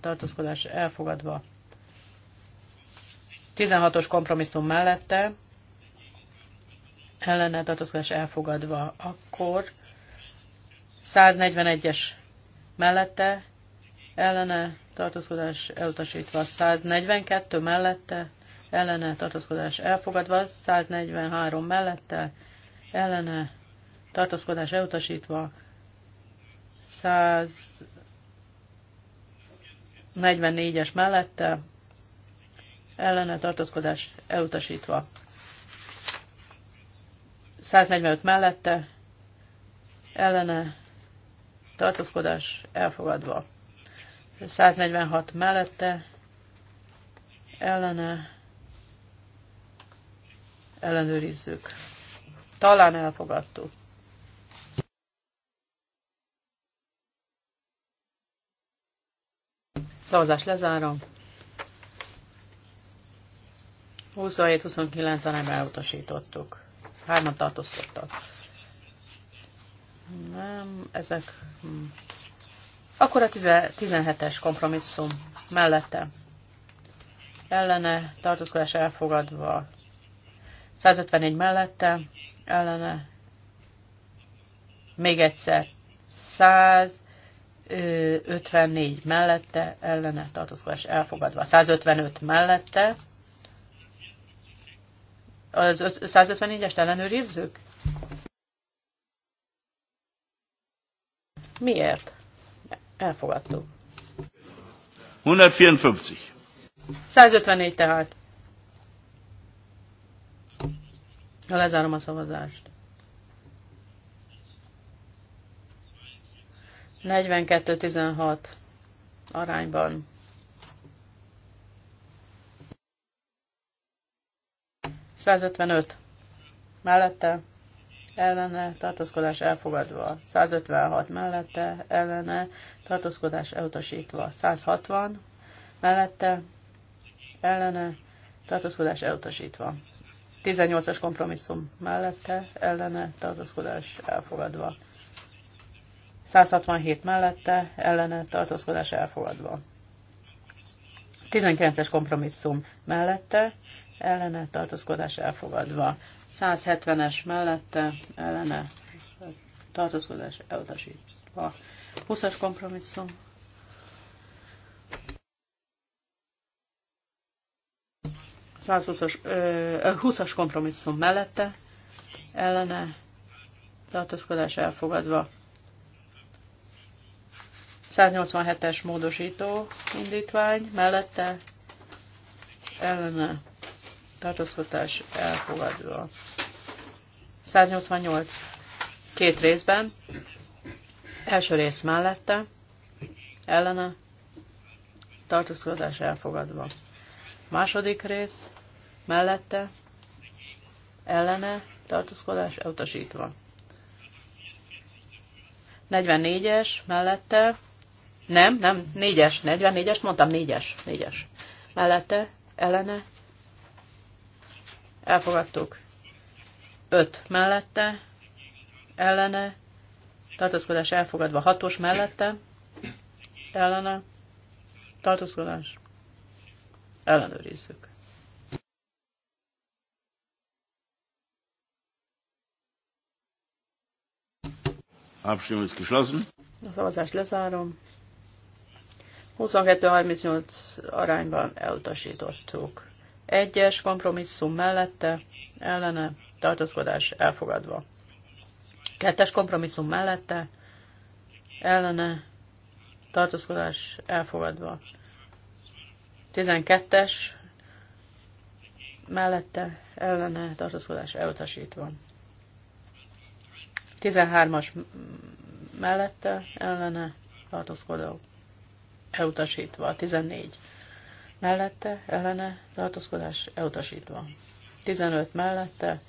tartózkodás elfogadva. 16-os kompromisszum mellette ellene tartózkodás elfogadva. Akkor 141-es mellette ellene tartózkodás elutasítva. 142 mellette ellene tartózkodás elfogadva. 143 mellette ellene tartózkodás elutasítva. 100 44-es mellette ellene tartózkodás elutasítva. 145 mellette ellene tartózkodás elfogadva. 146 mellette ellene ellenőrizzük. Talán elfogadtuk. Szavazás lezárom. 27-29 nem elutasítottuk. Hárman tartózkodtak. Nem, ezek... Akkor a 17-es kompromisszum mellette. Ellene, tartózkodás elfogadva. 154 mellette, ellene. Még egyszer. 100, 54 mellette, ellene tartózkodás elfogadva. 155 mellette. Az 154-est ellenőrizzük? Miért? Elfogadtuk. 154. 154 tehát. Lezárom a szavazást. 42-16 arányban. Százötvenöt. Mellette ellene tartózkodás elfogadva. 156 mellette ellene tartózkodás elutasítva. 160 mellette ellene tartózkodás elutasítva. 18-as kompromisszum mellette ellene tartózkodás elfogadva. 167 mellette ellene tartózkodás elfogadva. 19-es kompromisszum mellette ellene tartózkodás elfogadva. 170-es mellette ellene tartózkodás elutasítva. 20-as kompromisszum. as 20-as kompromisszum mellette ellene tartózkodás elfogadva. 187-es módosító indítvány mellette ellene tartózkodás elfogadva. 188. Két részben. Első rész mellette ellene tartózkodás elfogadva. Második rész mellette ellene tartózkodás elutasítva. 44-es mellette nem, nem, négyes, 44-es, mondtam négyes, négyes. Mellette, ellene, elfogadtuk. Öt mellette, ellene, tartózkodás elfogadva, hatos mellette, ellene, tartózkodás, ellenőrizzük. A szavazást lezárom. 22-38 arányban elutasítottuk. Egyes kompromisszum mellette, ellene, tartózkodás elfogadva. Kettes kompromisszum mellette, ellene, tartózkodás elfogadva. 12-es mellette, ellene, tartózkodás elutasítva. 13-as mellette, ellene, tartózkodás elutasítva. 14 mellette, ellene, tartózkodás elutasítva. 15 mellette,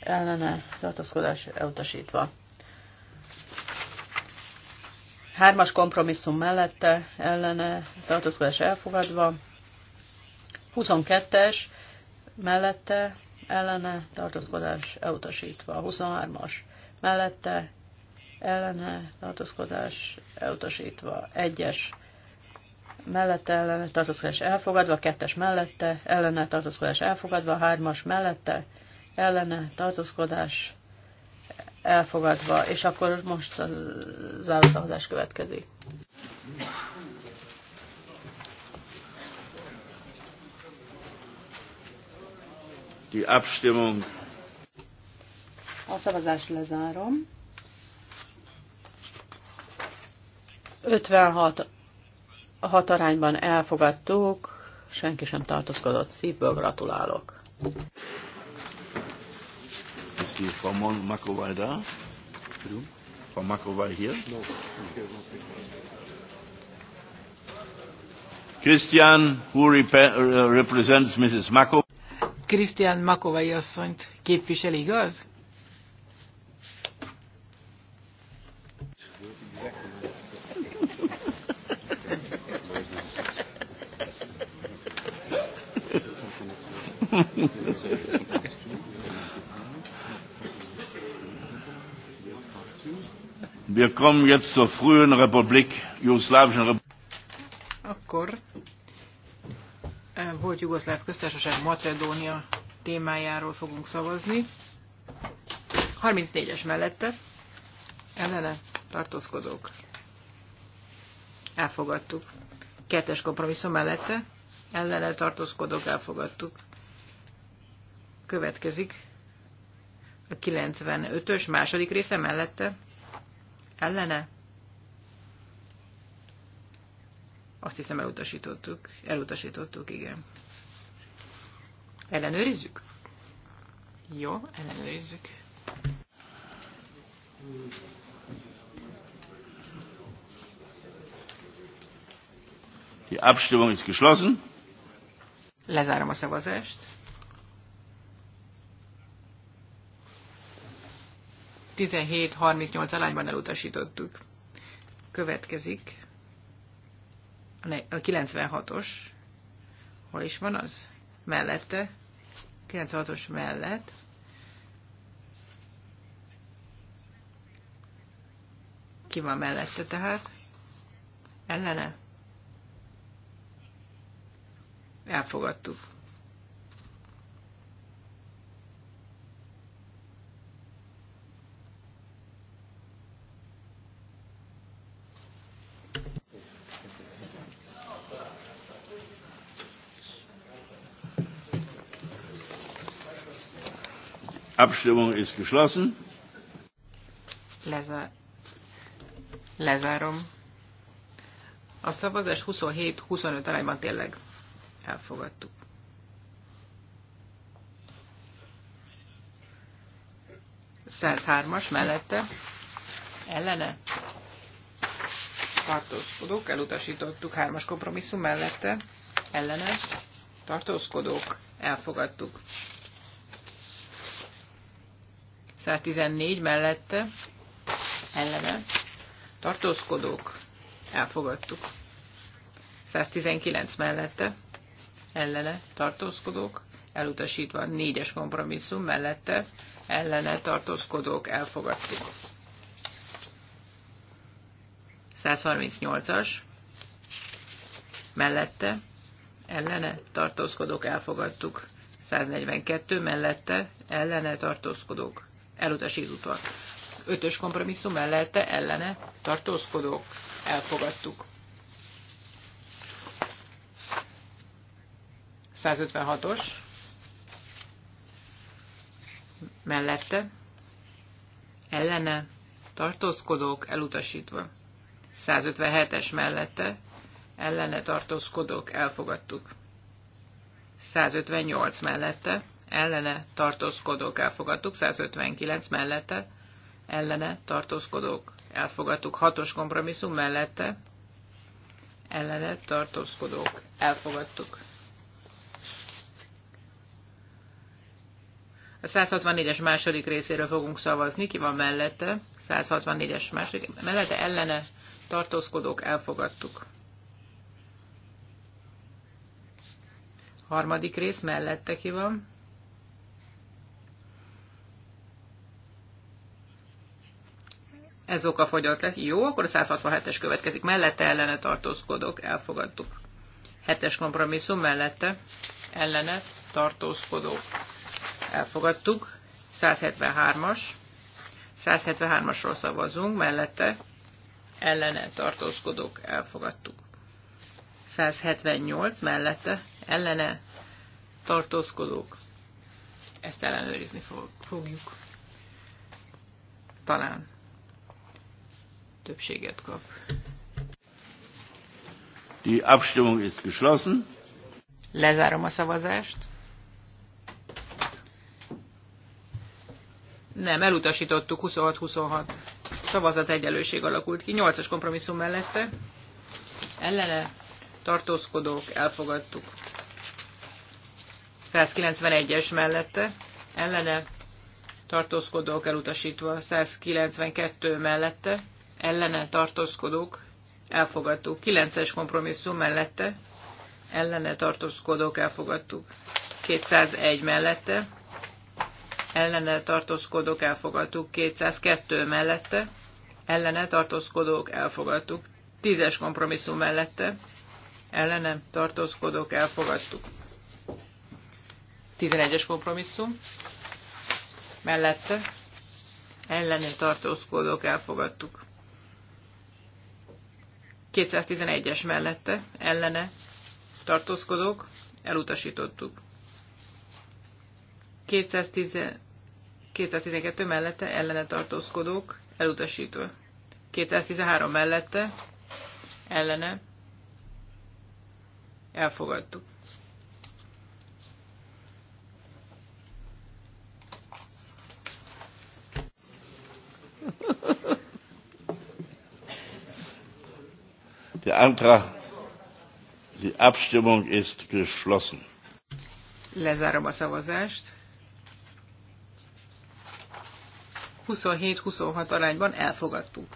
ellene, tartózkodás elutasítva. Hármas kompromisszum mellette, ellene, tartózkodás elfogadva. 22-es mellette, ellene, tartózkodás elutasítva. 23-as mellette, ellene, tartózkodás elutasítva. 1-es mellette ellene tartózkodás elfogadva, kettes mellette ellene tartózkodás elfogadva, hármas mellette ellene tartózkodás elfogadva, és akkor most a zárószavazás következik. Die Abstimmung. A szavazást lezárom. 56 hat arányban elfogadtuk, senki sem tartozkodott, szívből gratulálok. Is he from Makovai there? From here? Christian, who uh, represents Mrs. Makovai? Christian Makovai asszonyt képviseli igaz? Wir kommen jetzt zur frühen Republik, jugoslawischen Republik. Akkor volt Jugoszláv köztársaság Macedónia témájáról fogunk szavazni. 34-es mellette ellene tartózkodók. Elfogadtuk. Kettes kompromisszum mellette ellene tartózkodók elfogadtuk. Következik a 95-ös második része mellette. Ellene. Azt hiszem elutasítottuk. Elutasítottuk, igen. Ellenőrizzük? Jó, ellenőrizzük. Die Abstimmung ist geschlossen. Lezárom a szavazást. 17-38 arányban elutasítottuk. Következik a 96-os. Hol is van az? Mellette. 96-os mellett. Ki van mellette tehát? Ellene? Elfogadtuk. Abstimmung ist geschlossen. Lezár. Lezárom. A szavazás 27-25 arányban tényleg elfogadtuk. as mellette ellene tartózkodók, elutasítottuk hármas kompromisszum mellette, ellene tartózkodók, elfogadtuk. 114 mellette ellene tartózkodók elfogadtuk. 119 mellette ellene tartózkodók elutasítva. 4-es kompromisszum mellette ellene tartózkodók elfogadtuk. 138-as mellette ellene tartózkodók elfogadtuk. 142 mellette ellene tartózkodók elutasítva. Ötös kompromisszum mellette ellene tartózkodók elfogadtuk. 156-os mellette ellene tartózkodók elutasítva. 157-es mellette ellene tartózkodók elfogadtuk. 158 mellette ellene tartózkodók elfogadtuk, 159 mellette ellene tartózkodók elfogadtuk, 6-os kompromisszum mellette ellene tartózkodók elfogadtuk. A 164-es második részéről fogunk szavazni, ki van mellette, 164-es második, mellette ellene tartózkodók elfogadtuk. Harmadik rész mellette ki van Ez oka fogyott le. Jó, akkor a 167-es következik. Mellette ellene tartózkodok. Elfogadtuk. 7-es kompromisszum mellette ellene tartózkodó. Elfogadtuk. 173-as. 173-asról szavazunk. Mellette ellene tartózkodók. Elfogadtuk. 178 mellette ellene tartózkodók. Ezt ellenőrizni fogjuk. Talán többséget kap. Die Abstimmung ist geschlossen. Lezárom a szavazást. Nem, elutasítottuk 26-26. Szavazat egyenlőség alakult ki. 8-as kompromisszum mellette. Ellene tartózkodók elfogadtuk. 191-es mellette. Ellene tartózkodók elutasítva. 192 mellette ellene tartózkodók elfogadtuk. 9-es kompromisszum mellette ellene tartózkodók elfogadtuk. 201 mellette ellene tartózkodók elfogadtuk. 202 mellette ellene tartózkodók elfogadtuk. 10-es kompromisszum mellette ellene tartózkodók elfogadtuk. 11-es kompromisszum mellette ellene tartózkodók elfogadtuk. 211-es mellette ellene tartózkodók elutasítottuk. 210, 212 mellette ellene tartózkodók elutasítva. 213 mellette ellene elfogadtuk. Der Antrag, die Abstimmung ist geschlossen. Lezárom a szavazást. 27-26 arányban elfogadtuk.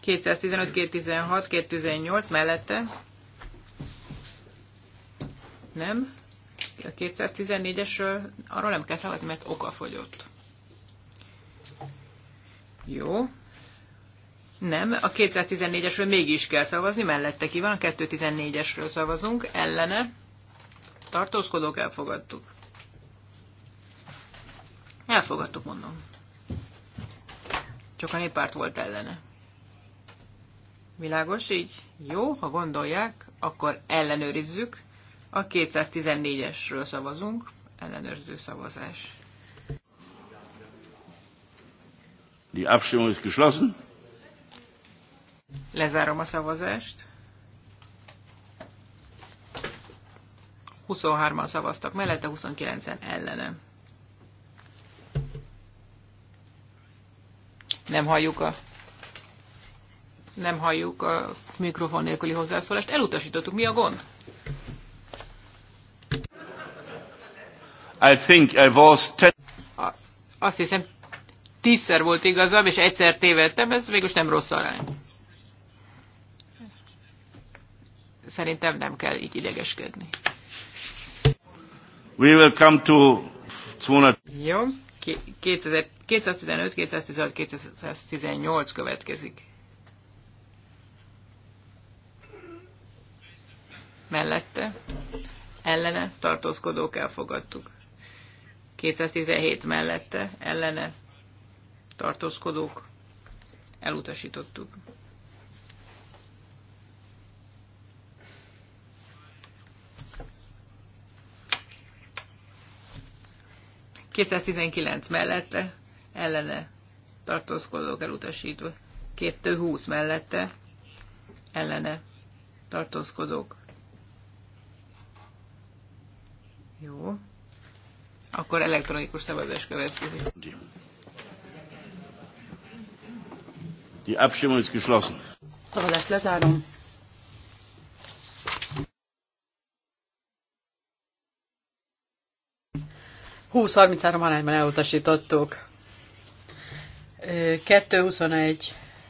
215, 216, 218 mellette. Nem. A 214-esről arról nem kell szavazni, mert oka fogyott. Jó. Nem, a 214-esről mégis kell szavazni, mellette ki van, 214-esről szavazunk, ellene, tartózkodók elfogadtuk. Elfogadtuk, mondom. Csak a néppárt volt ellene. Világos így? Jó, ha gondolják, akkor ellenőrizzük. A 214-esről szavazunk. Ellenőrző szavazás. Die Abstimmung ist geschlossen. Lezárom a szavazást. 23-an szavaztak mellette, 29-en ellene. Nem halljuk a nem halljuk a mikrofon nélküli hozzászólást. Elutasítottuk. Mi a gond? I think I was ten... Azt hiszem, tízszer volt igazam, és egyszer tévedtem, ez végül nem rossz arány. szerintem nem kell így idegeskedni. We will come to 200. Jó, 215, 216, 218 következik. Mellette, ellene tartózkodók elfogadtuk. 217 mellette, ellene tartózkodók elutasítottuk. 219 mellette ellene tartózkodók elutasítva. 220 mellette ellene tartózkodók. Jó. Akkor elektronikus szavazás következik. Die Abstimmung ist geschlossen. Szavazást lezárom. 20-33 arányban elutasítottuk. 2-21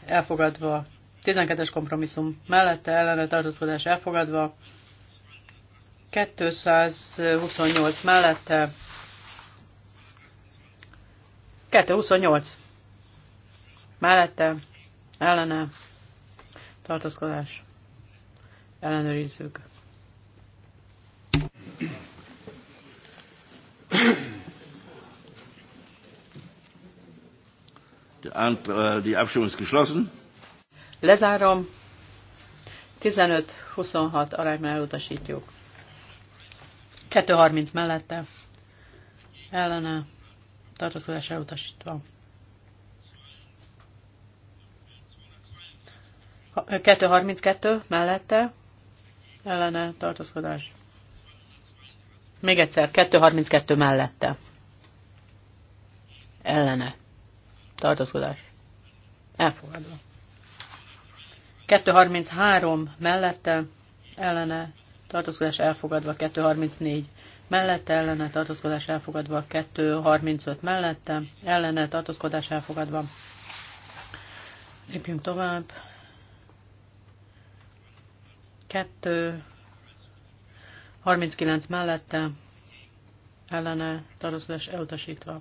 elfogadva, 12-es kompromisszum mellette ellene tartózkodás elfogadva, 228 mellette, 228 mellette, ellene, tartózkodás, ellenőrizzük. Äh, die Abstimmung ist geschlossen. Lezárom. 15-26 arányban elutasítjuk. 2-30 mellette. Ellene. Tartózkodás elutasítva. 2-32 mellette ellene tartózkodás. Még egyszer, 2-32 mellette. Ellene tartózkodás elfogadva. 233 mellette ellene tartózkodás elfogadva, 234 mellette ellene tartózkodás elfogadva, 235 mellette ellene tartózkodás elfogadva. Lépjünk tovább. 2 39 mellette ellene tartózkodás elutasítva.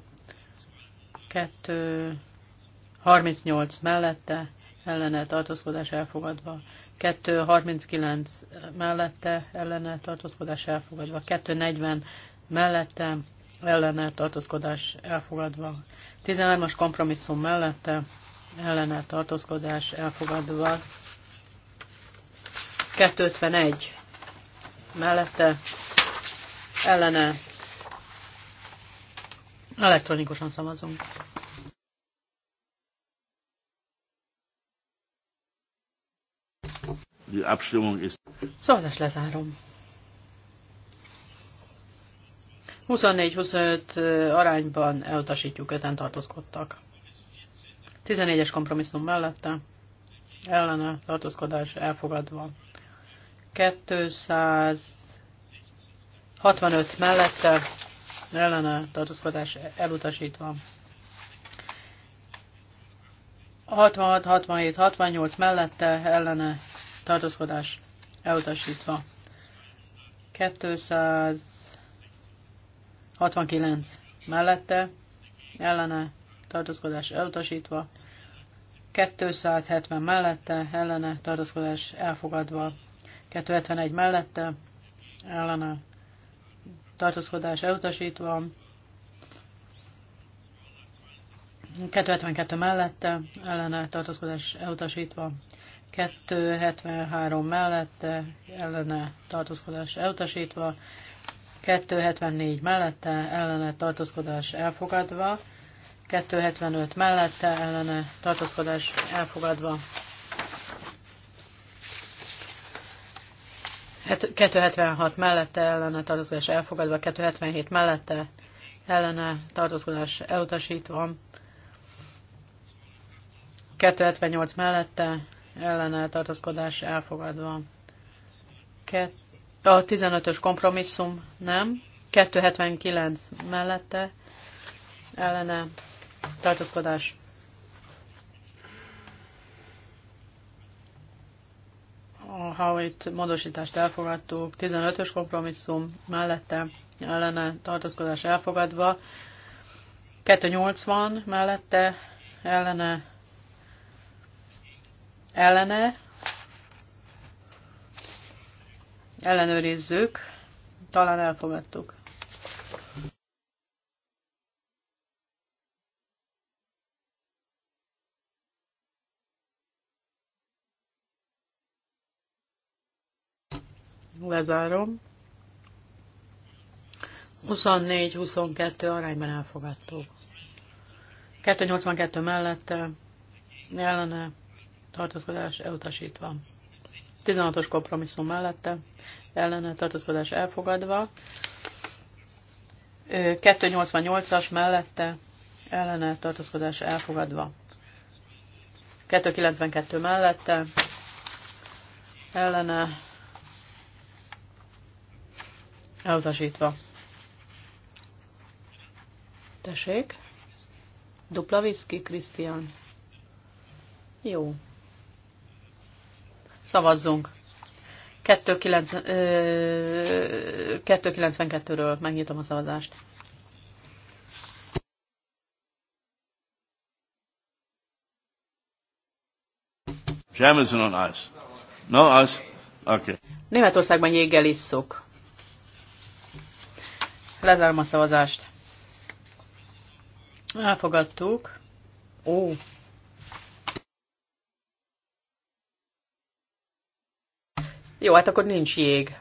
2 38 mellette, ellene tartózkodás elfogadva. 239 mellette, ellene tartózkodás elfogadva. 240 mellette, ellene tartózkodás elfogadva. 13-as kompromisszum mellette, ellene tartózkodás elfogadva. 251 mellette, ellene elektronikusan szavazunk. Die Abstimmung ist. Szavazás lezárom. 24-25 arányban elutasítjuk, öten tartózkodtak. 14-es kompromisszum mellette, ellene tartózkodás elfogadva. 265 mellette, ellene tartózkodás elutasítva. 66, 67, 68 mellette, ellene tartózkodás elutasítva. 269 mellette, ellene, tartózkodás elutasítva. 270 mellette, ellene, tartózkodás elfogadva. 271 mellette, ellene, tartózkodás elutasítva. 272 mellette, ellene tartózkodás elutasítva, 273 mellette ellene tartózkodás elutasítva, 274 mellette ellene tartózkodás elfogadva, 275 mellette ellene tartózkodás elfogadva. 276 mellette ellene tartózkodás elfogadva, 277 mellette ellene tartózkodás elutasítva, 278 mellette ellene elfogadva. Ket, a 15-ös kompromisszum nem, 279 mellette ellene tartozkodás. Ha itt módosítást elfogadtuk, 15-ös kompromisszum mellette ellene tartozkodás elfogadva, 280 mellette ellene ellene ellenőrizzük, talán elfogadtuk. Lezárom. 24-22 arányban elfogadtuk. 282 mellette, ellene tartózkodás elutasítva. 16-os kompromisszum mellette ellene tartózkodás elfogadva. 288-as mellette ellene tartózkodás elfogadva. 292 mellette ellene elutasítva. Tessék. Dupla viszki, Krisztián. Jó. Szavazzunk. 292-ről megnyitom a szavazást. Jameson on ice. No ice? Okay. Németországban jéggel isszuk. Lezárom a szavazást. Elfogadtuk. Ó, Jó, hát akkor nincs jég.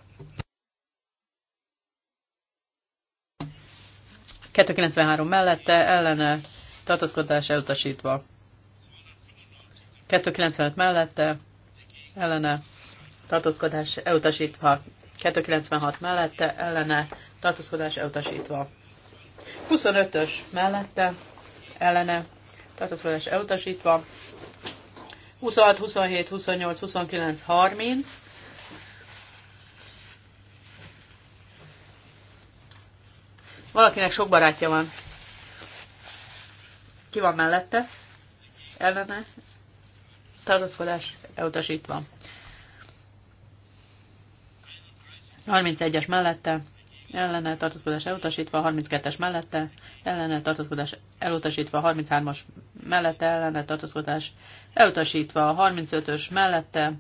293 mellette, ellene, tartozkodás elutasítva. 295 mellette, ellene, tartozkodás elutasítva. 296 mellette, ellene, tartozkodás elutasítva. 25-ös mellette, ellene, tartozkodás elutasítva. 26, 27, 28, 29, 30 Valakinek sok barátja van. Ki van mellette? Ellene? Tartozkodás elutasítva. 31-es mellette, ellene tartózkodás elutasítva, 32-es mellette, ellene tartózkodás elutasítva, 33-as mellette, ellene tartózkodás elutasítva, 35-ös mellette,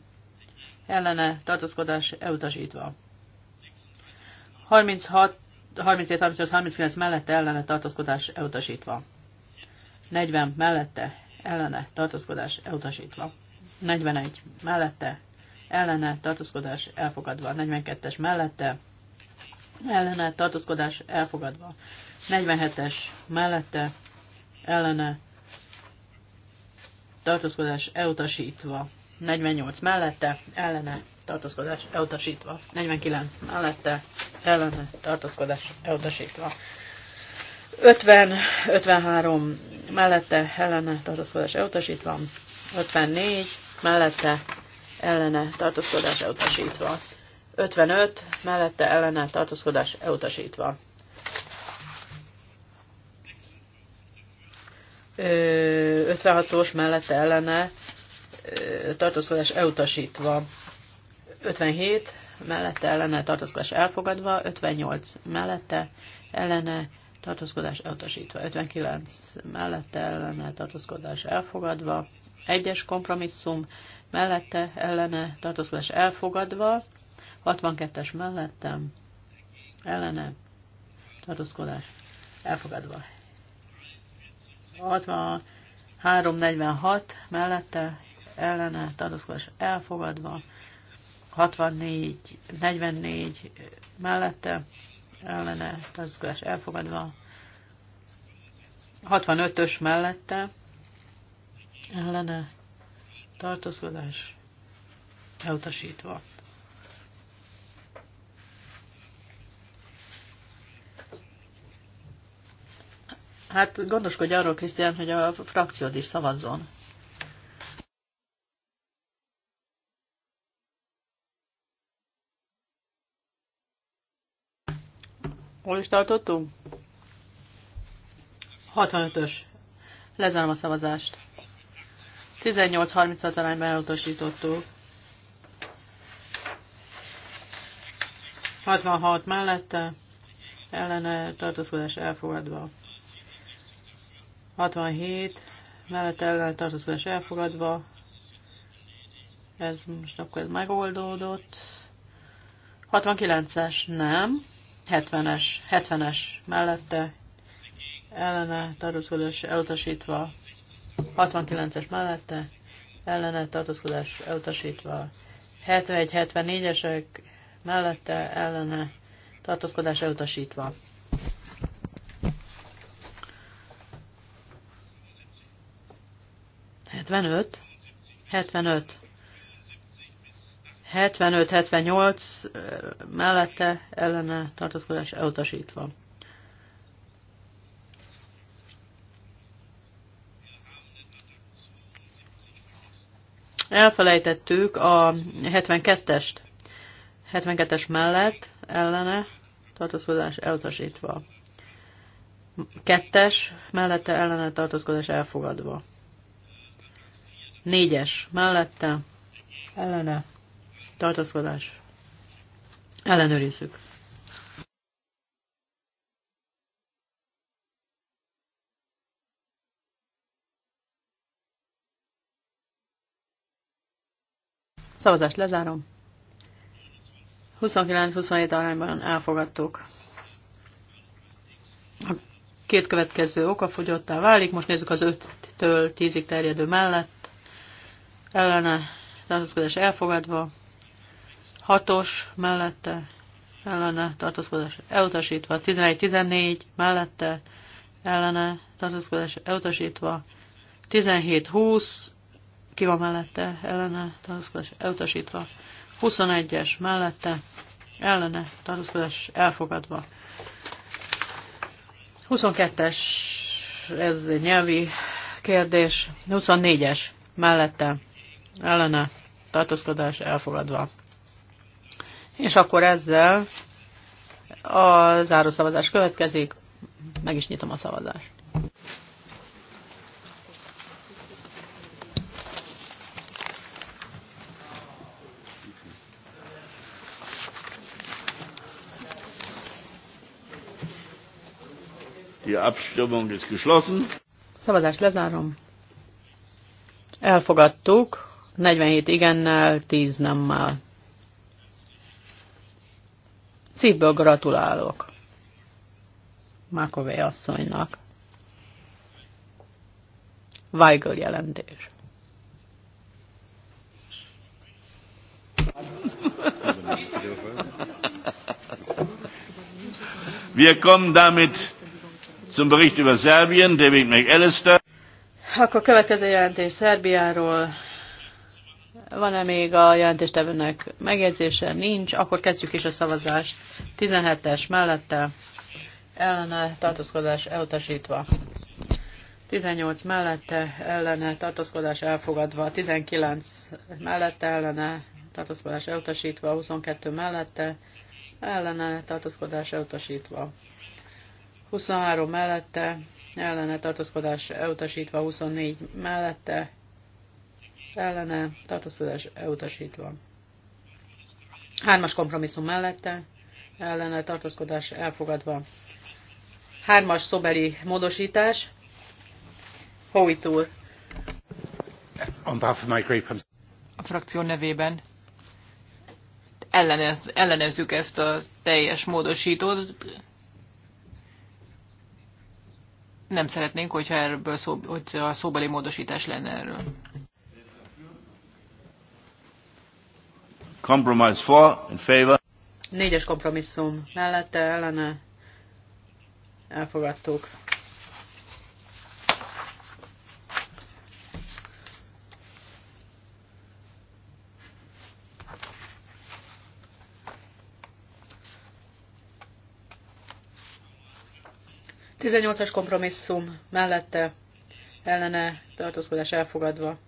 ellene tartózkodás elutasítva. 36 37, 38, 39 mellette ellene tartózkodás elutasítva. 40 mellette ellene tartózkodás elutasítva. 41 mellette ellene tartózkodás elfogadva. 42-es mellette ellene tartózkodás elfogadva. 47-es mellette ellene tartózkodás elutasítva. 48 mellette ellene tartózkodás elutasítva. 49 mellette ellene tartózkodás elutasítva. 50, 53 mellette ellene tartózkodás elutasítva. 54 mellette ellene tartózkodás elutasítva. 55 mellette ellene tartózkodás elutasítva. Ö, 56-os mellette ellene tartózkodás elutasítva. 57 mellette ellene tartózkodás elfogadva, 58 mellette ellene tartózkodás elutasítva, 59 mellette ellene tartózkodás elfogadva, 1-es kompromisszum mellette ellene tartózkodás elfogadva, 62-es mellettem ellene tartózkodás elfogadva. 63-46 mellette ellene tartózkodás elfogadva, 64, 44 mellette ellene tartozás elfogadva, 65-ös mellette ellene tartózkodás elutasítva. Hát gondoskodj arról, Krisztián, hogy a frakciód is szavazzon. Hol is tartottunk? 65-ös. Lezárom a szavazást. 18-36 arányban elutasítottuk. 66 mellette, ellene tartózkodás elfogadva. 67 mellette ellene tartózkodás elfogadva. Ez most akkor ez megoldódott. 69-es nem. 70-es, 70-es mellette, ellene tartózkodás elutasítva, 69-es mellette, ellene tartózkodás elutasítva, 71-74-esek mellette, ellene tartózkodás elutasítva. Hetvenöt, hetvenöt 75-78 mellette ellene tartózkodás elutasítva. Elfelejtettük a 72-est. 72-es mellett ellene tartózkodás elutasítva. Kettes mellette ellene tartózkodás elfogadva. Négyes mellette ellene tartózkodás. Ellenőrizzük. Szavazást lezárom. 29-27 arányban elfogadtuk. A két következő oka fogyottá válik. Most nézzük az 5-től 10-ig terjedő mellett. Ellene tartózkodás elfogadva hatos mellette ellene tartózkodás elutasítva, 11-14 mellette ellene tartózkodás elutasítva, 17-20 ki van mellette ellene tartózkodás elutasítva, 21-es mellette ellene tartózkodás elfogadva. 22-es, ez egy nyelvi kérdés, 24-es mellette ellene tartózkodás elfogadva. És akkor ezzel a zárószavazás következik. Meg is nyitom a szavazást. Die Abstimmung ist geschlossen. Szavazást lezárom. Elfogadtuk. 47 igennel, 10 nemmel. Szívből gratulálok Mákové asszonynak. Weigel jelentés. Wir kommen damit zum Bericht über Serbien, David McAllister. Akkor következő jelentés Szerbiáról, van-e még a jelentéstevőnek megjegyzése? Nincs. Akkor kezdjük is a szavazást. 17-es mellette ellene tartózkodás elutasítva. 18 mellette ellene tartózkodás elfogadva. 19 mellette ellene tartózkodás elutasítva. 22 mellette ellene tartózkodás elutasítva. 23 mellette ellene tartózkodás elutasítva. 24 mellette ellene tartózkodás elutasítva. Hármas kompromisszum mellette ellene tartózkodás elfogadva. Hármas szobeli módosítás. Howitt A frakció nevében ellenez, ellenezzük ezt a teljes módosítót. Nem szeretnénk, hogyha erről szó, hogy a szóbeli módosítás lenne erről. Compromise for, in favor. Négyes kompromisszum mellette ellene elfogadtuk. Tizennyolcas kompromisszum mellette ellene tartózkodás elfogadva.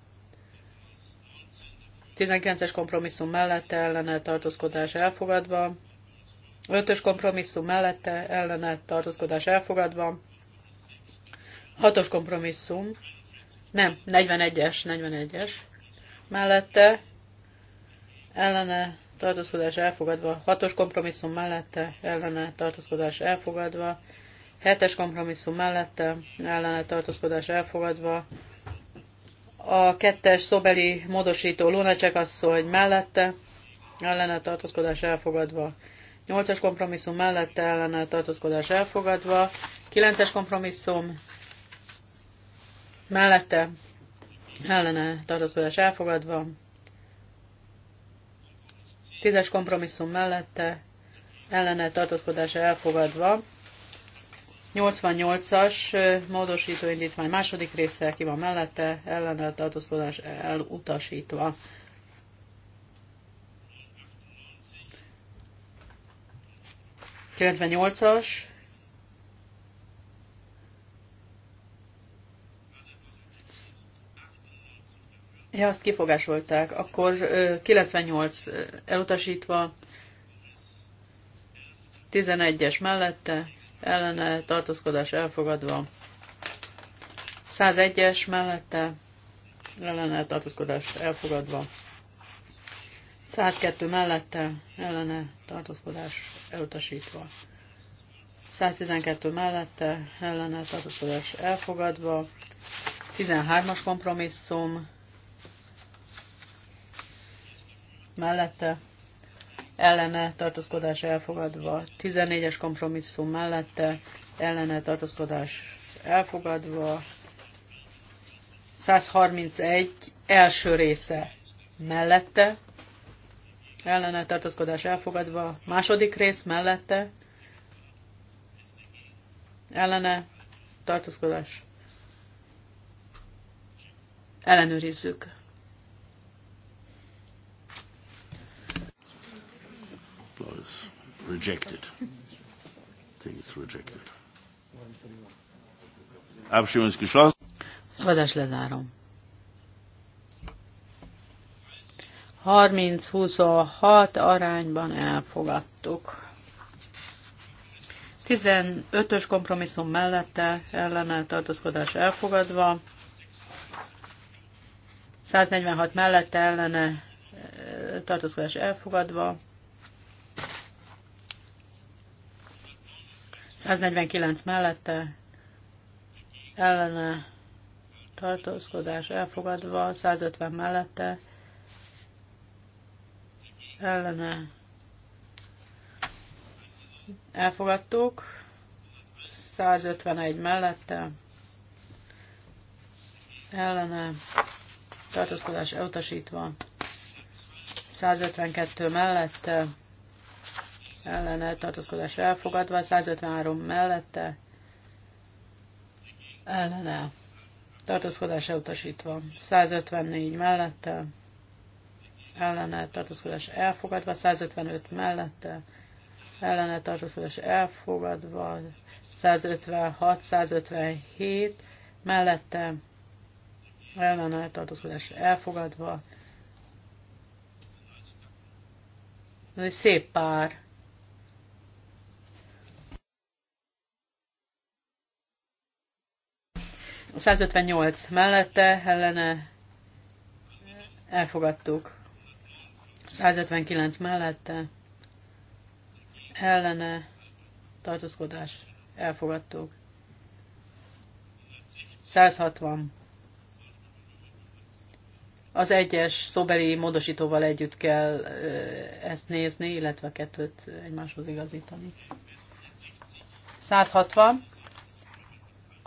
19-es kompromisszum mellette ellene tartózkodás elfogadva. 5-ös kompromisszum mellette ellene tartózkodás elfogadva. 6-os kompromisszum, nem, 41-es, 41-es mellette ellene tartózkodás elfogadva, 6-os kompromisszum mellette ellene tartózkodás elfogadva, 7-es kompromisszum mellette ellene tartózkodás elfogadva, a kettes szobeli módosító Lunacek asszony mellette, ellene tartózkodás elfogadva. 8-as kompromisszum mellette ellene tartózkodás elfogadva. 9-es kompromisszum mellette ellene tartózkodás elfogadva. 10-es kompromisszum mellette ellene tartózkodás elfogadva. 88-as módosító indítvány második része, ki van mellette, ellene tartózkodás elutasítva. as Ja, azt kifogásolták. Akkor 98 elutasítva, 11-es mellette, ellene tartózkodás elfogadva. 101-es mellette ellene tartózkodás elfogadva. 102 mellette ellene tartózkodás elutasítva. 112 mellette ellene tartózkodás elfogadva. 13-as kompromisszum mellette ellene tartózkodás elfogadva, 14-es kompromisszum mellette ellene tartózkodás elfogadva, 131 első része mellette, ellene tartózkodás elfogadva, második rész mellette, ellene tartózkodás ellenőrizzük. was rejected. I think it's rejected. Abstimmung ist geschlossen. Szavazás lezárom. 30-26 arányban elfogadtuk. 15-ös kompromisszum mellette ellene tartózkodás elfogadva, 146 mellette ellene eh, tartózkodás elfogadva, 149 mellette ellene tartózkodás elfogadva, 150 mellette ellene elfogadtuk, 151 mellette ellene tartózkodás elutasítva, 152 mellette ellene tartózkodás elfogadva, 153 mellette ellene tartózkodás elutasítva, 154 mellette ellene tartózkodás elfogadva, 155 mellette ellene tartózkodás elfogadva, 156, 157 mellette ellene tartózkodás elfogadva, ez egy szép pár. 158 mellette ellene elfogadtuk. 159 mellette ellene tartózkodás elfogadtuk. 160. Az egyes szobeli módosítóval együtt kell ezt nézni, illetve kettőt egymáshoz igazítani. 160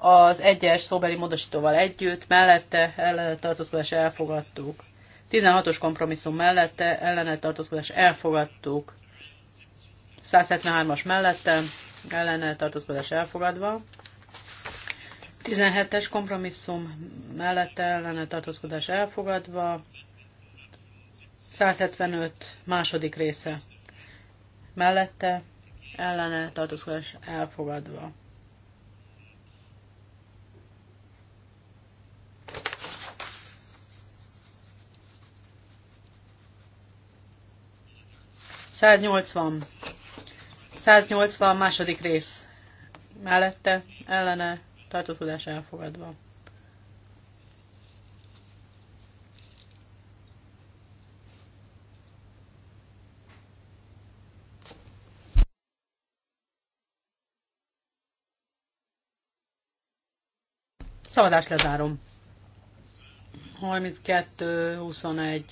az egyes szóbeli módosítóval együtt, mellette ellenet tartózkodás elfogadtuk. 16-os kompromisszum mellette ellenet tartózkodás elfogadtuk. 173-as mellette ellenet tartózkodás elfogadva. 17-es kompromisszum mellette ellenet tartózkodás elfogadva. 175 második része mellette ellene tartózkodás elfogadva. 180. 180 második rész. Mellette, ellene, tartózkodás elfogadva. Szavazást lezárom. 32-21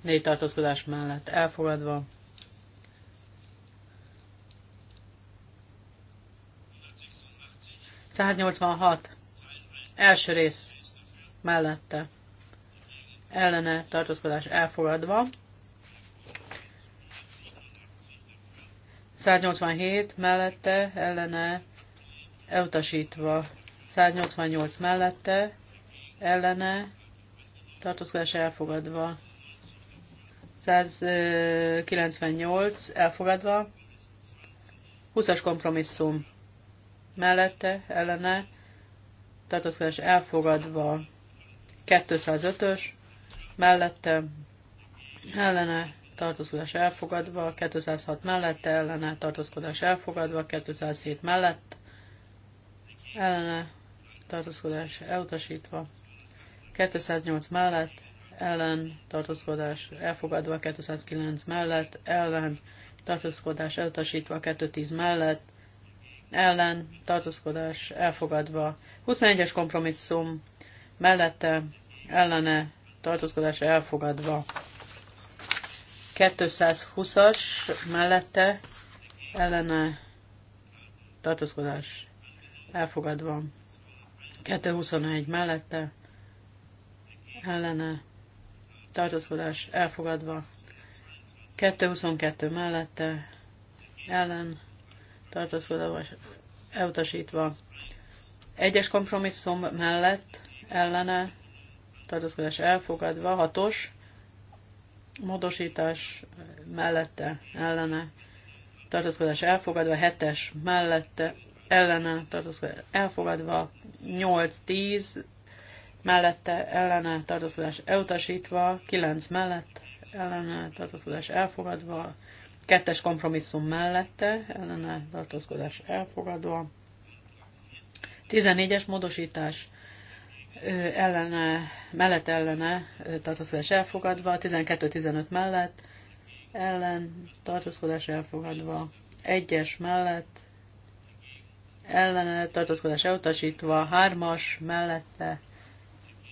négy tartózkodás mellett elfogadva. 186. Első rész mellette ellene tartózkodás elfogadva. 187 mellette ellene elutasítva. 188 mellette ellene tartózkodás elfogadva. 198 elfogadva. 20-as kompromisszum mellette ellene tartózkodás elfogadva 205-ös, mellette ellene tartózkodás elfogadva, 206 mellette ellene tartózkodás elfogadva, 207 mellett ellene tartózkodás elutasítva, 208 mellett ellen tartózkodás elfogadva, 209 mellett ellen tartózkodás elutasítva, 210 mellett ellen tartózkodás elfogadva. 21-es kompromisszum mellette ellene tartózkodás elfogadva. 220-as mellette ellene tartózkodás elfogadva. 221 mellette ellene tartózkodás elfogadva. 222 mellette ellen tartózkodás elutasítva. Egyes kompromisszum mellett ellene tartózkodás elfogadva, hatos módosítás mellette ellene tartózkodás elfogadva, hetes mellette ellene tartózkodás elfogadva, 8-10 mellette ellene tartózkodás elutasítva, 9 mellett ellene tartózkodás elfogadva, Kettes kompromisszum mellette, ellene tartózkodás elfogadva. 14-es módosítás ellene, mellett ellene tartózkodás elfogadva, 12-15 mellett ellen tartózkodás elfogadva, 1-es mellett ellene tartózkodás elutasítva, 3-as mellette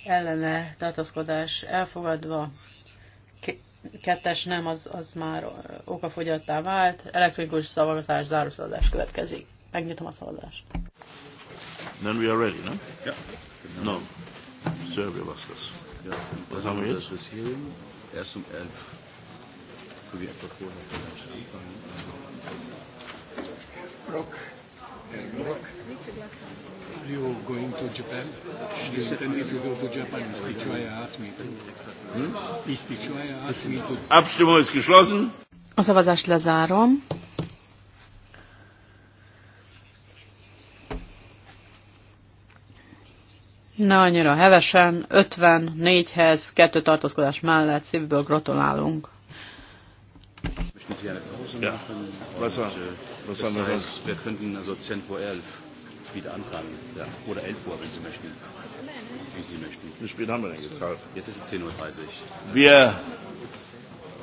ellene tartózkodás elfogadva, kettes nem, az, az már okafogyattá vált. Elektronikus szavazás, zárószavazás következik. Megnyitom a szavazást. Then we are ready, no? Yeah. No. Serbia was this. Yeah. Was haben wir jetzt? Das Hearing erst um 11. Uh, Für die etwa vorher. Brock. Brock you going to Japan? She yes, intended to go to Japan. Is Pichuaya asked me to. Hmm? Is Pichuaya asked me to. Abstimmung ist geschlossen. A szavazást lezárom. Ne annyira hevesen, 54-hez, kettő tartózkodás mellett szívből gratulálunk. Ja. Was äh, Was wieder anfangen. Ja. Oder 11 Uhr, wenn Sie möchten. Wie Sie möchten. Wie spät haben wir denn gezahlt? Jetzt ist es 10.30 Uhr. Wir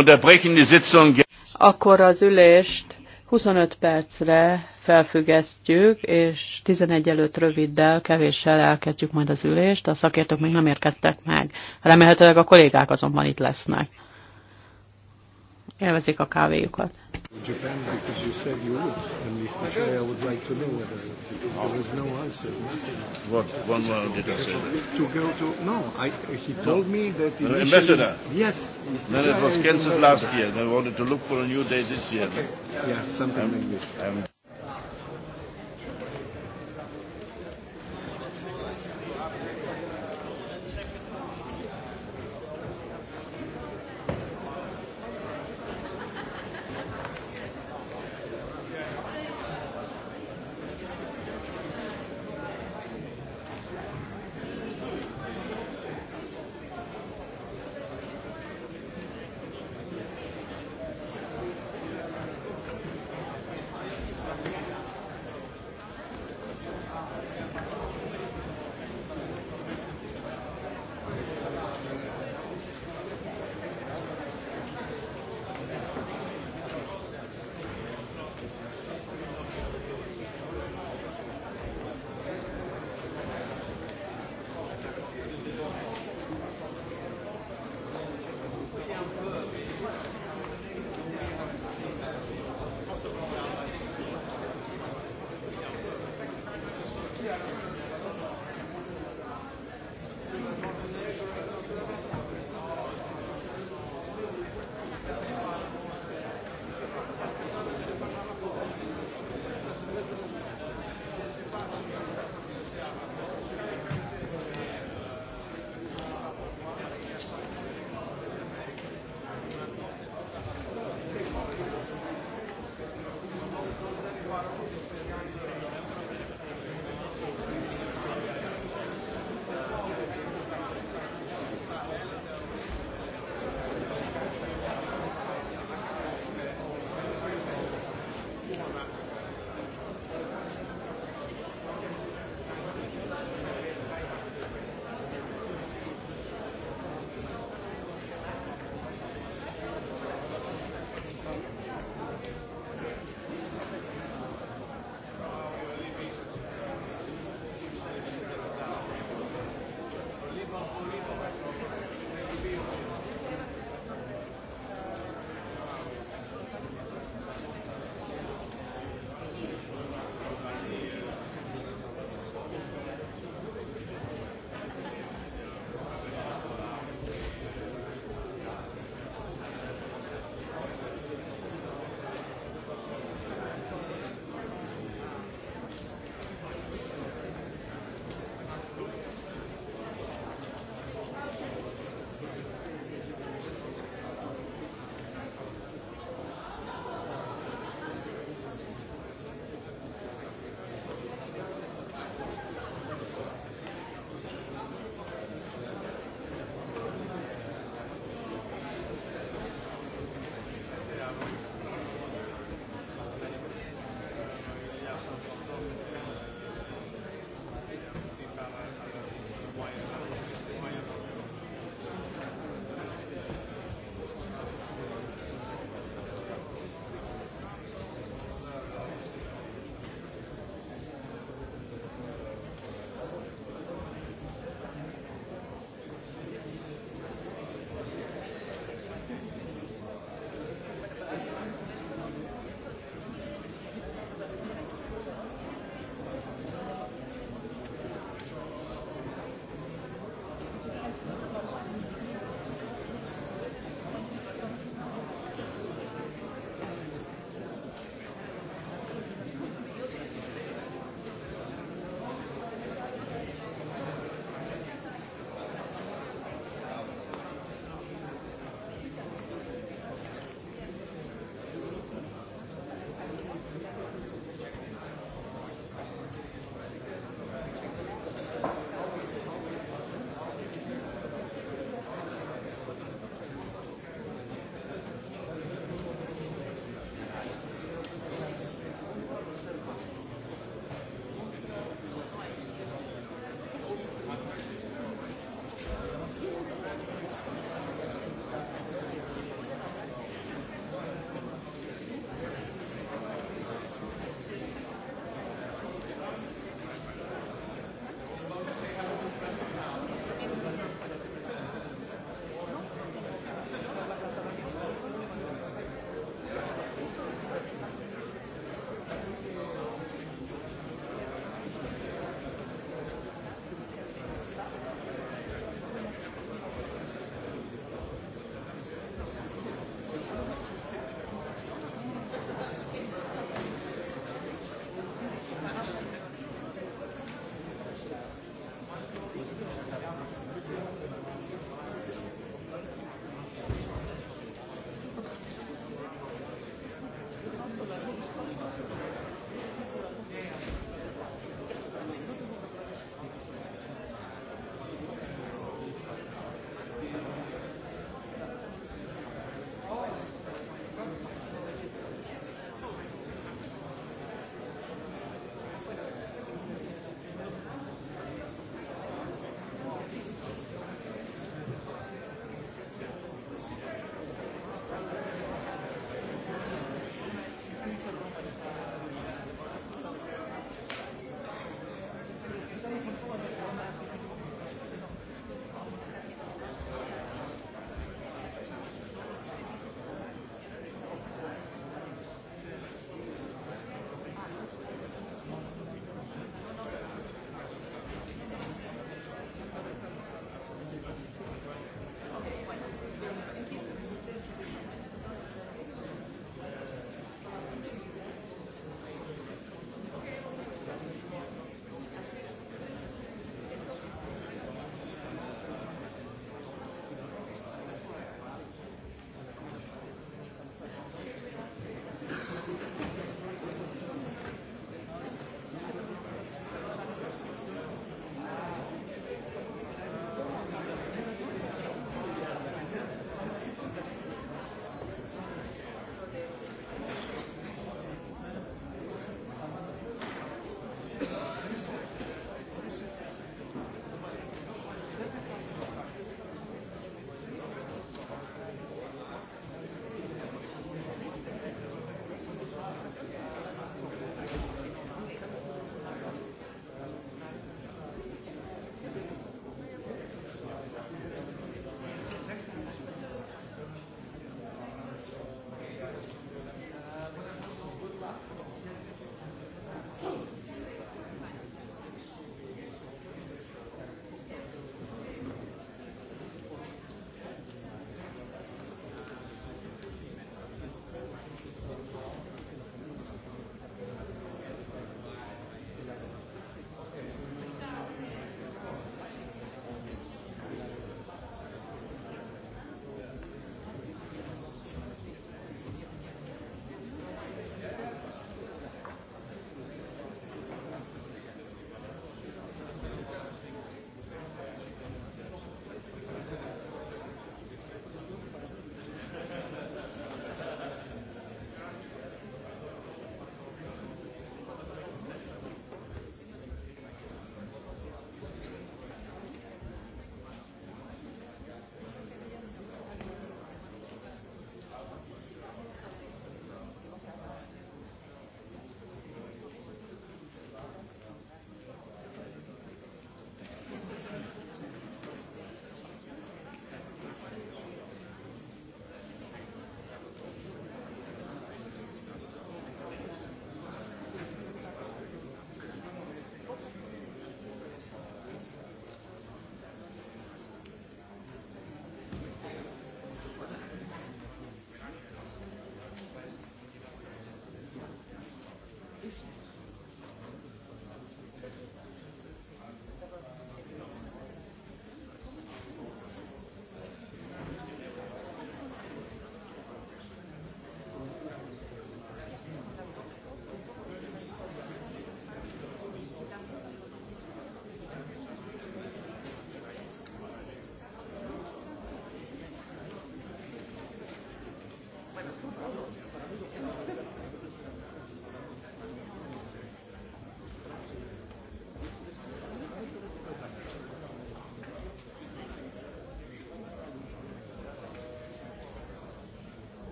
unterbrechen die Sitzung. Akkor az ülést 25 percre felfüggesztjük, és 11 előtt röviddel, kevéssel elkezdjük majd az ülést. A szakértők még nem érkeztek meg. Remélhetőleg a kollégák azonban itt lesznek élvezik a kávéjukat. Japan ambassador. Yes, Then it was cancelled last year. They wanted to look for a new this year. Yeah,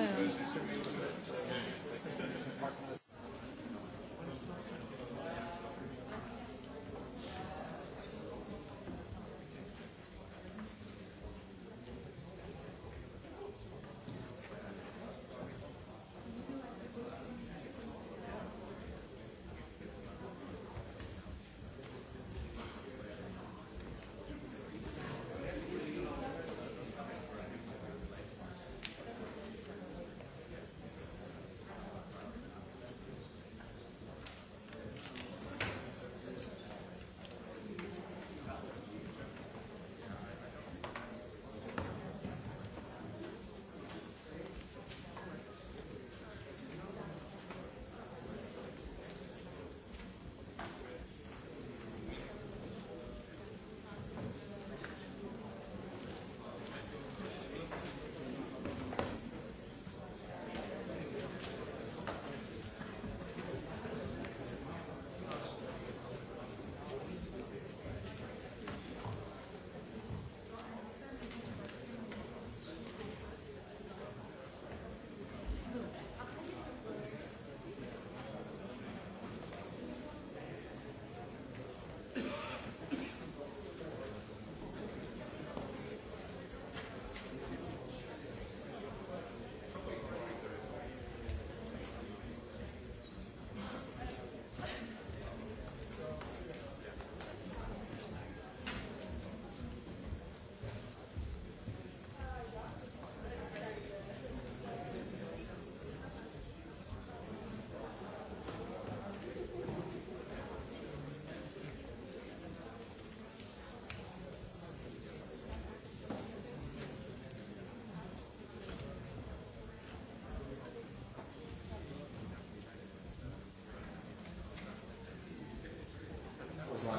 ja.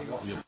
Köszönöm.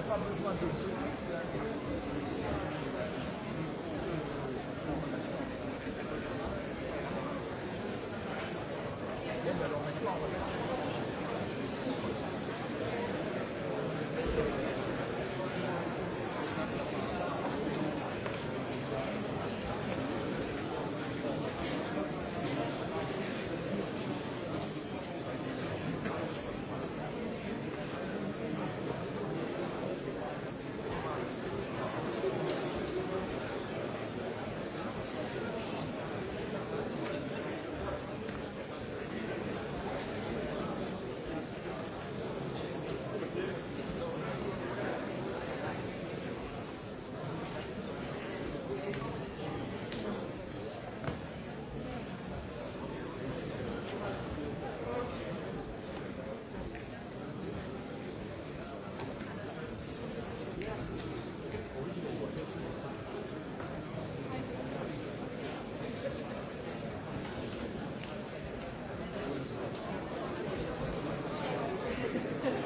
a public one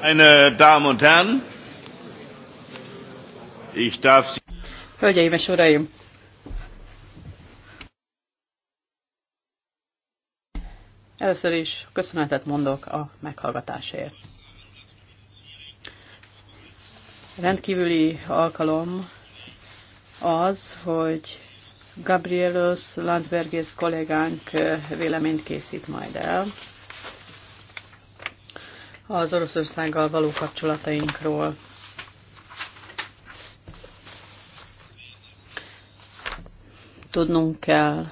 Meine Damen und Herren, ich darf Sie. Hölgyeim és Uraim! Először is köszönetet mondok a meghallgatásért. Rendkívüli alkalom az, hogy Gabrielus Landsbergis kollégánk véleményt készít majd el az Oroszországgal való kapcsolatainkról. Tudnunk kell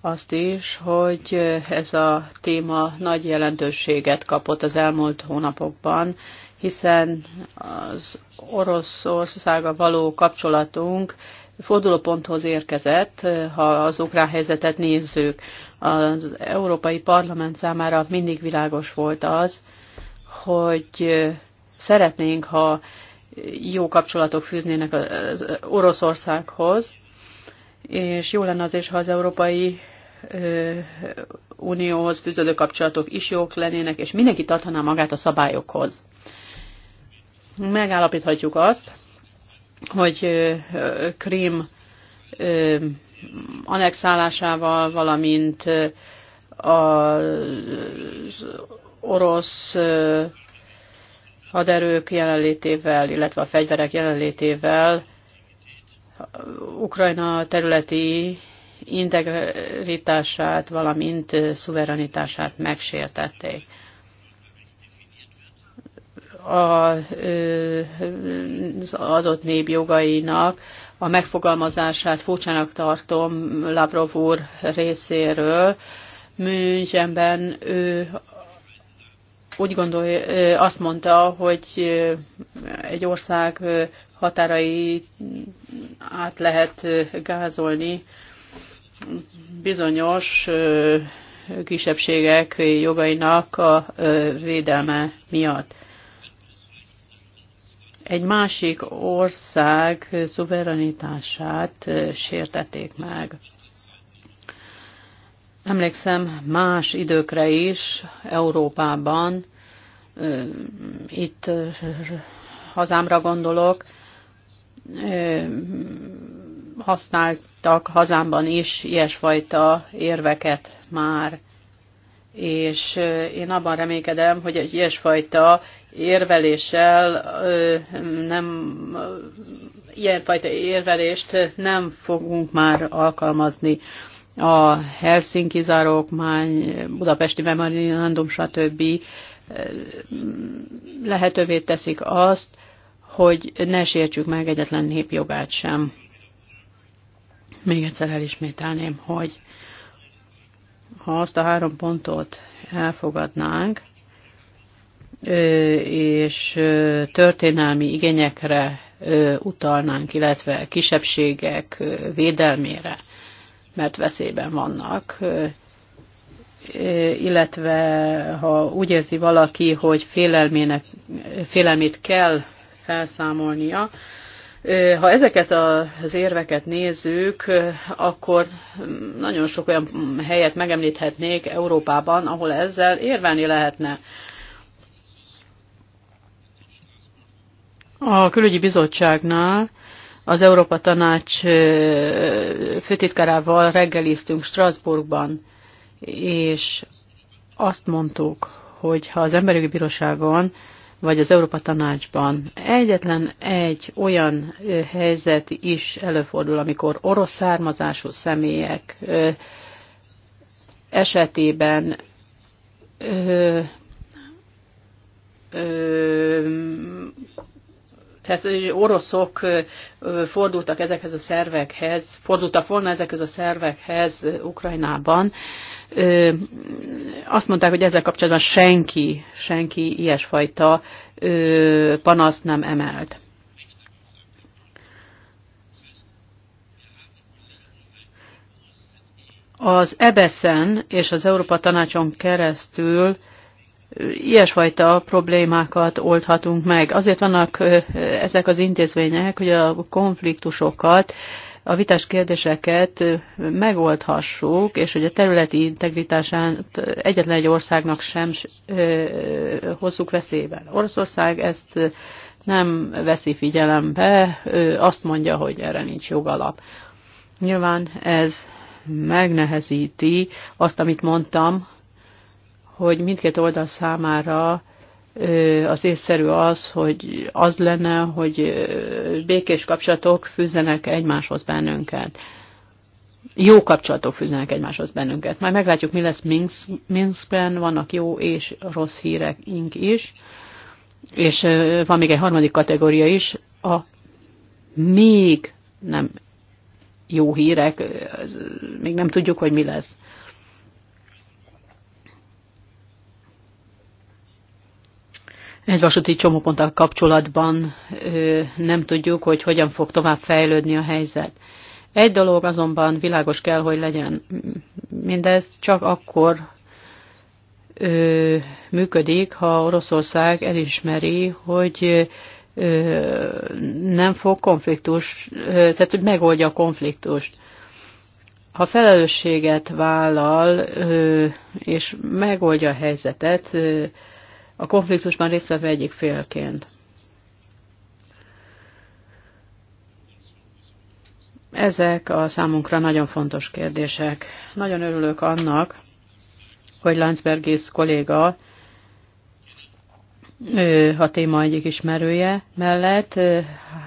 azt is, hogy ez a téma nagy jelentőséget kapott az elmúlt hónapokban, hiszen az Oroszországgal való kapcsolatunk fordulóponthoz érkezett, ha az ukrán helyzetet nézzük. Az Európai Parlament számára mindig világos volt az, hogy szeretnénk, ha jó kapcsolatok fűznének az Oroszországhoz, és jó lenne az is, ha az Európai Unióhoz fűződő kapcsolatok is jók lennének, és mindenki tartaná magát a szabályokhoz. Megállapíthatjuk azt, hogy Krím annexálásával, valamint az orosz haderők jelenlétével, illetve a fegyverek jelenlétével Ukrajna területi integritását, valamint szuverenitását megsértették. A, az adott nép jogainak a megfogalmazását furcsának tartom Lavrov úr részéről. Münchenben ő úgy gondolja, azt mondta, hogy egy ország határai át lehet gázolni bizonyos kisebbségek jogainak a védelme miatt. Egy másik ország szuverenitását sértették meg. Emlékszem más időkre is Európában, itt hazámra gondolok, használtak hazámban is ilyesfajta érveket már, és én abban remékedem, hogy egy ilyesfajta érveléssel nem, ilyenfajta érvelést nem fogunk már alkalmazni a Helsinki zárókmány, budapesti memorandum, stb. lehetővé teszik azt, hogy ne sértsük meg egyetlen népjogát sem. Még egyszer elismételném, hogy ha azt a három pontot elfogadnánk, és történelmi igényekre utalnánk, illetve kisebbségek védelmére, mert veszélyben vannak, illetve ha úgy érzi valaki, hogy félelmének, félelmét kell felszámolnia, ha ezeket az érveket nézzük, akkor nagyon sok olyan helyet megemlíthetnék Európában, ahol ezzel érvelni lehetne. A külügyi bizottságnál az Európa Tanács főtitkárával reggeliztünk Strasbourgban, és azt mondtuk, hogy ha az Emberi Bíróságon vagy az Európa Tanácsban egyetlen egy olyan helyzet is előfordul, amikor orosz származású személyek esetében ö, ö, tehát oroszok fordultak ezekhez a szervekhez, fordultak volna ezekhez a szervekhez Ukrajnában. Azt mondták, hogy ezzel kapcsolatban senki, senki ilyesfajta panaszt nem emelt. Az EBESZEN és az Európa Tanácson keresztül ilyesfajta problémákat oldhatunk meg. Azért vannak ezek az intézmények, hogy a konfliktusokat, a vitás kérdéseket megoldhassuk, és hogy a területi integritását egyetlen egy országnak sem hozzuk veszélyben. Oroszország ezt nem veszi figyelembe, azt mondja, hogy erre nincs jogalap. Nyilván ez megnehezíti azt, amit mondtam, hogy mindkét oldal számára az észszerű az, hogy az lenne, hogy békés kapcsolatok fűzzenek egymáshoz bennünket. Jó kapcsolatok fűznek egymáshoz bennünket. Majd meglátjuk, mi lesz Minskben, vannak jó és rossz hírekink is, és van még egy harmadik kategória is, a még nem jó hírek, még nem tudjuk, hogy mi lesz. egy vasúti csomóponttal kapcsolatban nem tudjuk, hogy hogyan fog tovább fejlődni a helyzet. Egy dolog azonban világos kell, hogy legyen. Mindez csak akkor ö, működik, ha Oroszország elismeri, hogy ö, nem fog konfliktus, ö, tehát hogy megoldja a konfliktust. Ha felelősséget vállal ö, és megoldja a helyzetet, ö, a konfliktusban résztvevő egyik félként. Ezek a számunkra nagyon fontos kérdések. Nagyon örülök annak, hogy Landsbergis kolléga a téma egyik ismerője mellett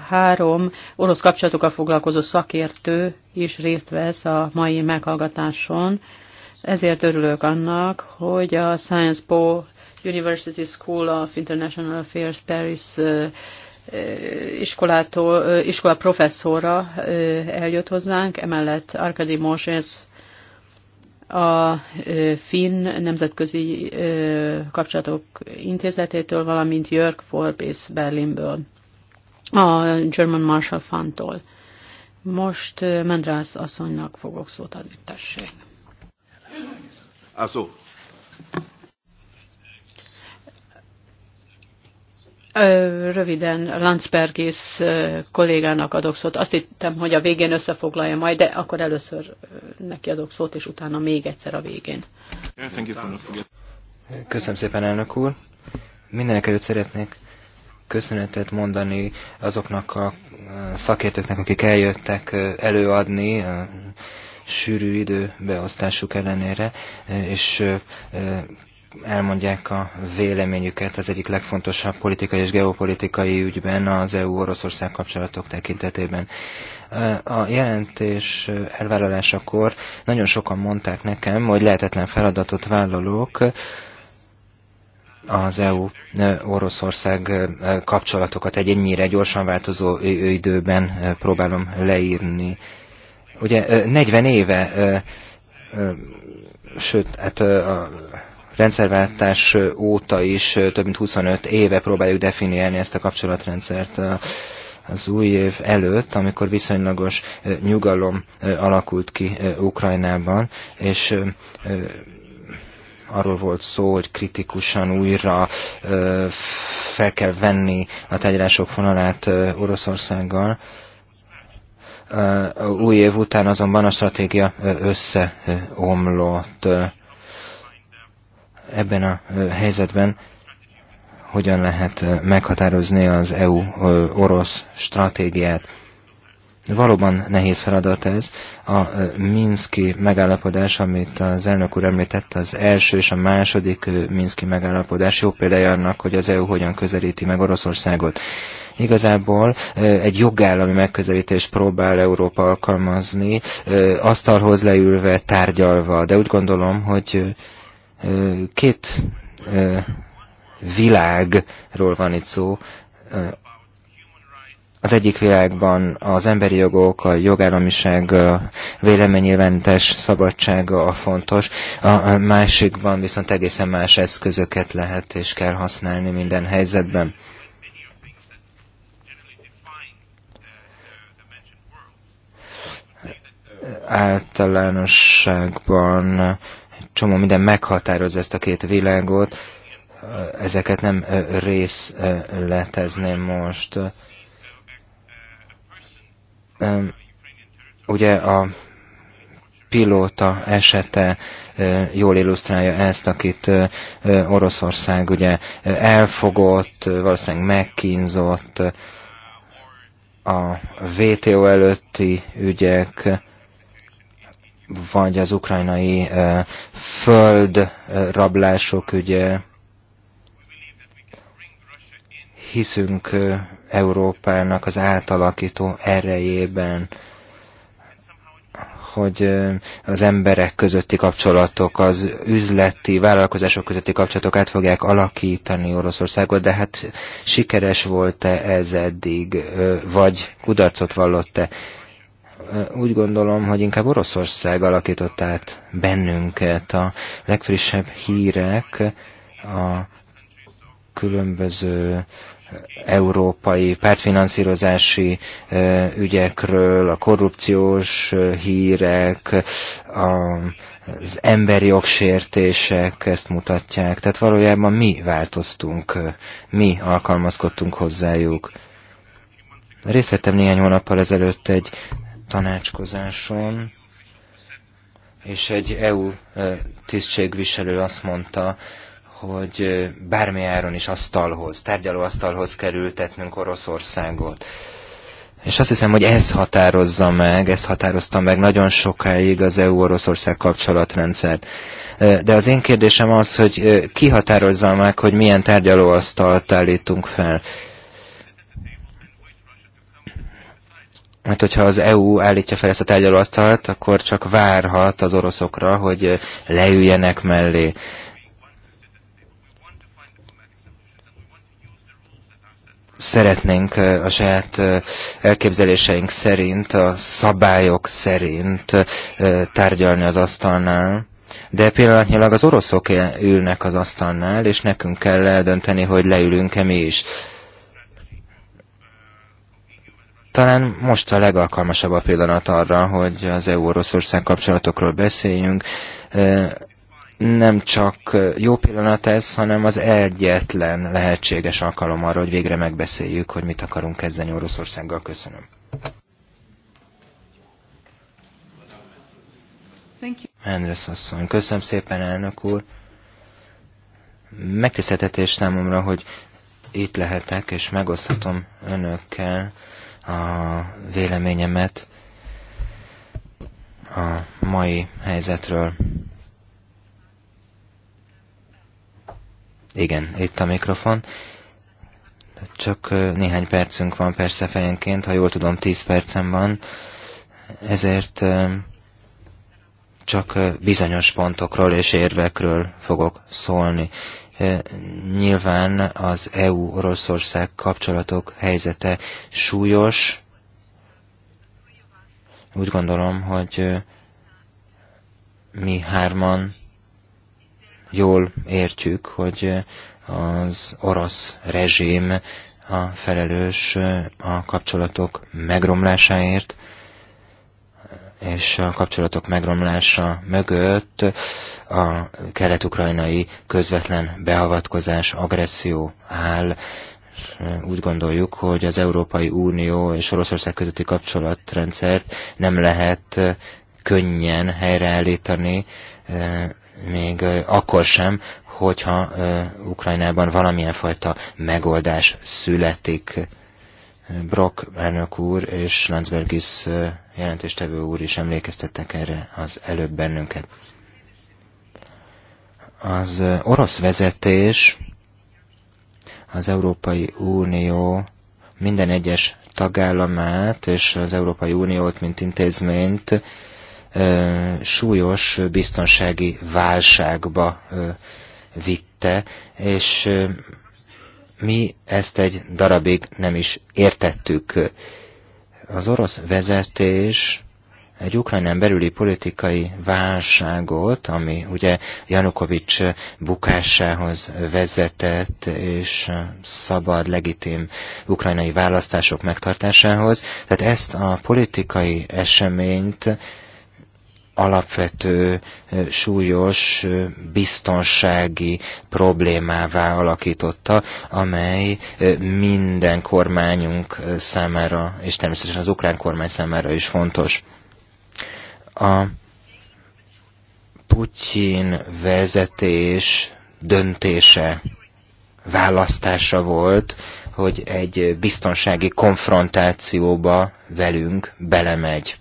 három orosz kapcsolatokkal foglalkozó szakértő is részt vesz a mai meghallgatáson. Ezért örülök annak, hogy a Science Po University School of International Affairs Paris iskolától, iskola professzora eljött hozzánk, emellett Arkady Moses a Finn Nemzetközi Kapcsolatok Intézetétől, valamint Jörg Forbes Berlinből, a German Marshall Fundtól. Most Mendrász asszonynak fogok szót adni, tessék. Also, Röviden Landsbergis kollégának adok szót. Azt hittem, hogy a végén összefoglalja majd, de akkor először neki adok szót, és utána még egyszer a végén. Köszönöm szépen, elnök úr. Mindenek előtt szeretnék köszönetet mondani azoknak a szakértőknek, akik eljöttek előadni sűrű időbeosztásuk ellenére, és elmondják a véleményüket az egyik legfontosabb politikai és geopolitikai ügyben az EU-Oroszország kapcsolatok tekintetében. A jelentés elvállalásakor nagyon sokan mondták nekem, hogy lehetetlen feladatot vállalok, az EU-Oroszország kapcsolatokat egy ennyire gyorsan változó időben próbálom leírni. Ugye 40 éve, sőt, hát a rendszerváltás óta is több mint 25 éve próbáljuk definiálni ezt a kapcsolatrendszert az új év előtt, amikor viszonylagos nyugalom alakult ki Ukrajnában, és arról volt szó, hogy kritikusan újra fel kell venni a tegyelások fonalát Oroszországgal. Új év után azonban a stratégia összeomlott ebben a helyzetben hogyan lehet meghatározni az EU-orosz stratégiát. Valóban nehéz feladat ez. A Minszki megállapodás, amit az elnök úr említett, az első és a második Minszki megállapodás jó példája annak, hogy az EU hogyan közelíti meg Oroszországot. Igazából egy jogállami megközelítést próbál Európa alkalmazni, asztalhoz leülve, tárgyalva, de úgy gondolom, hogy Két világról van itt szó. Az egyik világban az emberi jogok, a jogállamiság, a véleménynyilvántás szabadsága a fontos, a másikban viszont egészen más eszközöket lehet és kell használni minden helyzetben. Általánosságban csomó minden meghatározza ezt a két világot, ezeket nem részletezném most. Ugye a pilóta esete jól illusztrálja ezt, akit Oroszország ugye elfogott, valószínűleg megkínzott a VTO előtti ügyek, vagy az ukrajnai eh, földrablások ügye. Hiszünk eh, Európának az átalakító erejében, hogy eh, az emberek közötti kapcsolatok, az üzleti vállalkozások közötti kapcsolatok át fogják alakítani Oroszországot, de hát sikeres volt-e ez eddig, vagy kudarcot vallott-e? úgy gondolom, hogy inkább Oroszország alakított át bennünket. A legfrissebb hírek a különböző európai pártfinanszírozási ügyekről, a korrupciós hírek, az emberi jogsértések ezt mutatják. Tehát valójában mi változtunk, mi alkalmazkodtunk hozzájuk. Részt vettem néhány hónappal ezelőtt egy tanácskozáson, és egy EU e, tisztségviselő azt mondta, hogy e, bármi áron is asztalhoz, tárgyalóasztalhoz kerültetnünk Oroszországot. És azt hiszem, hogy ez határozza meg, ez határozta meg nagyon sokáig az EU-Oroszország kapcsolatrendszert. E, de az én kérdésem az, hogy ki határozza meg, hogy milyen tárgyalóasztalt állítunk fel Hát, hogyha az EU állítja fel ezt a tárgyalóasztalt, akkor csak várhat az oroszokra, hogy leüljenek mellé. szeretnénk a saját elképzeléseink szerint, a szabályok szerint tárgyalni az asztalnál. De pillanatnyilag az oroszok ülnek az asztalnál, és nekünk kell eldönteni, hogy leülünk-e mi is. Talán most a legalkalmasabb a pillanat arra, hogy az EU-Oroszország kapcsolatokról beszéljünk. Nem csak jó pillanat ez, hanem az egyetlen lehetséges alkalom arra, hogy végre megbeszéljük, hogy mit akarunk kezdeni Oroszországgal. Köszönöm. Andrés asszony, köszönöm szépen, elnök úr. Megtiszteltetés számomra, hogy itt lehetek, és megoszthatom önökkel a véleményemet a mai helyzetről. Igen, itt a mikrofon. Csak néhány percünk van persze fejenként, ha jól tudom, 10 percem van. Ezért csak bizonyos pontokról és érvekről fogok szólni. E, nyilván az EU-Oroszország kapcsolatok helyzete súlyos. Úgy gondolom, hogy e, mi hárman jól értjük, hogy e, az orosz rezsim a felelős a kapcsolatok megromlásáért, és a kapcsolatok megromlása mögött a kelet-ukrajnai közvetlen beavatkozás, agresszió áll, és úgy gondoljuk, hogy az Európai Unió és Oroszország közötti kapcsolatrendszert nem lehet könnyen helyreállítani, még akkor sem, hogyha Ukrajnában valamilyen fajta megoldás születik. Brock elnök úr és Landsbergis jelentéstevő úr is emlékeztettek erre az előbb bennünket. Az orosz vezetés, az Európai Unió minden egyes tagállamát és az Európai Uniót, mint intézményt súlyos biztonsági válságba vitte, és mi ezt egy darabig nem is értettük. Az orosz vezetés egy Ukrajnán belüli politikai válságot, ami ugye Janukovics bukásához vezetett, és szabad, legitim ukrajnai választások megtartásához. Tehát ezt a politikai eseményt alapvető, súlyos biztonsági problémává alakította, amely minden kormányunk számára, és természetesen az ukrán kormány számára is fontos. A Putyin vezetés döntése, választása volt, hogy egy biztonsági konfrontációba velünk belemegy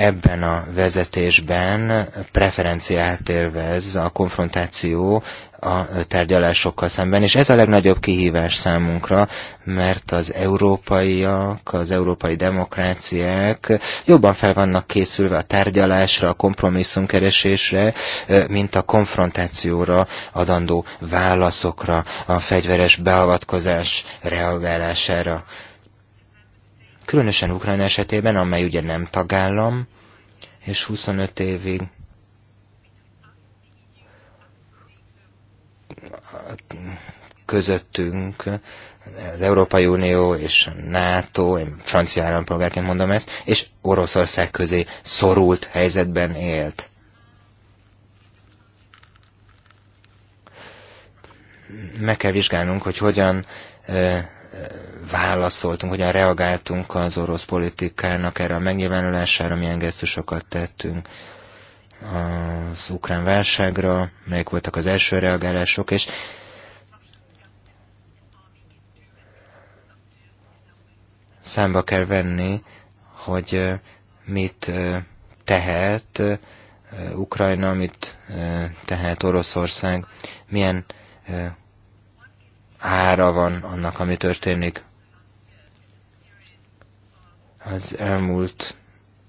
ebben a vezetésben preferenciát élvez a konfrontáció a tárgyalásokkal szemben, és ez a legnagyobb kihívás számunkra, mert az európaiak, az európai demokráciák jobban fel vannak készülve a tárgyalásra, a kompromisszumkeresésre, mint a konfrontációra adandó válaszokra, a fegyveres beavatkozás reagálására különösen Ukrajna esetében, amely ugye nem tagállam, és 25 évig közöttünk, az Európai Unió és a NATO, én francia állampolgárként mondom ezt, és Oroszország közé szorult helyzetben élt. Meg kell vizsgálnunk, hogy hogyan válaszoltunk, hogyan reagáltunk az orosz politikának erre a megnyilvánulására, milyen gesztusokat tettünk az ukrán válságra, melyek voltak az első reagálások, és számba kell venni, hogy mit tehet Ukrajna, mit tehet Oroszország, milyen ára van annak, ami történik az elmúlt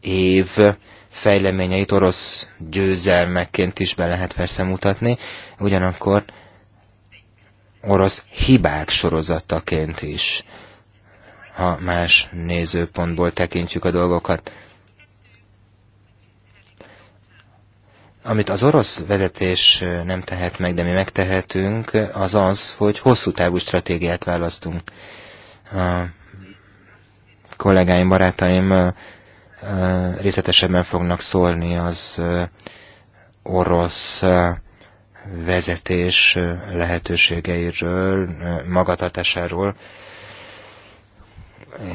év fejleményeit orosz győzelmeként is be lehet persze mutatni, ugyanakkor orosz hibák sorozataként is, ha más nézőpontból tekintjük a dolgokat. Amit az orosz vezetés nem tehet meg, de mi megtehetünk, az az, hogy hosszú távú stratégiát választunk kollégáim, barátaim részletesebben fognak szólni az orosz vezetés lehetőségeiről, magatartásáról,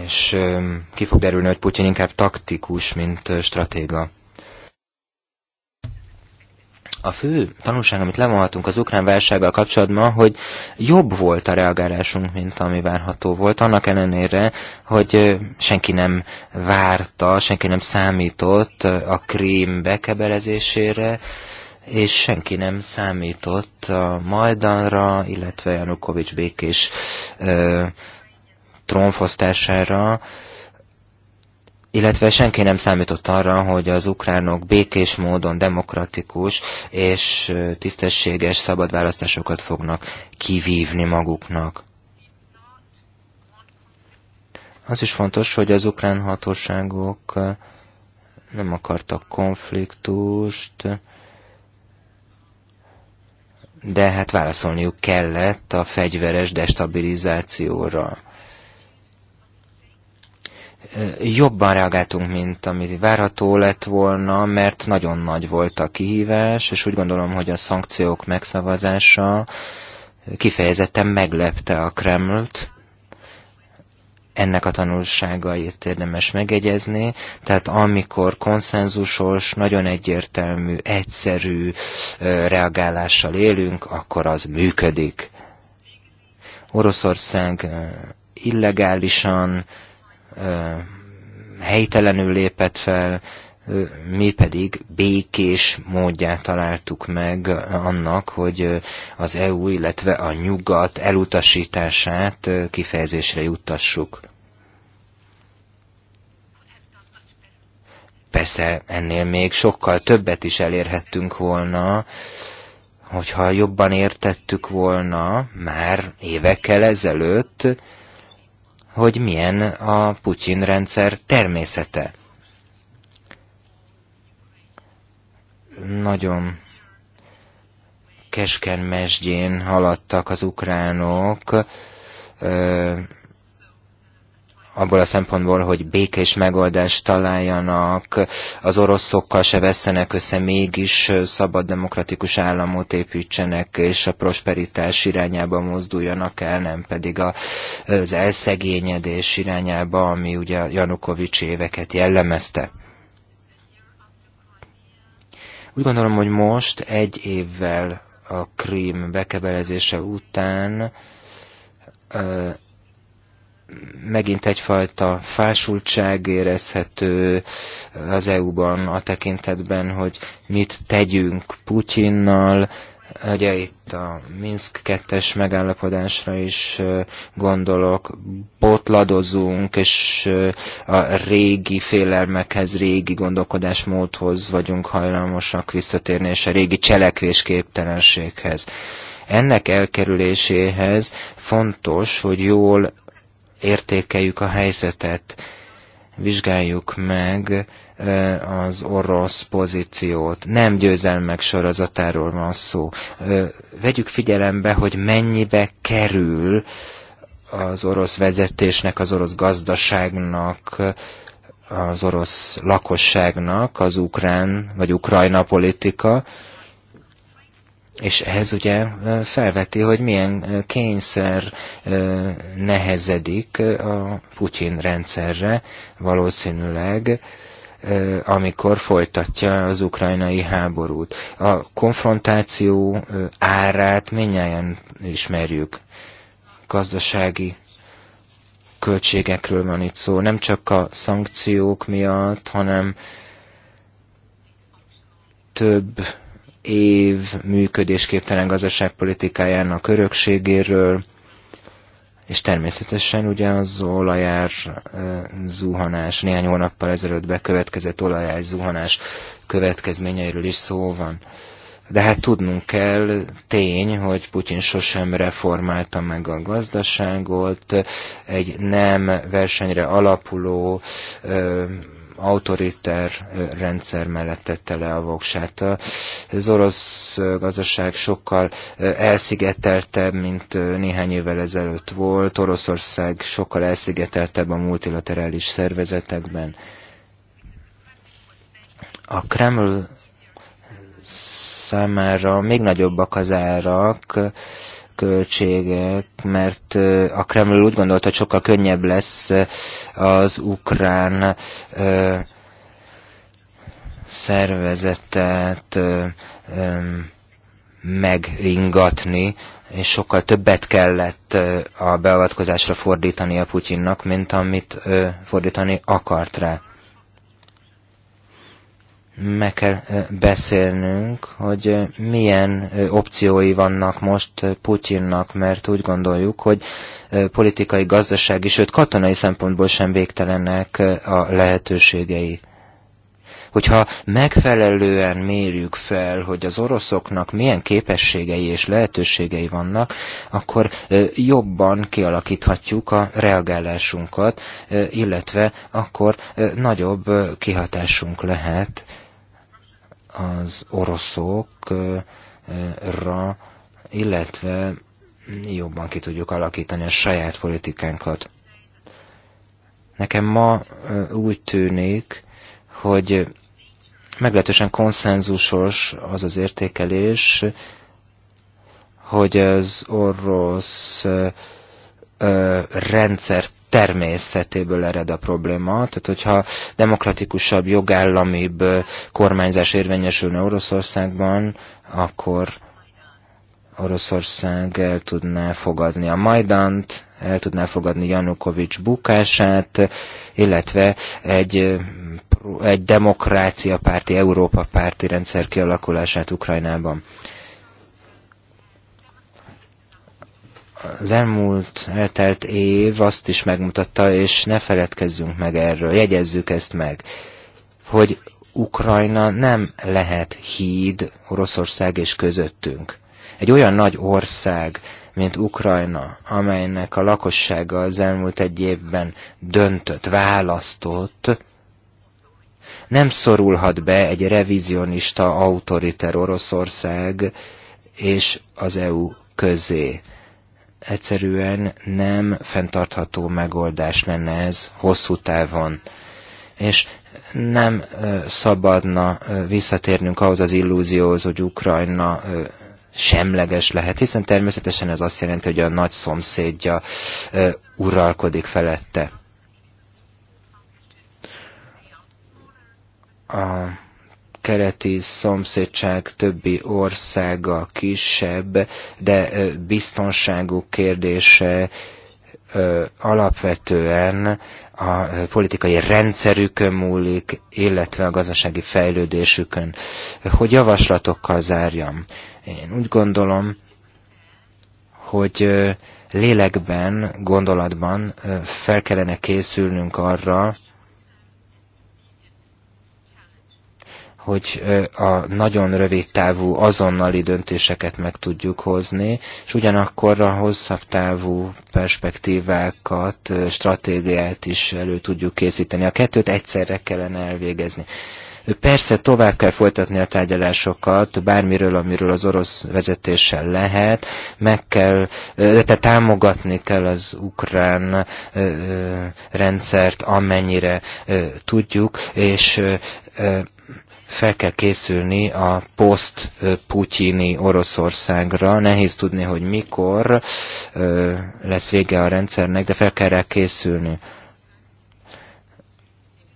és ki fog derülni, hogy Putyin inkább taktikus, mint stratéga a fő tanulság, amit levonhatunk az ukrán válsággal kapcsolatban, hogy jobb volt a reagálásunk, mint ami várható volt, annak ellenére, hogy senki nem várta, senki nem számított a krém bekebelezésére, és senki nem számított a Majdanra, illetve Janukovics békés ö, trónfosztására, illetve senki nem számított arra, hogy az ukránok békés módon demokratikus és tisztességes szabad választásokat fognak kivívni maguknak. Az is fontos, hogy az ukrán hatóságok nem akartak konfliktust, de hát válaszolniuk kellett a fegyveres destabilizációra jobban reagáltunk, mint amit várható lett volna, mert nagyon nagy volt a kihívás, és úgy gondolom, hogy a szankciók megszavazása kifejezetten meglepte a Kremlt, ennek a tanulságait érdemes megegyezni, tehát amikor konszenzusos, nagyon egyértelmű, egyszerű reagálással élünk, akkor az működik. Oroszország illegálisan helytelenül lépett fel, mi pedig békés módját találtuk meg annak, hogy az EU, illetve a nyugat elutasítását kifejezésre juttassuk. Persze ennél még sokkal többet is elérhettünk volna, hogyha jobban értettük volna már évekkel ezelőtt, hogy milyen a Putyin rendszer természete. Nagyon keskeny mesdjén haladtak az ukránok, abból a szempontból, hogy békés megoldást találjanak, az oroszokkal se vesztenek össze, mégis szabad demokratikus államot építsenek, és a prosperitás irányába mozduljanak el, nem pedig az elszegényedés irányába, ami ugye Janukovics éveket jellemezte. Úgy gondolom, hogy most egy évvel a krím bekebelezése után megint egyfajta fásultság érezhető az EU-ban a tekintetben, hogy mit tegyünk Putyinnal, ugye itt a Minsk 2 megállapodásra is gondolok, botladozunk, és a régi félelmekhez, régi gondolkodásmódhoz vagyunk hajlamosak visszatérni, és a régi cselekvésképtelenséghez. Ennek elkerüléséhez fontos, hogy jól értékeljük a helyzetet, vizsgáljuk meg az orosz pozíciót. Nem győzelmek sorozatáról van szó. Vegyük figyelembe, hogy mennyibe kerül az orosz vezetésnek, az orosz gazdaságnak, az orosz lakosságnak az ukrán vagy ukrajna politika, és ehhez ugye felveti, hogy milyen kényszer nehezedik a Putyin rendszerre valószínűleg, amikor folytatja az ukrajnai háborút. A konfrontáció árát minnyáján ismerjük. Gazdasági költségekről van itt szó, nem csak a szankciók miatt, hanem több év működésképtelen gazdaságpolitikájának örökségéről, és természetesen ugye az olajár zuhanás, néhány hónappal ezelőtt bekövetkezett olajár zuhanás következményeiről is szó van. De hát tudnunk kell, tény, hogy Putyin sosem reformálta meg a gazdaságot, egy nem versenyre alapuló autoriter rendszer mellett tette le a voksát. Az orosz gazdaság sokkal elszigeteltebb, mint néhány évvel ezelőtt volt. Oroszország sokkal elszigeteltebb a multilaterális szervezetekben. A Kreml számára még nagyobbak az árak, költségek, mert a Kreml úgy gondolta, hogy sokkal könnyebb lesz az ukrán szervezetet megingatni, és sokkal többet kellett a beavatkozásra fordítani a Putyinnak, mint amit fordítani akart rá meg kell beszélnünk, hogy milyen opciói vannak most Putyinnak, mert úgy gondoljuk, hogy politikai, gazdasági, sőt katonai szempontból sem végtelenek a lehetőségei. Hogyha megfelelően mérjük fel, hogy az oroszoknak milyen képességei és lehetőségei vannak, akkor jobban kialakíthatjuk a reagálásunkat, illetve akkor nagyobb kihatásunk lehet az oroszokra, illetve jobban ki tudjuk alakítani a saját politikánkat. Nekem ma úgy tűnik, hogy meglehetősen konszenzusos az az értékelés, hogy az orosz rendszer természetéből ered a probléma. Tehát, hogyha demokratikusabb, jogállamibb kormányzás érvényesülne Oroszországban, akkor Oroszország el tudná fogadni a Majdant, el tudná fogadni Janukovics bukását, illetve egy, egy demokrácia párti, Európa párti rendszer kialakulását Ukrajnában. az elmúlt eltelt év azt is megmutatta, és ne feledkezzünk meg erről, jegyezzük ezt meg, hogy Ukrajna nem lehet híd Oroszország és közöttünk. Egy olyan nagy ország, mint Ukrajna, amelynek a lakossága az elmúlt egy évben döntött, választott, nem szorulhat be egy revizionista, autoriter Oroszország és az EU közé egyszerűen nem fenntartható megoldás lenne ez hosszú távon. És nem szabadna visszatérnünk ahhoz az illúzióhoz, hogy Ukrajna semleges lehet, hiszen természetesen ez azt jelenti, hogy a nagy szomszédja uralkodik felette. A keleti szomszédság többi országa kisebb, de biztonságuk kérdése alapvetően a politikai rendszerükön múlik, illetve a gazdasági fejlődésükön. Hogy javaslatokkal zárjam? Én úgy gondolom, hogy lélekben, gondolatban fel kellene készülnünk arra, hogy a nagyon rövid távú azonnali döntéseket meg tudjuk hozni, és ugyanakkor a hosszabb távú perspektívákat, stratégiát is elő tudjuk készíteni. A kettőt egyszerre kellene elvégezni. Persze tovább kell folytatni a tárgyalásokat, bármiről, amiről az orosz vezetéssel lehet, meg kell, de támogatni kell az ukrán rendszert, amennyire tudjuk, és fel kell készülni a poszt-putyini Oroszországra. Nehéz tudni, hogy mikor lesz vége a rendszernek, de fel kell rá készülni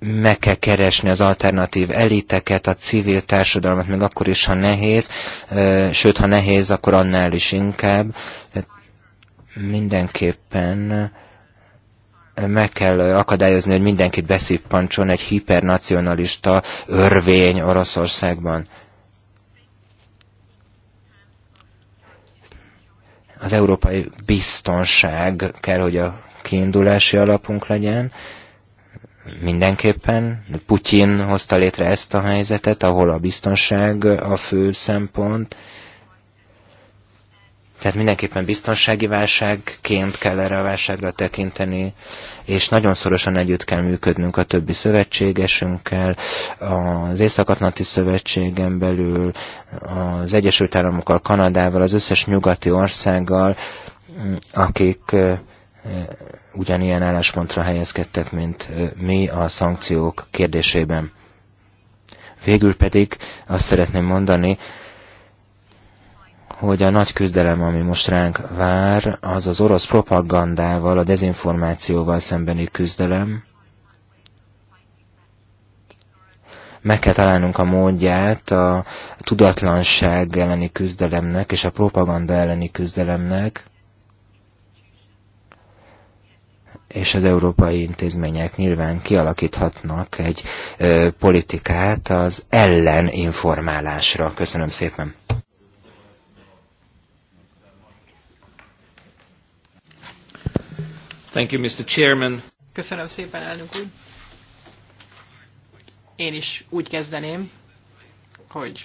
meg kell keresni az alternatív eliteket, a civil társadalmat, még akkor is, ha nehéz, sőt, ha nehéz, akkor annál is inkább. Mindenképpen meg kell akadályozni, hogy mindenkit beszippancson egy hipernacionalista örvény Oroszországban. Az európai biztonság kell, hogy a kiindulási alapunk legyen. Mindenképpen Putyin hozta létre ezt a helyzetet, ahol a biztonság a fő szempont, tehát mindenképpen biztonsági válságként kell erre a válságra tekinteni, és nagyon szorosan együtt kell működnünk a többi szövetségesünkkel, az Észak-Atlanti Szövetségen belül, az Egyesült Államokkal, Kanadával, az összes nyugati országgal, akik ugyanilyen álláspontra helyezkedtek, mint mi a szankciók kérdésében. Végül pedig azt szeretném mondani, hogy a nagy küzdelem, ami most ránk vár, az az orosz propagandával, a dezinformációval szembeni küzdelem. Meg kell találnunk a módját a tudatlanság elleni küzdelemnek és a propaganda elleni küzdelemnek, és az európai intézmények nyilván kialakíthatnak egy ö, politikát az elleninformálásra. Köszönöm szépen! Thank you, Mr. Chairman. Köszönöm szépen, elnök úr. Én is úgy kezdeném, hogy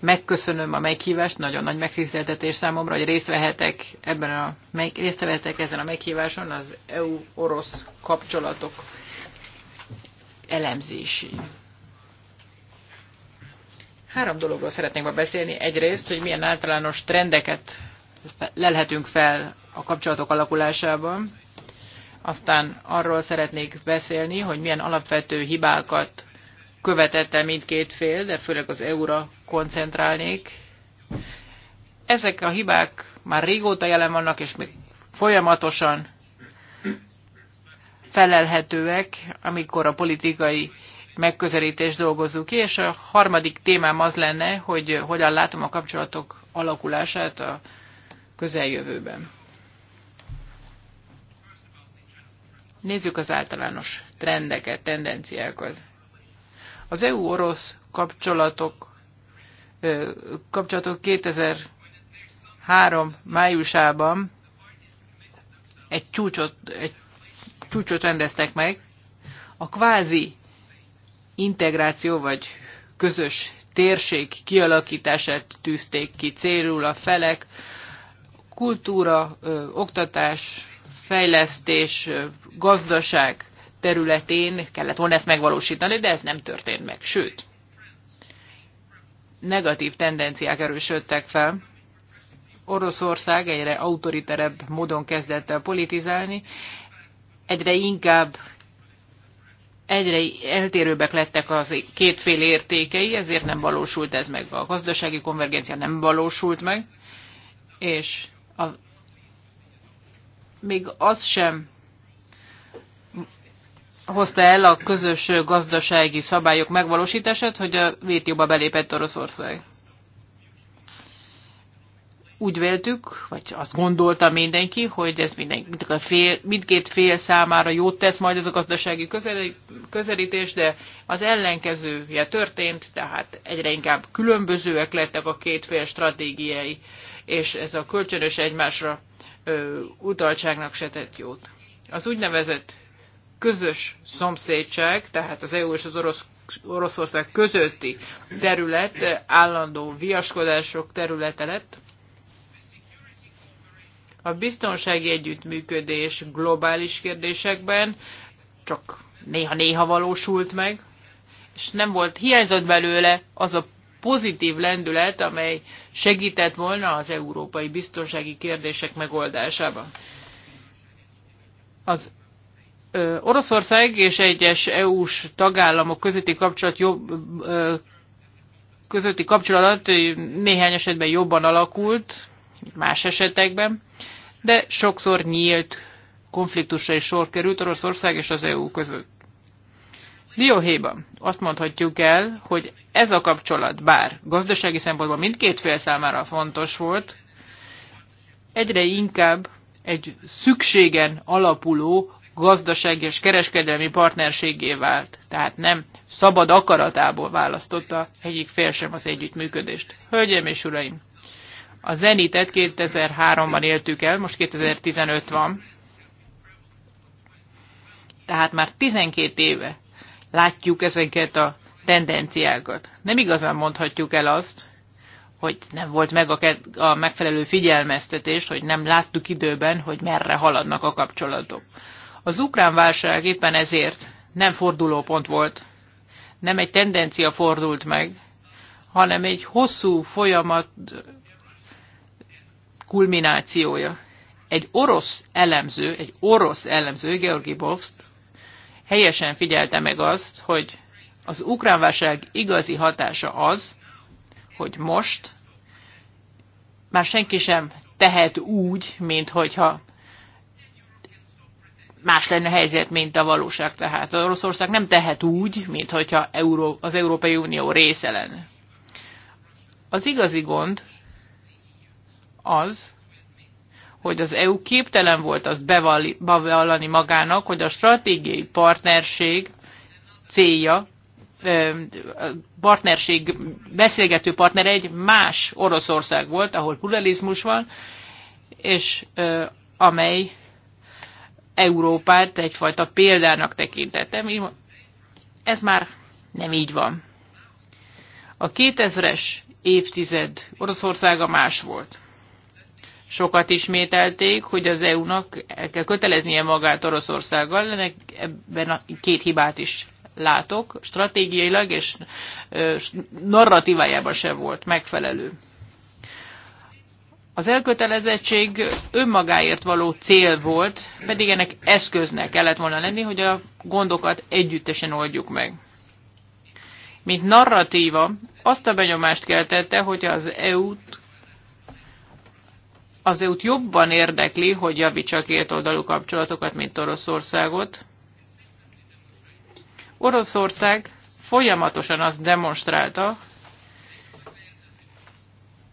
megköszönöm a meghívást, nagyon nagy megtiszteltetés számomra, hogy részt vehetek, ebben a, részt vehetek ezen a meghíváson az EU-orosz kapcsolatok elemzési Három dologról szeretnék ma beszélni. Egyrészt, hogy milyen általános trendeket lelhetünk fel a kapcsolatok alakulásában. Aztán arról szeretnék beszélni, hogy milyen alapvető hibákat követett el mindkét fél, de főleg az EU-ra koncentrálnék. Ezek a hibák már régóta jelen vannak, és még folyamatosan felelhetőek, amikor a politikai megközelítést dolgozzuk ki, és a harmadik témám az lenne, hogy hogyan látom a kapcsolatok alakulását a közeljövőben. Nézzük az általános trendeket, tendenciákat. Az EU-orosz kapcsolatok, kapcsolatok 2003 májusában egy csúcsot, egy csúcsot rendeztek meg. A kvázi integráció vagy közös térség kialakítását tűzték ki célul a felek, kultúra, oktatás, fejlesztés, gazdaság területén kellett volna ezt megvalósítani, de ez nem történt meg. Sőt, negatív tendenciák erősödtek fel. Oroszország egyre autoriterebb módon kezdett el politizálni, egyre inkább egyre eltérőbbek lettek az kétfél értékei, ezért nem valósult ez meg. A gazdasági konvergencia nem valósult meg, és a, még az sem hozta el a közös gazdasági szabályok megvalósítását, hogy a WTO-ba belépett Oroszország. Úgy véltük, vagy azt gondolta mindenki, hogy ez minden, a fél, mindkét fél számára jót tesz majd ez a gazdasági közelítés, de az ellenkezője történt, tehát egyre inkább különbözőek lettek a két fél stratégiai és ez a kölcsönös egymásra utaltságnak se tett jót. Az úgynevezett közös szomszédság, tehát az EU és az orosz, Oroszország közötti terület állandó viaskodások területe lett. A biztonsági együttműködés globális kérdésekben csak néha-néha valósult meg, és nem volt, hiányzott belőle az a pozitív lendület, amely segített volna az európai biztonsági kérdések megoldásában. Az ö, Oroszország és egyes EU-s tagállamok közötti kapcsolat jobb, ö, közötti kapcsolat néhány esetben jobban alakult, más esetekben, de sokszor nyílt konfliktusra is sor került Oroszország és az EU között. Dióhéjban azt mondhatjuk el, hogy ez a kapcsolat bár gazdasági szempontból mindkét fél számára fontos volt, egyre inkább egy szükségen alapuló gazdasági és kereskedelmi partnerségé vált, tehát nem szabad akaratából választotta egyik fél sem az együttműködést. Hölgyeim és uraim, a Zenitet 2003-ban éltük el, most 2015 van, tehát már 12 éve látjuk ezeket a tendenciákat. Nem igazán mondhatjuk el azt, hogy nem volt meg a, a megfelelő figyelmeztetés, hogy nem láttuk időben, hogy merre haladnak a kapcsolatok. Az ukrán válság éppen ezért nem fordulópont volt, nem egy tendencia fordult meg, hanem egy hosszú folyamat kulminációja. Egy orosz elemző, egy orosz elemző, Georgi Bovst, helyesen figyelte meg azt, hogy az ukrán válság igazi hatása az, hogy most már senki sem tehet úgy, mint hogyha más lenne a helyzet, mint a valóság. Tehát Oroszország nem tehet úgy, mint hogyha Euró, az Európai Unió része lenne. Az igazi gond az, hogy az EU képtelen volt azt bevallani magának, hogy a stratégiai partnerség célja partnerség, beszélgető partner egy más Oroszország volt, ahol pluralizmus van, és amely Európát egyfajta példának tekintettem. Ez már nem így van. A 2000-es évtized Oroszországa más volt. Sokat ismételték, hogy az EU-nak el kell köteleznie magát Oroszországgal, ennek ebben a két hibát is látok, stratégiailag és narratívájában sem volt megfelelő. Az elkötelezettség önmagáért való cél volt, pedig ennek eszköznek kellett volna lenni, hogy a gondokat együttesen oldjuk meg. Mint narratíva azt a benyomást keltette, hogy az EU-t az EU-t jobban érdekli, hogy javítsa két oldalú kapcsolatokat, mint Oroszországot, Oroszország folyamatosan azt demonstrálta,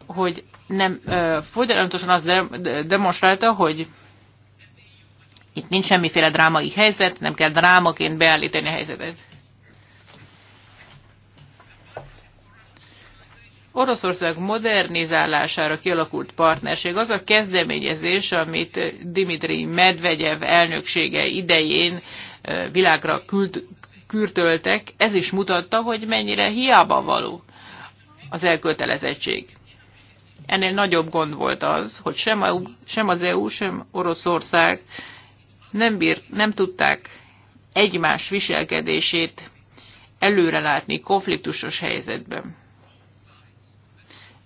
hogy nem, folyamatosan azt demonstrálta, hogy itt nincs semmiféle drámai helyzet, nem kell drámaként beállítani a helyzetet. Oroszország modernizálására kialakult partnerség az a kezdeményezés, amit Dimitri Medvegyev elnöksége idején világra küld, kürtöltek, ez is mutatta, hogy mennyire hiába való az elkötelezettség. Ennél nagyobb gond volt az, hogy sem, a, sem az EU, sem Oroszország nem, bír, nem tudták egymás viselkedését előrelátni konfliktusos helyzetben.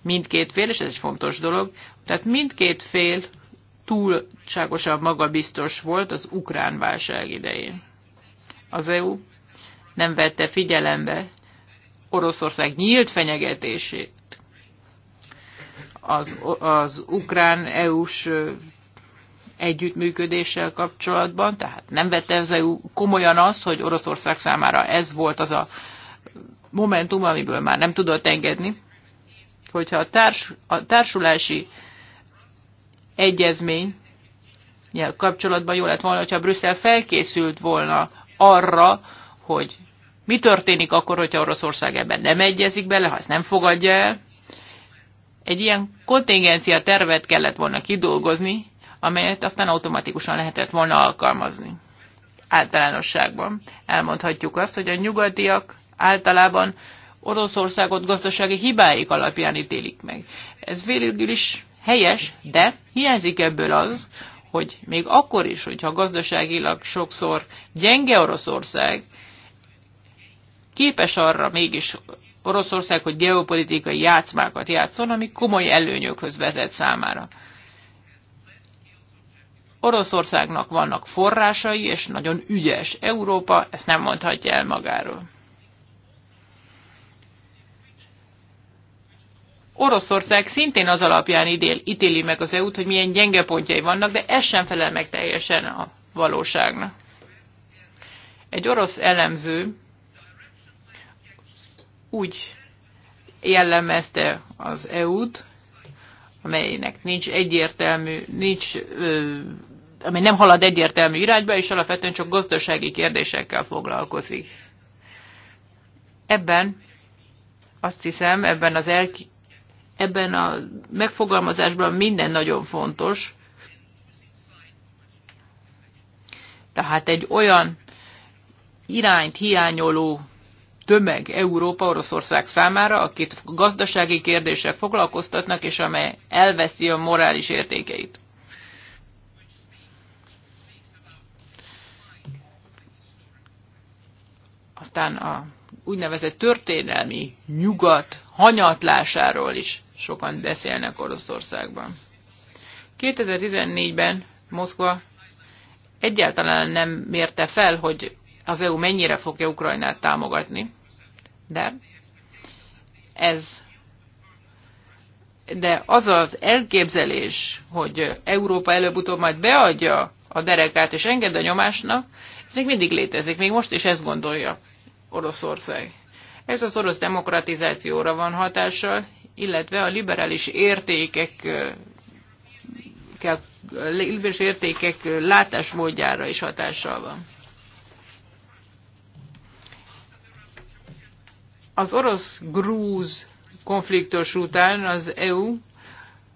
Mindkét fél, és ez egy fontos dolog, tehát mindkét fél túlságosan magabiztos volt az ukrán válság idején. Az EU nem vette figyelembe Oroszország nyílt fenyegetését az, az ukrán-EU-s együttműködéssel kapcsolatban, tehát nem vette az EU komolyan azt, hogy Oroszország számára ez volt az a momentum, amiből már nem tudott engedni, hogyha a, társ, a társulási egyezmény kapcsolatban jó lett volna, hogyha Brüsszel felkészült volna arra, hogy mi történik akkor, hogyha Oroszország ebben nem egyezik bele, ha ezt nem fogadja el. Egy ilyen kontingencia tervet kellett volna kidolgozni, amelyet aztán automatikusan lehetett volna alkalmazni. Általánosságban elmondhatjuk azt, hogy a nyugatiak általában Oroszországot gazdasági hibáik alapján ítélik meg. Ez végül is helyes, de hiányzik ebből az, hogy még akkor is, hogyha gazdaságilag sokszor gyenge Oroszország, képes arra mégis Oroszország, hogy geopolitikai játszmákat játszon, ami komoly előnyökhöz vezet számára. Oroszországnak vannak forrásai, és nagyon ügyes Európa, ezt nem mondhatja el magáról. Oroszország szintén az alapján idél, ítéli meg az EU-t, hogy milyen gyenge pontjai vannak, de ez sem felel meg teljesen a valóságnak. Egy orosz elemző úgy jellemezte az EU-t, amelynek nincs egyértelmű, nincs, ö, amely nem halad egyértelmű irányba, és alapvetően csak gazdasági kérdésekkel foglalkozik. Ebben azt hiszem, ebben az el, ebben a megfogalmazásban minden nagyon fontos. Tehát egy olyan irányt hiányoló tömeg Európa Oroszország számára, akit gazdasági kérdések foglalkoztatnak, és amely elveszi a morális értékeit. Aztán a úgynevezett történelmi nyugat hanyatlásáról is sokan beszélnek Oroszországban. 2014-ben Moszkva egyáltalán nem mérte fel, hogy az EU mennyire fogja Ukrajnát támogatni. De ez de az az elképzelés, hogy Európa előbb-utóbb majd beadja a derekát és enged a nyomásnak, ez még mindig létezik, még most is ezt gondolja Oroszország. Ez az orosz demokratizációra van hatással, illetve a liberális értékek liberális értékek látásmódjára is hatással van. Az orosz-grúz konfliktus után az EU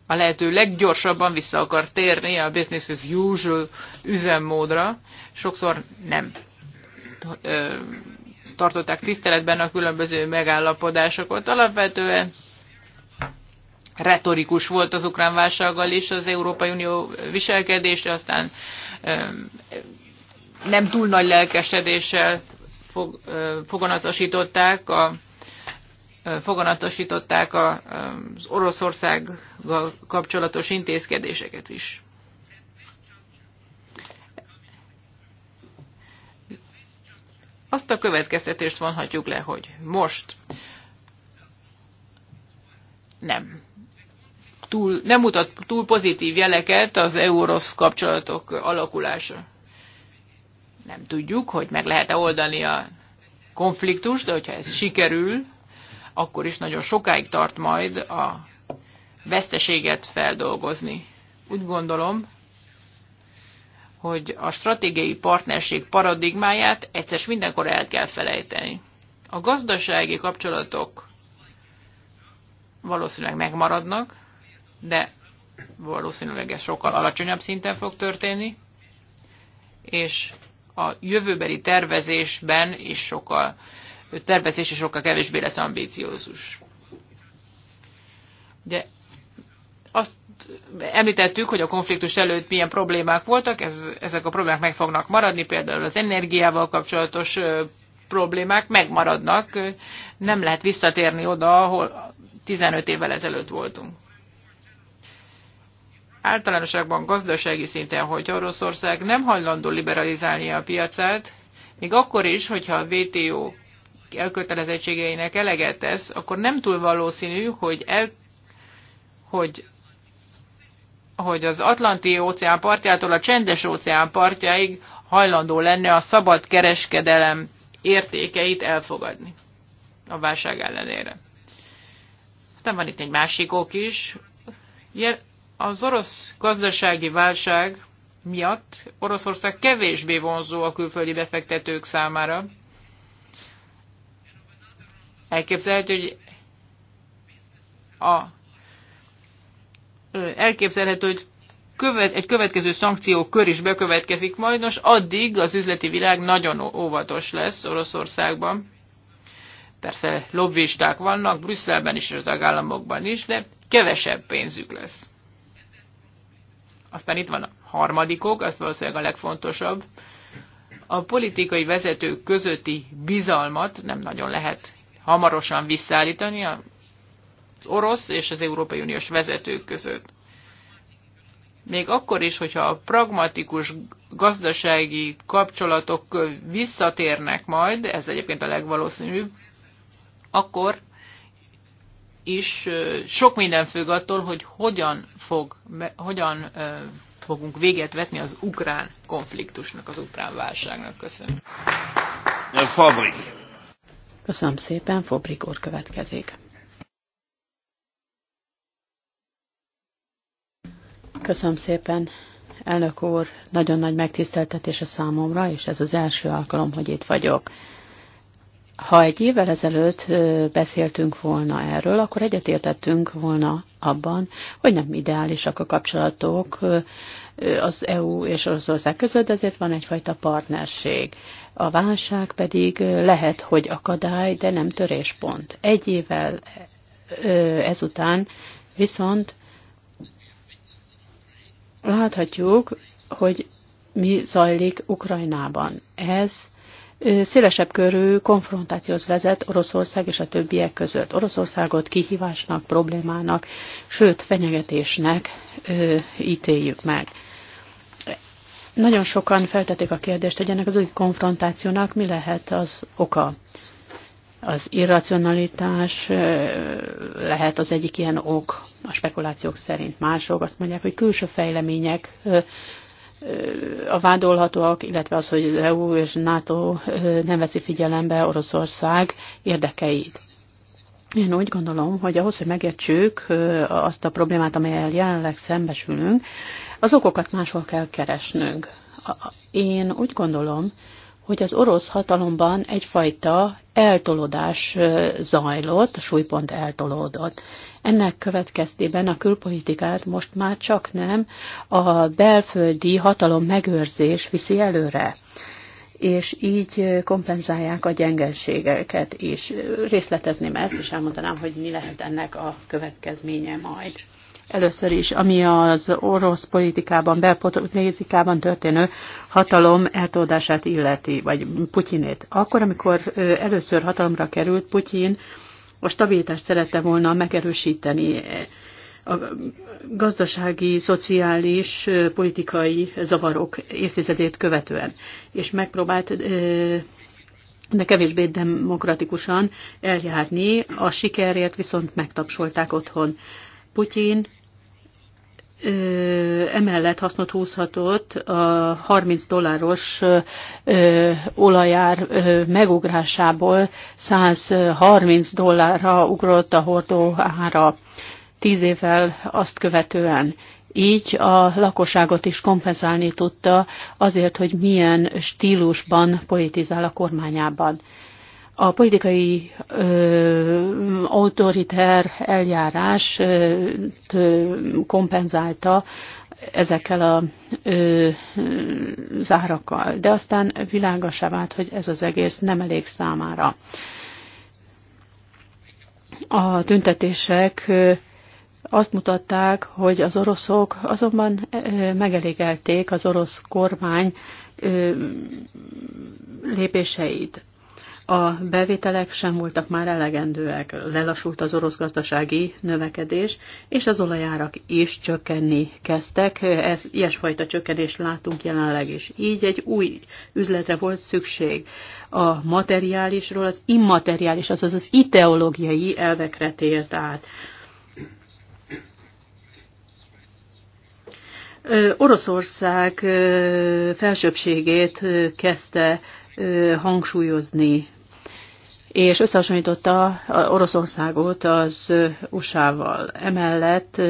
a lehető leggyorsabban vissza akar térni a business as usual üzemmódra. Sokszor nem tartották tiszteletben a különböző megállapodásokat. Alapvetően retorikus volt az ukrán válsággal is az Európai Unió viselkedése, aztán nem túl nagy lelkesedéssel foganatosították a foganatosították az Oroszországgal kapcsolatos intézkedéseket is. Azt a következtetést vonhatjuk le, hogy most nem. Túl, nem mutat túl pozitív jeleket az eurosz kapcsolatok alakulása. Nem tudjuk, hogy meg lehet-e oldani a konfliktust, de hogyha ez sikerül, akkor is nagyon sokáig tart majd a veszteséget feldolgozni. Úgy gondolom, hogy a stratégiai partnerség paradigmáját egyszer mindenkor el kell felejteni. A gazdasági kapcsolatok valószínűleg megmaradnak, de valószínűleg ez sokkal alacsonyabb szinten fog történni, és a jövőbeli tervezésben is sokkal tervezés is sokkal kevésbé lesz ambíciózus. De azt említettük, hogy a konfliktus előtt milyen problémák voltak, ez, ezek a problémák meg fognak maradni, például az energiával kapcsolatos problémák megmaradnak, nem lehet visszatérni oda, ahol 15 évvel ezelőtt voltunk. Általánosságban gazdasági szinten, hogy Oroszország nem hajlandó liberalizálni a piacát, még akkor is, hogyha a WTO elkötelezettségeinek eleget tesz, akkor nem túl valószínű, hogy, el, hogy, hogy az Atlanti óceán partjától a csendes óceán partjáig hajlandó lenne a szabad kereskedelem értékeit elfogadni a válság ellenére. Aztán van itt egy másik ok is. Az orosz gazdasági válság miatt Oroszország kevésbé vonzó a külföldi befektetők számára. Elképzelhető, hogy a, elképzelhető, hogy követ, egy következő szankció kör is bekövetkezik majd, nos addig az üzleti világ nagyon óvatos lesz Oroszországban. Persze lobbisták vannak, Brüsszelben is, és a tagállamokban is, de kevesebb pénzük lesz. Aztán itt van a harmadikok, azt valószínűleg a legfontosabb. A politikai vezetők közötti bizalmat nem nagyon lehet hamarosan visszaállítani az orosz és az Európai Uniós vezetők között. Még akkor is, hogyha a pragmatikus gazdasági kapcsolatok visszatérnek majd, ez egyébként a legvalószínűbb, akkor is sok minden függ attól, hogy hogyan, fog, hogyan fogunk véget vetni az ukrán konfliktusnak, az ukrán válságnak. Köszönöm. Fabrik. Köszönöm szépen, Fobrik úr következik. Köszönöm szépen, elnök úr, nagyon nagy megtiszteltetés a számomra, és ez az első alkalom, hogy itt vagyok. Ha egy évvel ezelőtt beszéltünk volna erről, akkor egyetértettünk volna abban, hogy nem ideálisak a kapcsolatok az EU és Oroszország között, ezért van egyfajta partnerség. A válság pedig lehet, hogy akadály, de nem töréspont. Egy évvel ezután viszont láthatjuk, hogy mi zajlik Ukrajnában. Ez szélesebb körű konfrontációhoz vezet Oroszország és a többiek között. Oroszországot kihívásnak, problémának, sőt fenyegetésnek ítéljük meg. Nagyon sokan feltették a kérdést, hogy ennek az új konfrontációnak mi lehet az oka. Az irracionalitás lehet az egyik ilyen ok a spekulációk szerint. Mások azt mondják, hogy külső fejlemények a vádolhatóak, illetve az, hogy az EU és NATO nem veszi figyelembe Oroszország érdekeit. Én úgy gondolom, hogy ahhoz, hogy megértsük azt a problémát, amelyel jelenleg szembesülünk, az okokat máshol kell keresnünk. Én úgy gondolom, hogy az orosz hatalomban egyfajta eltolódás zajlott, a súlypont eltolódott. Ennek következtében a külpolitikát most már csak nem a belföldi hatalom megőrzés viszi előre és így kompenzálják a gyengeségeket, és Részletezném ezt, és elmondanám, hogy mi lehet ennek a következménye majd. Először is, ami az orosz politikában, belpolitikában történő hatalom eltoldását illeti, vagy Putyinét. Akkor, amikor először hatalomra került Putyin, a stabilitást szerette volna megerősíteni a gazdasági, szociális, politikai zavarok évtizedét követően, és megpróbált de kevésbé demokratikusan eljárni, a sikerért viszont megtapsolták otthon. Putyin emellett hasznot húzhatott a 30 dolláros olajár megugrásából 130 dollárra ugrott a hordó ára 10 évvel azt követően. Így a lakosságot is kompenzálni tudta azért, hogy milyen stílusban politizál a kormányában a politikai autoriter eljárás kompenzálta ezekkel a ö, zárakkal. De aztán világosá vált, hogy ez az egész nem elég számára. A tüntetések ö, azt mutatták, hogy az oroszok azonban megelégelték az orosz kormány lépéseit. A bevételek sem voltak már elegendőek, lelassult az orosz gazdasági növekedés, és az olajárak is csökkenni kezdtek. Ez, ilyesfajta csökkenést látunk jelenleg is. Így egy új üzletre volt szükség. A materiálisról az immateriális, azaz az ideológiai elvekre tért át. Oroszország felsőbségét kezdte hangsúlyozni és összehasonlította Oroszországot az USA-val. Emellett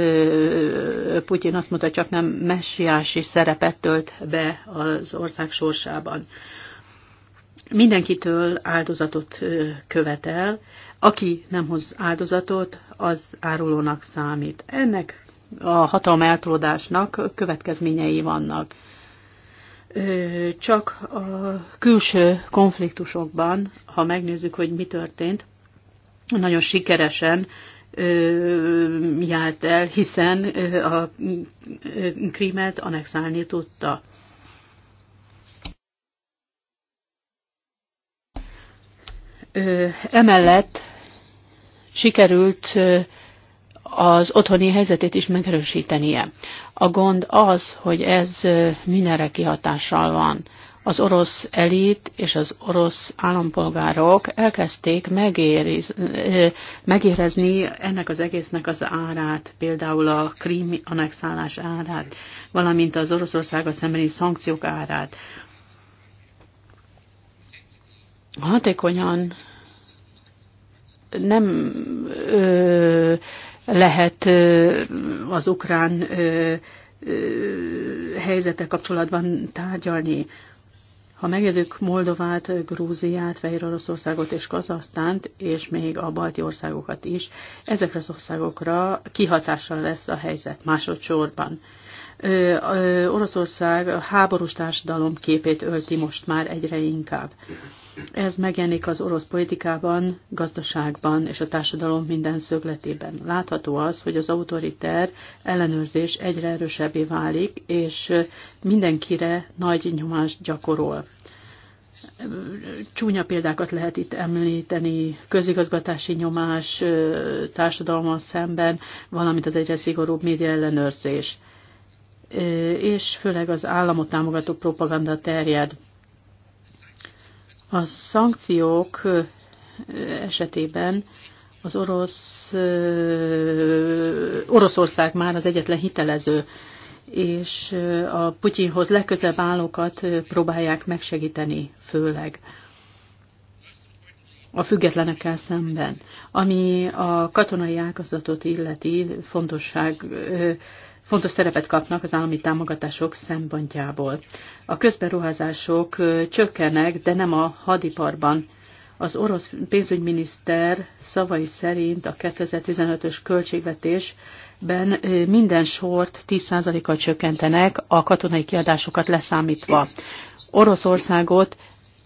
Putyin azt mondta, csak nem messiási szerepet tölt be az ország sorsában. Mindenkitől áldozatot követel, aki nem hoz áldozatot, az árulónak számít. Ennek a hatalma eltolódásnak következményei vannak csak a külső konfliktusokban, ha megnézzük, hogy mi történt, nagyon sikeresen járt el, hiszen a krímet anexálni tudta. Emellett sikerült az otthoni helyzetét is megerősítenie. A gond az, hogy ez mindenre kihatással van. Az orosz elit és az orosz állampolgárok elkezdték megériz, megérezni ennek az egésznek az árát, például a krími anexálás árát, valamint az Oroszországa szembeni szankciók árát. Hatékonyan nem ö, lehet ö, az ukrán ö, helyzete kapcsolatban tárgyalni. Ha megnézzük Moldovát, Grúziát, Fehér Oroszországot és Kazasztánt, és még a balti országokat is, ezekre az országokra kihatással lesz a helyzet másodszorban. Oroszország háborús társadalom képét ölti most már egyre inkább. Ez megjelenik az orosz politikában, gazdaságban és a társadalom minden szögletében. Látható az, hogy az autoriter ellenőrzés egyre erősebbé válik, és mindenkire nagy nyomást gyakorol. Csúnya példákat lehet itt említeni, közigazgatási nyomás társadalommal szemben, valamint az egyre szigorúbb média ellenőrzés és főleg az államot támogató propaganda terjed. A szankciók esetében az orosz, Oroszország már az egyetlen hitelező, és a Putyinhoz legközelebb állókat próbálják megsegíteni főleg a függetlenekkel szemben. Ami a katonai ágazatot illeti fontosság fontos szerepet kapnak az állami támogatások szempontjából. A közberuházások csökkenek, de nem a hadiparban. Az orosz pénzügyminiszter szavai szerint a 2015-ös költségvetésben minden sort 10%-kal csökkentenek, a katonai kiadásokat leszámítva. Oroszországot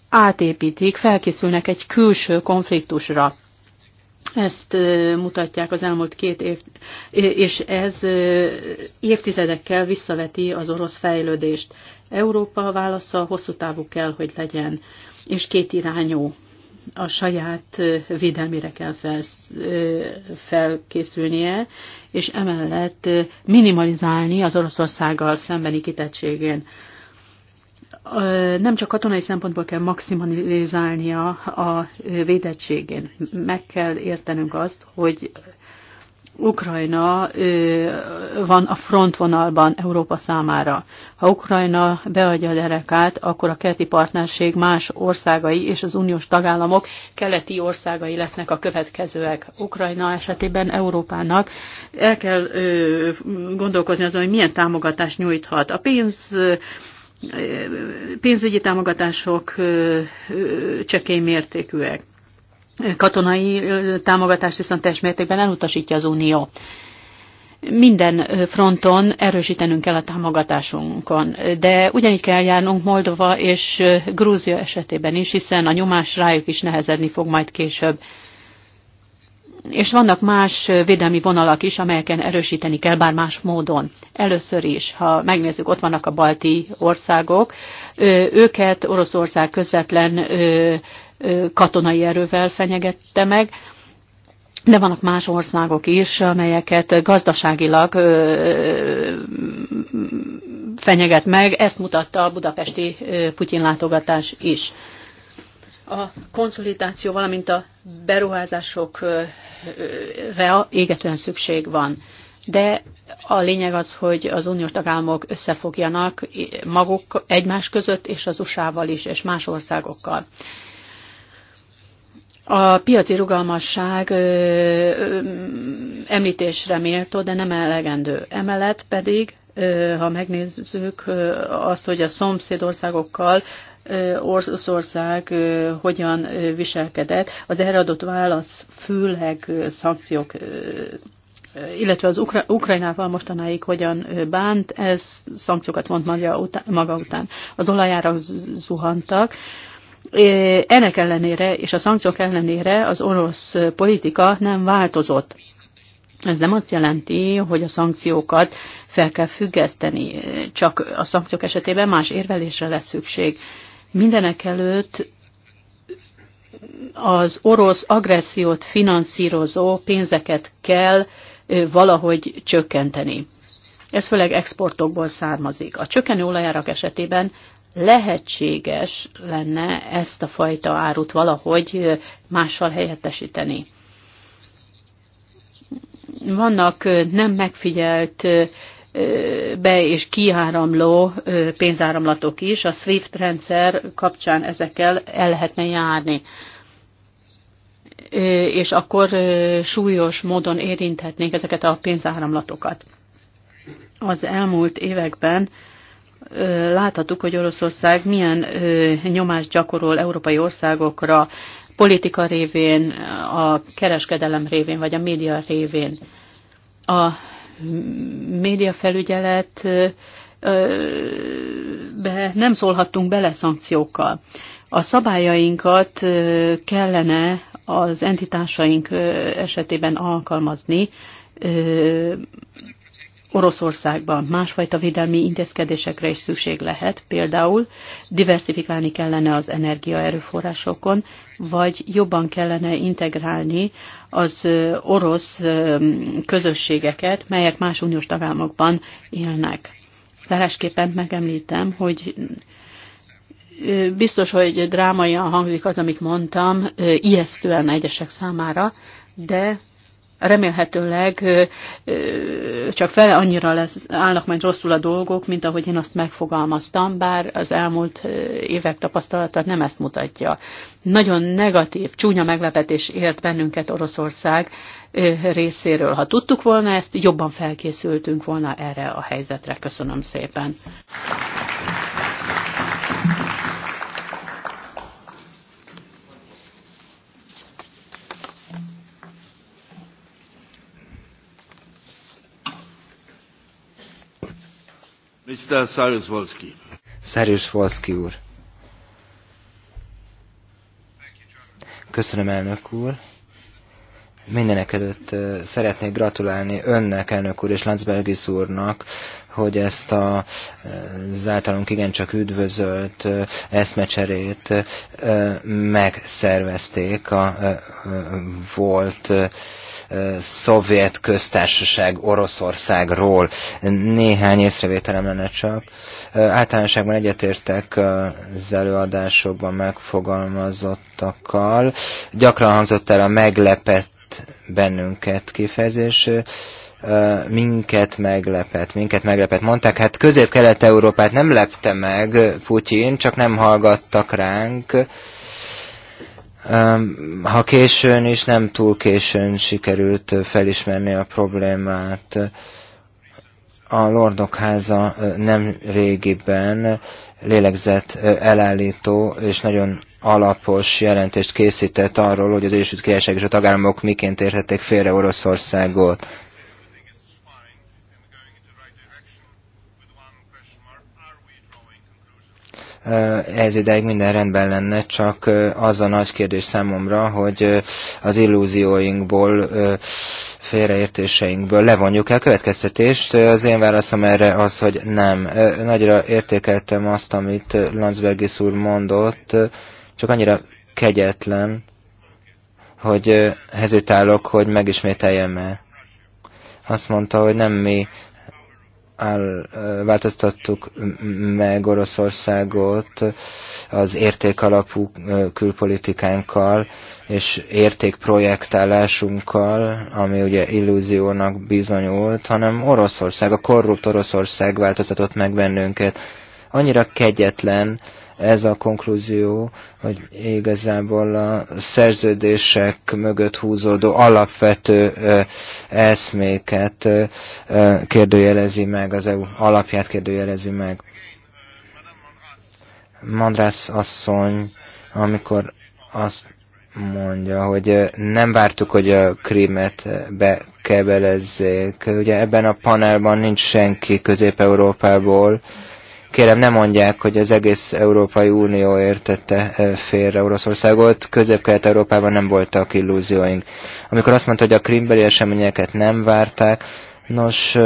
átépítik, felkészülnek egy külső konfliktusra. Ezt mutatják az elmúlt két év, és ez évtizedekkel visszaveti az orosz fejlődést. Európa válasza hosszú távú kell, hogy legyen, és két irányú. A saját védelmére kell felkészülnie, és emellett minimalizálni az Oroszországgal szembeni kitettségén nem csak katonai szempontból kell maximalizálnia a védettségén. Meg kell értenünk azt, hogy Ukrajna van a frontvonalban Európa számára. Ha Ukrajna beadja a derekát, akkor a keleti partnerség más országai és az uniós tagállamok keleti országai lesznek a következőek. Ukrajna esetében Európának el kell gondolkozni azon, hogy milyen támogatást nyújthat. A pénz pénzügyi támogatások csekély mértékűek. Katonai támogatást viszont teljes mértékben elutasítja az Unió. Minden fronton erősítenünk kell a támogatásunkon, de ugyanígy kell járnunk Moldova és Grúzia esetében is, hiszen a nyomás rájuk is nehezedni fog majd később és vannak más védelmi vonalak is, amelyeken erősíteni kell, bár más módon. Először is, ha megnézzük, ott vannak a balti országok, őket Oroszország közvetlen katonai erővel fenyegette meg, de vannak más országok is, amelyeket gazdaságilag fenyeget meg, ezt mutatta a budapesti Putyin látogatás is a konszolidáció, valamint a beruházásokra égetően szükség van. De a lényeg az, hogy az uniós tagállamok összefogjanak maguk egymás között, és az USA-val is, és más országokkal. A piaci rugalmasság ö, ö, említésre méltó, de nem elegendő. Emellett pedig, ö, ha megnézzük ö, azt, hogy a szomszédországokkal Oroszország hogyan viselkedett. Az erre adott válasz főleg szankciók illetve az Ukra- Ukrajnával mostanáig hogyan bánt, ez szankciókat vont maga után. Maga után. Az olajára zuhantak. Ennek ellenére és a szankciók ellenére az orosz politika nem változott. Ez nem azt jelenti, hogy a szankciókat fel kell függeszteni, csak a szankciók esetében más érvelésre lesz szükség. Mindenek előtt az orosz agressziót finanszírozó pénzeket kell valahogy csökkenteni. Ez főleg exportokból származik. A csökkenő olajárak esetében lehetséges lenne ezt a fajta árut valahogy mással helyettesíteni. Vannak nem megfigyelt be- és kiáramló pénzáramlatok is. A SWIFT rendszer kapcsán ezekkel el lehetne járni és akkor súlyos módon érinthetnék ezeket a pénzáramlatokat. Az elmúlt években láthattuk, hogy Oroszország milyen nyomást gyakorol európai országokra politika révén, a kereskedelem révén, vagy a média révén. A médiafelügyelet be nem szólhattunk bele szankciókkal. A szabályainkat kellene az entitásaink esetében alkalmazni Oroszországban. Másfajta védelmi intézkedésekre is szükség lehet, például diversifikálni kellene az energiaerőforrásokon, vagy jobban kellene integrálni az orosz közösségeket, melyek más uniós tagállamokban élnek. Zárásképpen megemlítem, hogy biztos, hogy drámaian hangzik az, amit mondtam, ijesztően egyesek számára, de remélhetőleg csak fel annyira lesz, állnak majd rosszul a dolgok, mint ahogy én azt megfogalmaztam, bár az elmúlt évek tapasztalata nem ezt mutatja. Nagyon negatív, csúnya meglepetés ért bennünket Oroszország részéről. Ha tudtuk volna ezt, jobban felkészültünk volna erre a helyzetre. Köszönöm szépen. Mr. Cyrus Wolski. Cyrus Wolski úr. Köszönöm, elnök úr. Mindenek előtt szeretnék gratulálni önnek, elnök úr, és Lanzbergis úrnak, hogy ezt a, az általunk igencsak üdvözölt eszmecserét megszervezték a volt szovjet köztársaság Oroszországról. Néhány észrevételem lenne csak. Általánosságban egyetértek az előadásokban megfogalmazottakkal. Gyakran hangzott el a meglepett bennünket kifejezés minket meglepet, minket meglepet. Mondták, hát közép-kelet-európát nem lepte meg Putyin, csak nem hallgattak ránk ha későn is, nem túl későn sikerült felismerni a problémát. A Lordokháza nem régiben lélegzett elállító és nagyon alapos jelentést készített arról, hogy az Egyesült Királyság és a tagállamok miként érhették félre Oroszországot. Eh, ez ideig minden rendben lenne, csak eh, az a nagy kérdés számomra, hogy eh, az illúzióinkból, félreértéseinkből levonjuk-e a következtetést. Az én válaszom erre az, hogy nem. Nagyra értékeltem azt, amit is úr mondott, csak annyira kegyetlen, hogy hezitálok, hogy megismételjem-e. Azt mondta, hogy nem mi áll, változtattuk meg Oroszországot az értékalapú külpolitikánkkal és értékprojektálásunkkal, ami ugye illúziónak bizonyult, hanem Oroszország, a korrupt Oroszország változtatott meg bennünket. Annyira kegyetlen, ez a konklúzió, hogy igazából a szerződések mögött húzódó alapvető eszméket kérdőjelezi meg, az EU alapját kérdőjelezi meg. Mandrász asszony, amikor azt mondja, hogy nem vártuk, hogy a krímet bekebelezzék. Ugye ebben a panelban nincs senki Közép-Európából, Kérem, ne mondják, hogy az egész Európai Unió értette félre Oroszországot. Közép-Kelet-Európában nem voltak illúzióink. Amikor azt mondta, hogy a krimbeli eseményeket nem várták, nos,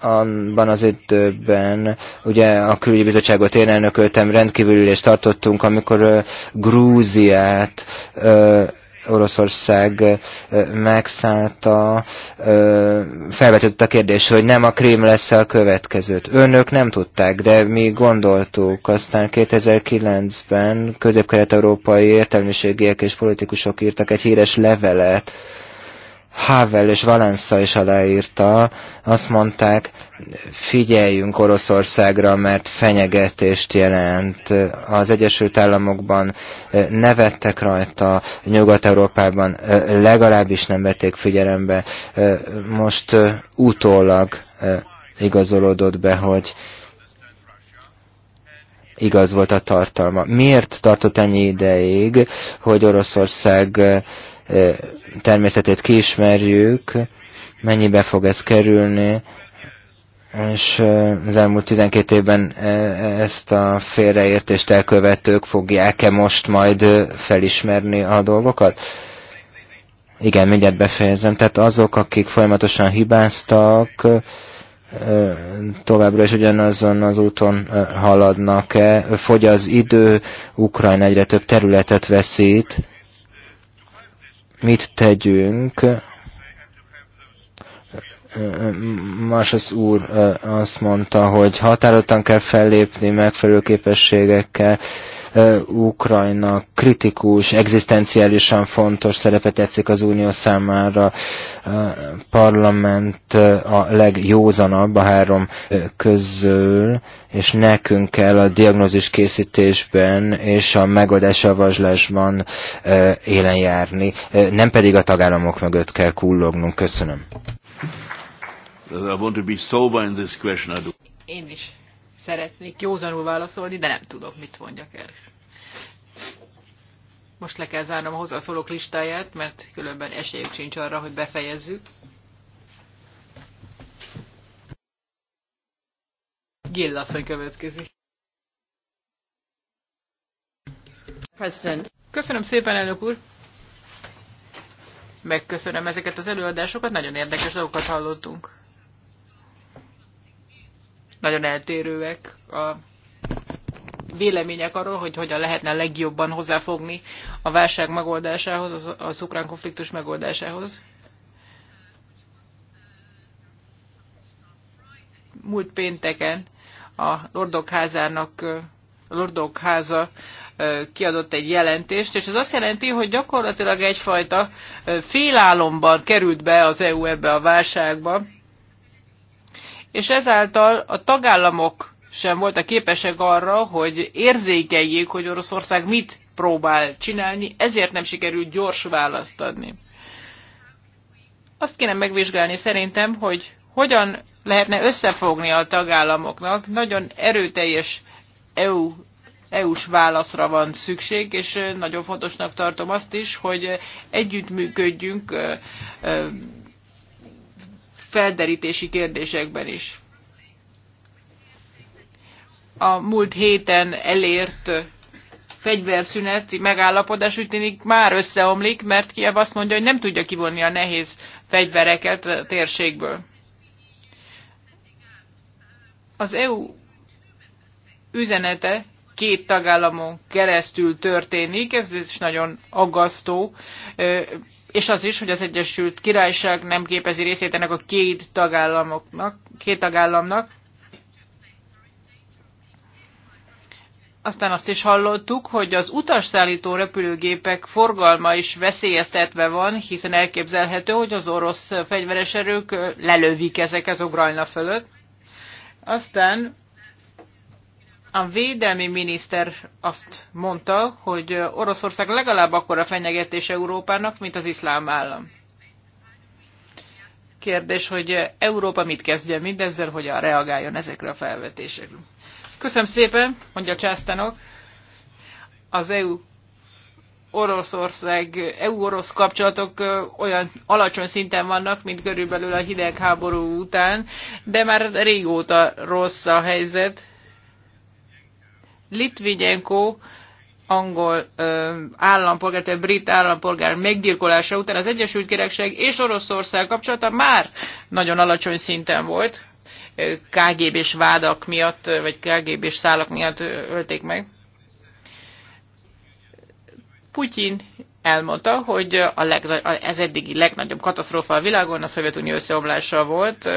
abban az időben, ugye a külügyi bizottságot én elnököltem, rendkívül ülést tartottunk, amikor Grúziát Oroszország megszállta, felvetődött a kérdés, hogy nem a Krím lesz a következőt. Önök nem tudták, de mi gondoltuk. Aztán 2009-ben közép-kelet-európai értelmiségiek és politikusok írtak egy híres levelet, Havel és Valensza is aláírta, azt mondták, figyeljünk Oroszországra, mert fenyegetést jelent. Az Egyesült Államokban eh, nevettek rajta, Nyugat-Európában eh, legalábbis nem vették figyelembe. Eh, most utólag igazolódott be, hogy igaz volt a tartalma. Miért tartott ennyi ideig, hogy Oroszország természetét kiismerjük, mennyibe fog ez kerülni, és az elmúlt 12 évben ezt a félreértést elkövetők fogják-e most majd felismerni a dolgokat? Igen, mindjárt befejezem. Tehát azok, akik folyamatosan hibáztak, továbbra is ugyanazon az úton haladnak-e. Fogy az idő, Ukrajna egyre több területet veszít, mit tegyünk. Más az úr eh, azt mondta, hogy határozottan kell fellépni megfelelő képességekkel, Ukrajna kritikus, egzisztenciálisan fontos szerepet játszik az Unió számára. A parlament a legjózanabb a három közül, és nekünk kell a diagnózis készítésben és a megoldás javaslásban élen járni, nem pedig a tagállamok mögött kell kullognunk. Köszönöm. I want to be sober in this question. I do. Én is szeretnék józanul válaszolni, de nem tudok, mit mondjak el. Most le kell zárnom a hozzászólók listáját, mert különben esélyük sincs arra, hogy befejezzük. Gillasszony következik. President. Köszönöm szépen, elnök úr! Megköszönöm ezeket az előadásokat, nagyon érdekes dolgokat hallottunk. Nagyon eltérőek a vélemények arról, hogy hogyan lehetne legjobban hozzáfogni a válság megoldásához, az ukrán konfliktus megoldásához. Múlt pénteken a Lordok házának, a Lordok háza kiadott egy jelentést, és ez azt jelenti, hogy gyakorlatilag egyfajta félálomban került be az EU ebbe a válságba és ezáltal a tagállamok sem voltak képesek arra, hogy érzékeljék, hogy Oroszország mit próbál csinálni, ezért nem sikerült gyors választ adni. Azt kéne megvizsgálni szerintem, hogy hogyan lehetne összefogni a tagállamoknak. Nagyon erőteljes EU, EU-s válaszra van szükség, és nagyon fontosnak tartom azt is, hogy együttműködjünk felderítési kérdésekben is. A múlt héten elért fegyverszünet megállapodás úgy tűnik már összeomlik, mert Kiev azt mondja, hogy nem tudja kivonni a nehéz fegyvereket a térségből. Az EU üzenete két tagállamon keresztül történik, ez is nagyon aggasztó, és az is, hogy az Egyesült Királyság nem képezi részét ennek a két tagállamoknak, két tagállamnak. Aztán azt is hallottuk, hogy az utasszállító repülőgépek forgalma is veszélyeztetve van, hiszen elképzelhető, hogy az orosz fegyveres erők lelövik ezeket Ukrajna fölött. Aztán a védelmi miniszter azt mondta, hogy Oroszország legalább akkora fenyegetés Európának, mint az iszlám állam. Kérdés, hogy Európa mit kezdje mindezzel, a reagáljon ezekre a felvetésekre. Köszönöm szépen, mondja Császtánok. Az EU Oroszország, EU-orosz kapcsolatok olyan alacsony szinten vannak, mint körülbelül a hidegháború után, de már régóta rossz a helyzet Litvigyenko angol ö, állampolgár, tehát brit állampolgár meggyilkolása után az Egyesült Királyság és Oroszország kapcsolata már nagyon alacsony szinten volt. KGB-s vádak miatt, vagy KGB-s szálak miatt ölték meg. Putyin elmondta, hogy a legna- ez eddigi legnagyobb katasztrófa a világon a Szovjetunió összeomlása volt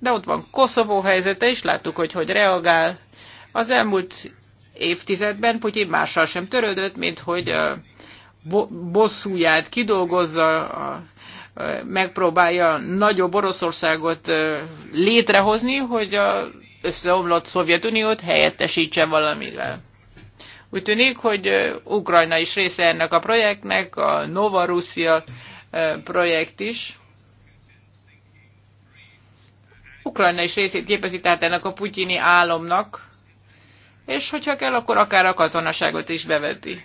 de ott van Koszovó helyzete és láttuk, hogy hogy reagál. Az elmúlt évtizedben Putyin mással sem törődött, mint hogy bosszúját kidolgozza, megpróbálja nagyobb Oroszországot létrehozni, hogy a összeomlott Szovjetuniót helyettesítse valamivel. Úgy tűnik, hogy Ukrajna is része ennek a projektnek, a Nova Russia projekt is. Ukrajna is részét képezi tehát ennek a putyini álomnak, és hogyha kell, akkor akár a katonaságot is beveti.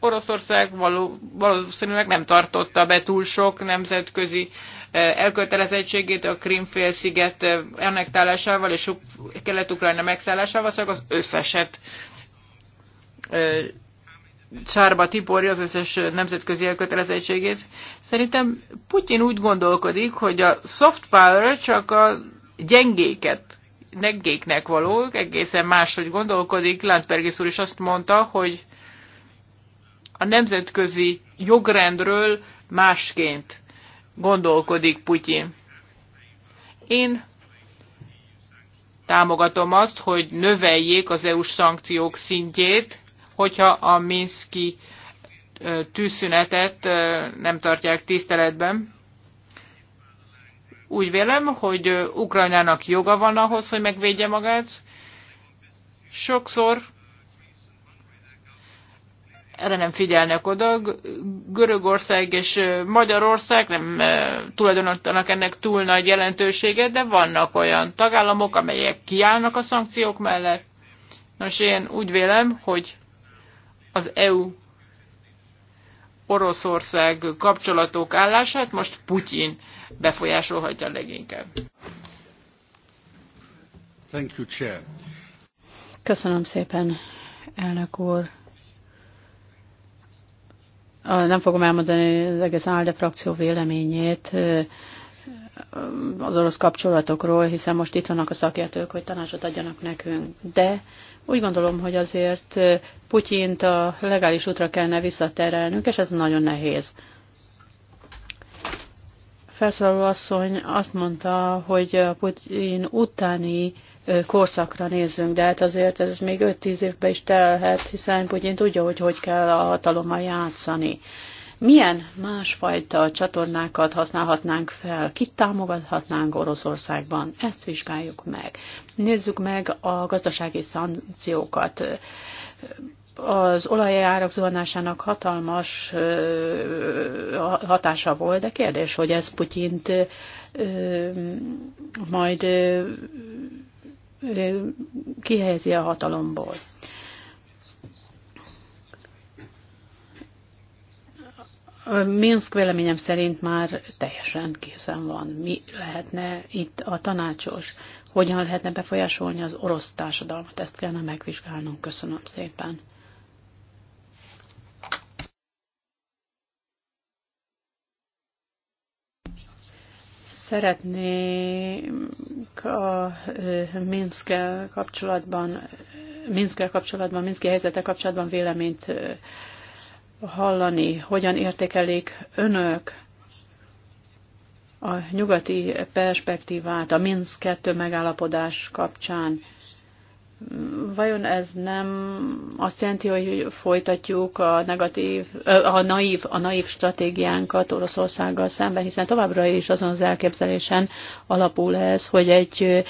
Oroszország való, valószínűleg nem tartotta be túl sok nemzetközi eh, elkötelezettségét a Krimfélsziget eh, annektálásával és Kelet-Ukrajna megszállásával, szóval az összeset eh, sárba tiporja az összes nemzetközi elkötelezettségét. Szerintem Putyin úgy gondolkodik, hogy a soft power csak a gyengéket neggéknek való, egészen máshogy gondolkodik. Láncbergész úr is azt mondta, hogy a nemzetközi jogrendről másként gondolkodik Putyin. Én támogatom azt, hogy növeljék az EU-s szankciók szintjét, hogyha a Minszki tűzszünetet nem tartják tiszteletben. Úgy vélem, hogy Ukrajnának joga van ahhoz, hogy megvédje magát. Sokszor erre nem figyelnek oda. Görögország és Magyarország nem tulajdonítanak ennek túl nagy jelentőséget, de vannak olyan tagállamok, amelyek kiállnak a szankciók mellett. Nos, én úgy vélem, hogy az EU Oroszország kapcsolatok állását most Putyin befolyásolhatja leginkább. Thank you, Chair. Köszönöm szépen, elnök úr. Nem fogom elmondani az egész ALDE frakció véleményét az orosz kapcsolatokról, hiszen most itt vannak a szakértők, hogy tanácsot adjanak nekünk. De úgy gondolom, hogy azért Putyint a legális útra kellene visszaterelnünk, és ez nagyon nehéz. Felszólaló asszony azt mondta, hogy a Putyin utáni korszakra nézzünk, de hát azért ez még 5-10 évbe is telhet, hiszen Putyin tudja, hogy hogy kell a hatalommal játszani. Milyen másfajta csatornákat használhatnánk fel, kit támogathatnánk Oroszországban? Ezt vizsgáljuk meg. Nézzük meg a gazdasági szankciókat. Az olajárak zuhanásának hatalmas hatása volt, de kérdés, hogy ez Putyint majd kihelyezi a hatalomból. Minsk véleményem szerint már teljesen készen van. Mi lehetne itt a tanácsos? Hogyan lehetne befolyásolni az orosz társadalmat? Ezt kellene megvizsgálnunk. Köszönöm szépen. Szeretnék a Minszkel kapcsolatban, Minszkel kapcsolatban, Minszki helyzete kapcsolatban véleményt hallani, hogyan értékelik önök a nyugati perspektívát a Minsk 2 megállapodás kapcsán. Vajon ez nem azt jelenti, hogy folytatjuk a, negatív, a, naív, a naív stratégiánkat Oroszországgal szemben, hiszen továbbra is azon az elképzelésen alapul ez, hogy egy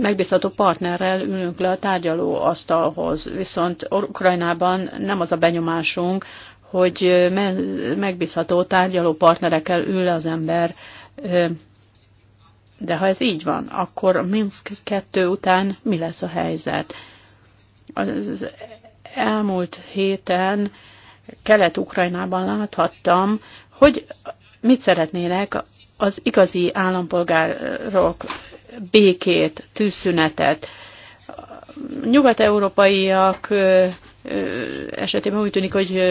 megbízható partnerrel ülünk le a tárgyaló asztalhoz. Viszont Ukrajnában nem az a benyomásunk, hogy megbízható tárgyaló partnerekkel ül le az ember. De ha ez így van, akkor Minsk 2 után mi lesz a helyzet? Az elmúlt héten Kelet-Ukrajnában láthattam, hogy mit szeretnének az igazi állampolgárok békét, tűzszünetet. Nyugat-európaiak esetében úgy tűnik, hogy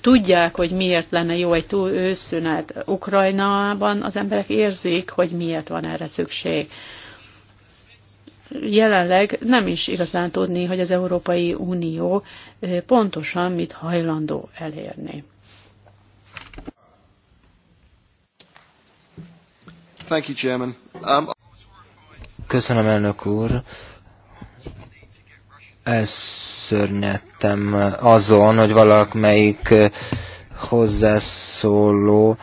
tudják, hogy miért lenne jó egy tűzszünet. Ukrajnában az emberek érzik, hogy miért van erre szükség. Jelenleg nem is igazán tudni, hogy az Európai Unió pontosan mit hajlandó elérni. Thank you, Chairman. Um... Köszönöm, elnök úr. Elszörnyedtem azon, hogy valamelyik hozzászóló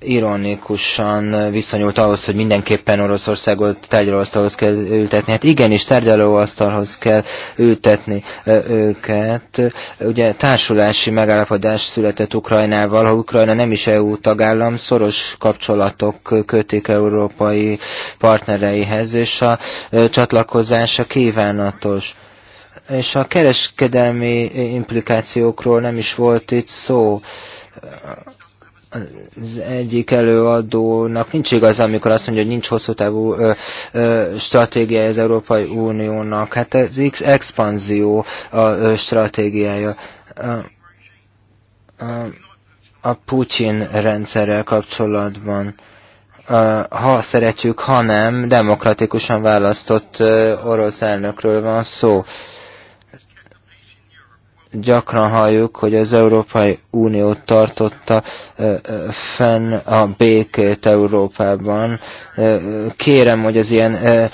ironikusan viszonyult ahhoz, hogy mindenképpen Oroszországot tárgyalóasztalhoz kell ültetni. Hát igenis, tárgyalóasztalhoz kell ültetni őket. Ugye társulási megállapodás született Ukrajnával, ha Ukrajna nem is EU tagállam, szoros kapcsolatok kötik európai partnereihez, és a csatlakozása kívánatos és a kereskedelmi implikációkról nem is volt itt szó az egyik előadónak nincs igaz, amikor azt mondja, hogy nincs hosszú távú ö, ö, stratégiája az Európai Uniónak. Hát ez X expanzió a ö, stratégiája. A, a, a Putyin rendszerrel kapcsolatban. A, ha szeretjük, ha nem, demokratikusan választott ö, orosz elnökről van szó. Ö, gyakran halljuk, hogy az Európai Unió tartotta fenn a békét Európában. Kérem, hogy az ilyen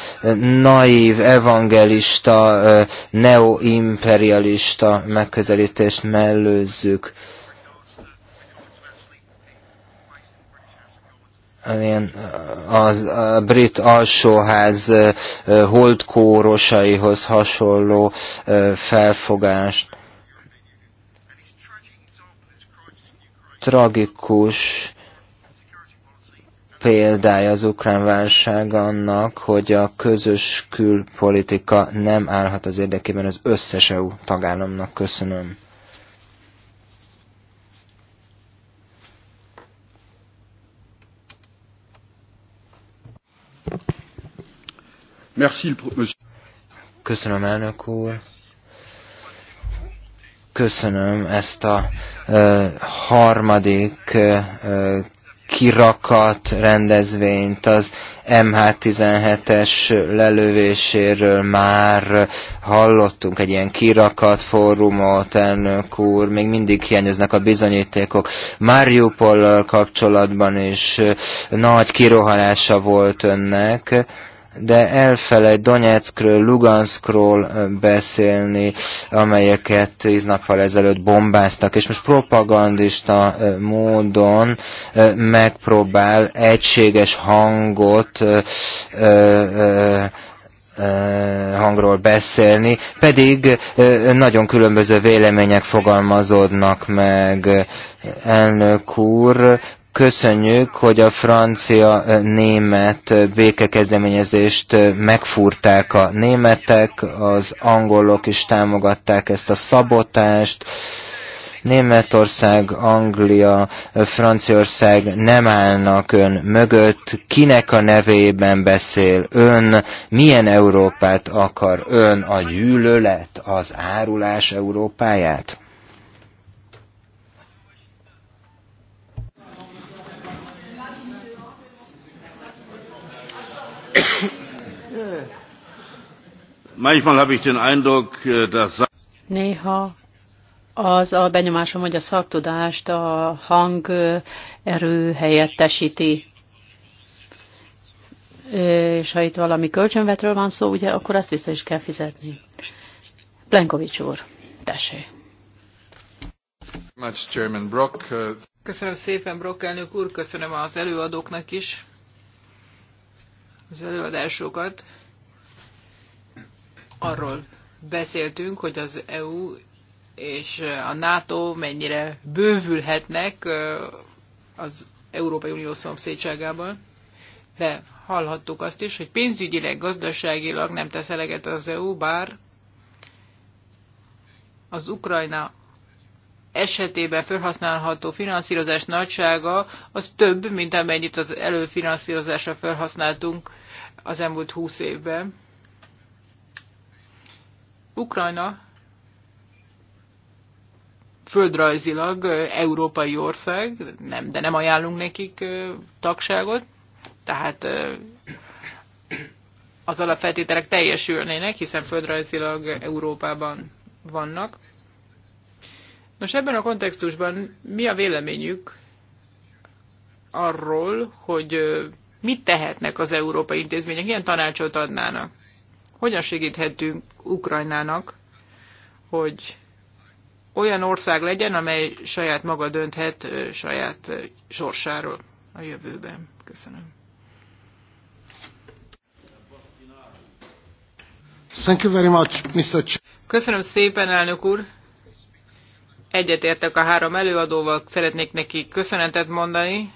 naív, evangelista, neoimperialista megközelítést mellőzzük. ilyen, az a brit alsóház holdkórosaihoz hasonló felfogást. tragikus példája az ukrán válság annak, hogy a közös külpolitika nem állhat az érdekében az összes EU tagállamnak. Köszönöm. Köszönöm, elnök úr köszönöm ezt a harmadik kirakat rendezvényt az MH17-es lelövéséről már hallottunk egy ilyen kirakat fórumot, elnök úr, még mindig hiányoznak a bizonyítékok. Mariupollal kapcsolatban is nagy kirohanása volt önnek de elfelejt Donetskről, Luganskról beszélni, amelyeket tíz nappal ezelőtt bombáztak, és most propagandista módon megpróbál egységes hangot hangról beszélni, pedig nagyon különböző vélemények fogalmazódnak meg elnök úr, köszönjük, hogy a francia-német békekezdeményezést megfúrták a németek, az angolok is támogatták ezt a szabotást, Németország, Anglia, Franciaország nem állnak ön mögött. Kinek a nevében beszél ön? Milyen Európát akar ön? A gyűlölet, az árulás Európáját? Manchmal habe ich den Eindruck, äh, dass Néha az a benyomásom, hogy a szaktudást a hang erő helyettesíti. És ha itt valami kölcsönvetről van szó, ugye, akkor ezt vissza is kell fizetni. Plenkovics úr, tessék. Köszönöm szépen, Brock elnök úr, köszönöm az előadóknak is az előadásokat. Arról beszéltünk, hogy az EU és a NATO mennyire bővülhetnek az Európai Unió szomszédságában. De hallhattuk azt is, hogy pénzügyileg, gazdaságilag nem tesz eleget az EU, bár az Ukrajna esetében felhasználható finanszírozás nagysága az több, mint amennyit az előfinanszírozásra felhasználtunk az elmúlt húsz évben. Ukrajna földrajzilag európai ország, nem, de nem ajánlunk nekik tagságot, tehát az alapfeltételek teljesülnének, hiszen földrajzilag Európában vannak. Nos, ebben a kontextusban mi a véleményük arról, hogy Mit tehetnek az európai intézmények? ilyen tanácsot adnának? Hogyan segíthetünk Ukrajnának, hogy olyan ország legyen, amely saját maga dönthet saját sorsáról a jövőben? Köszönöm. Thank you very much, Mr. Köszönöm szépen, elnök úr. Egyetértek a három előadóval, szeretnék neki köszönetet mondani.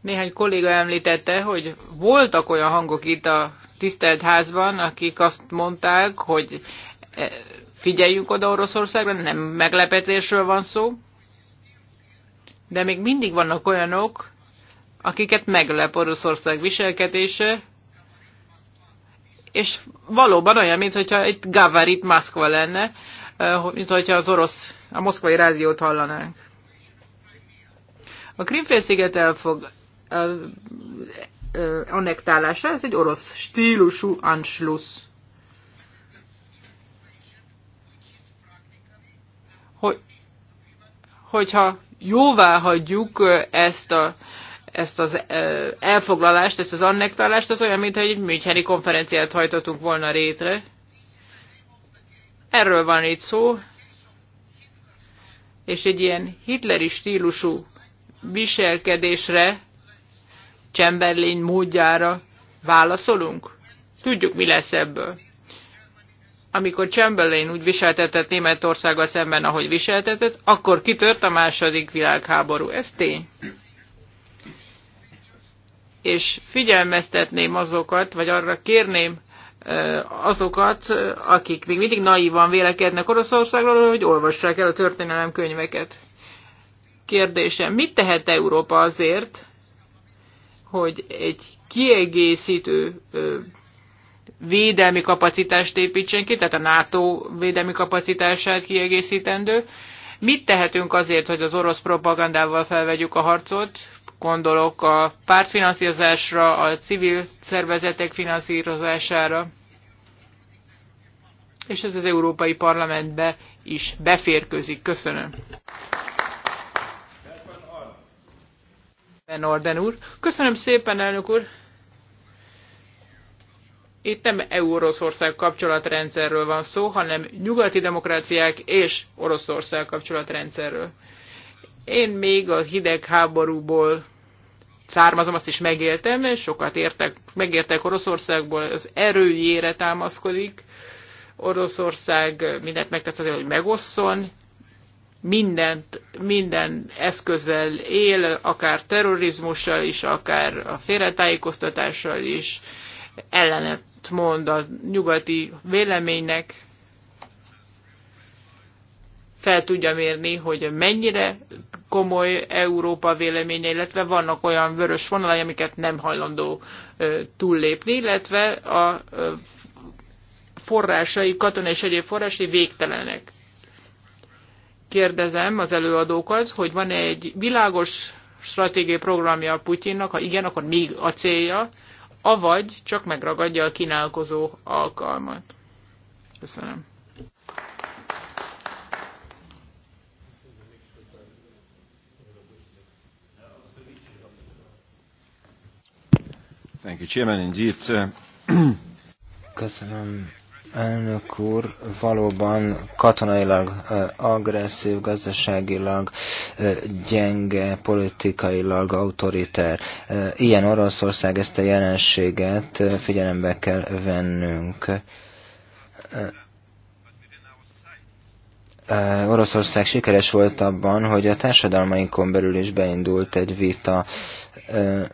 Néhány kolléga említette, hogy voltak olyan hangok itt a tisztelt házban, akik azt mondták, hogy e, figyeljünk oda Oroszországra, nem meglepetésről van szó, de még mindig vannak olyanok, akiket meglep Oroszország viselkedése, és valóban olyan, mintha itt Gavarit Moszkva lenne, e, mintha az orosz, a moszkvai rádiót hallanánk. A Krimfélsziget elfog, annektálása, ez egy orosz stílusú Anschluss. Hogy, hogyha jóvá hagyjuk ezt a ezt az elfoglalást, ezt az annektálást, az olyan, mintha egy Müncheni konferenciát hajtottunk volna rétre. Erről van itt szó, és egy ilyen hitleri stílusú viselkedésre Chamberlain módjára válaszolunk? Tudjuk, mi lesz ebből. Amikor Chamberlain úgy viseltetett Németországgal szemben, ahogy viseltetett, akkor kitört a második világháború. Ez tény. És figyelmeztetném azokat, vagy arra kérném azokat, akik még mindig naívan vélekednek Oroszországról, hogy olvassák el a történelem könyveket. Kérdésem, mit tehet Európa azért, hogy egy kiegészítő védelmi kapacitást építsen ki, tehát a NATO védelmi kapacitását kiegészítendő. Mit tehetünk azért, hogy az orosz propagandával felvegyük a harcot? Gondolok a pártfinanszírozásra, a civil szervezetek finanszírozására, és ez az Európai Parlamentbe is beférkőzik. Köszönöm. Ben Orden úr. Köszönöm szépen, elnök úr. Itt nem EU-Oroszország kapcsolatrendszerről van szó, hanem nyugati demokráciák és Oroszország kapcsolatrendszerről. Én még a hidegháborúból származom, azt is megéltem, és sokat értek, megértek Oroszországból, az erőjére támaszkodik. Oroszország mindent megtesz hogy megosszon, mindent, minden eszközzel él, akár terrorizmussal is, akár a félretájékoztatással is, ellenet mond a nyugati véleménynek, fel tudja mérni, hogy mennyire komoly Európa véleménye, illetve vannak olyan vörös vonalai, amiket nem hajlandó túllépni, illetve a forrásai, katonai és egyéb forrásai végtelenek kérdezem az előadókat, hogy van -e egy világos stratégiai programja a Putyinnak, ha igen, akkor még a célja, avagy csak megragadja a kínálkozó alkalmat. Köszönöm. Thank you, Chairman. Indeed, uh, Köszönöm, Elnök úr, valóban katonailag agresszív, gazdaságilag gyenge, politikailag autoriter. Ilyen Oroszország ezt a jelenséget figyelembe kell vennünk Oroszország sikeres volt abban, hogy a társadalmainkon belül is beindult egy vita.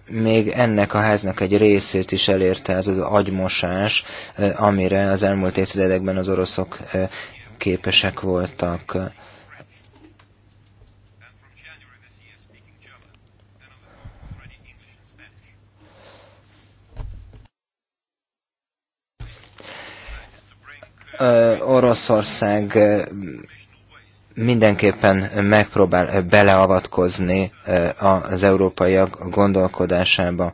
Még ennek a háznak egy részét is elérte ez az agymosás, amire az elmúlt évtizedekben az oroszok képesek voltak. Oroszország mindenképpen megpróbál beleavatkozni az európaiak gondolkodásába.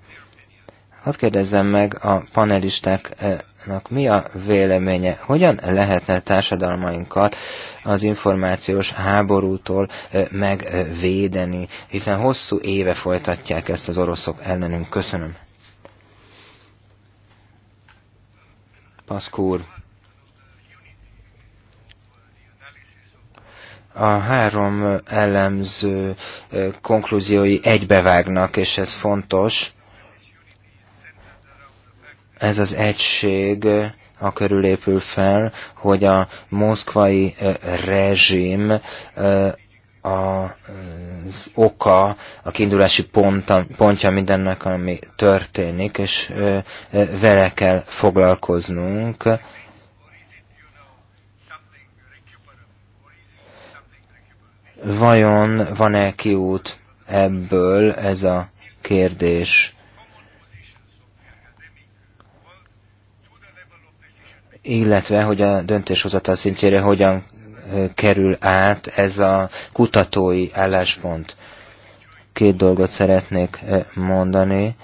Hadd kérdezzem meg a panelistáknak, mi a véleménye, hogyan lehetne társadalmainkat az információs háborútól megvédeni, hiszen hosszú éve folytatják ezt az oroszok ellenünk. Köszönöm. Paszkúr. a három elemző konklúziói egybevágnak, és ez fontos. Ez az egység a körül épül fel, hogy a moszkvai rezsim az oka, a kiindulási ponta, pontja mindennek, ami történik, és vele kell foglalkoznunk Vajon van-e kiút ebből ez a kérdés? Illetve, hogy a döntéshozatal szintjére hogyan kerül át ez a kutatói álláspont. Két dolgot szeretnék mondani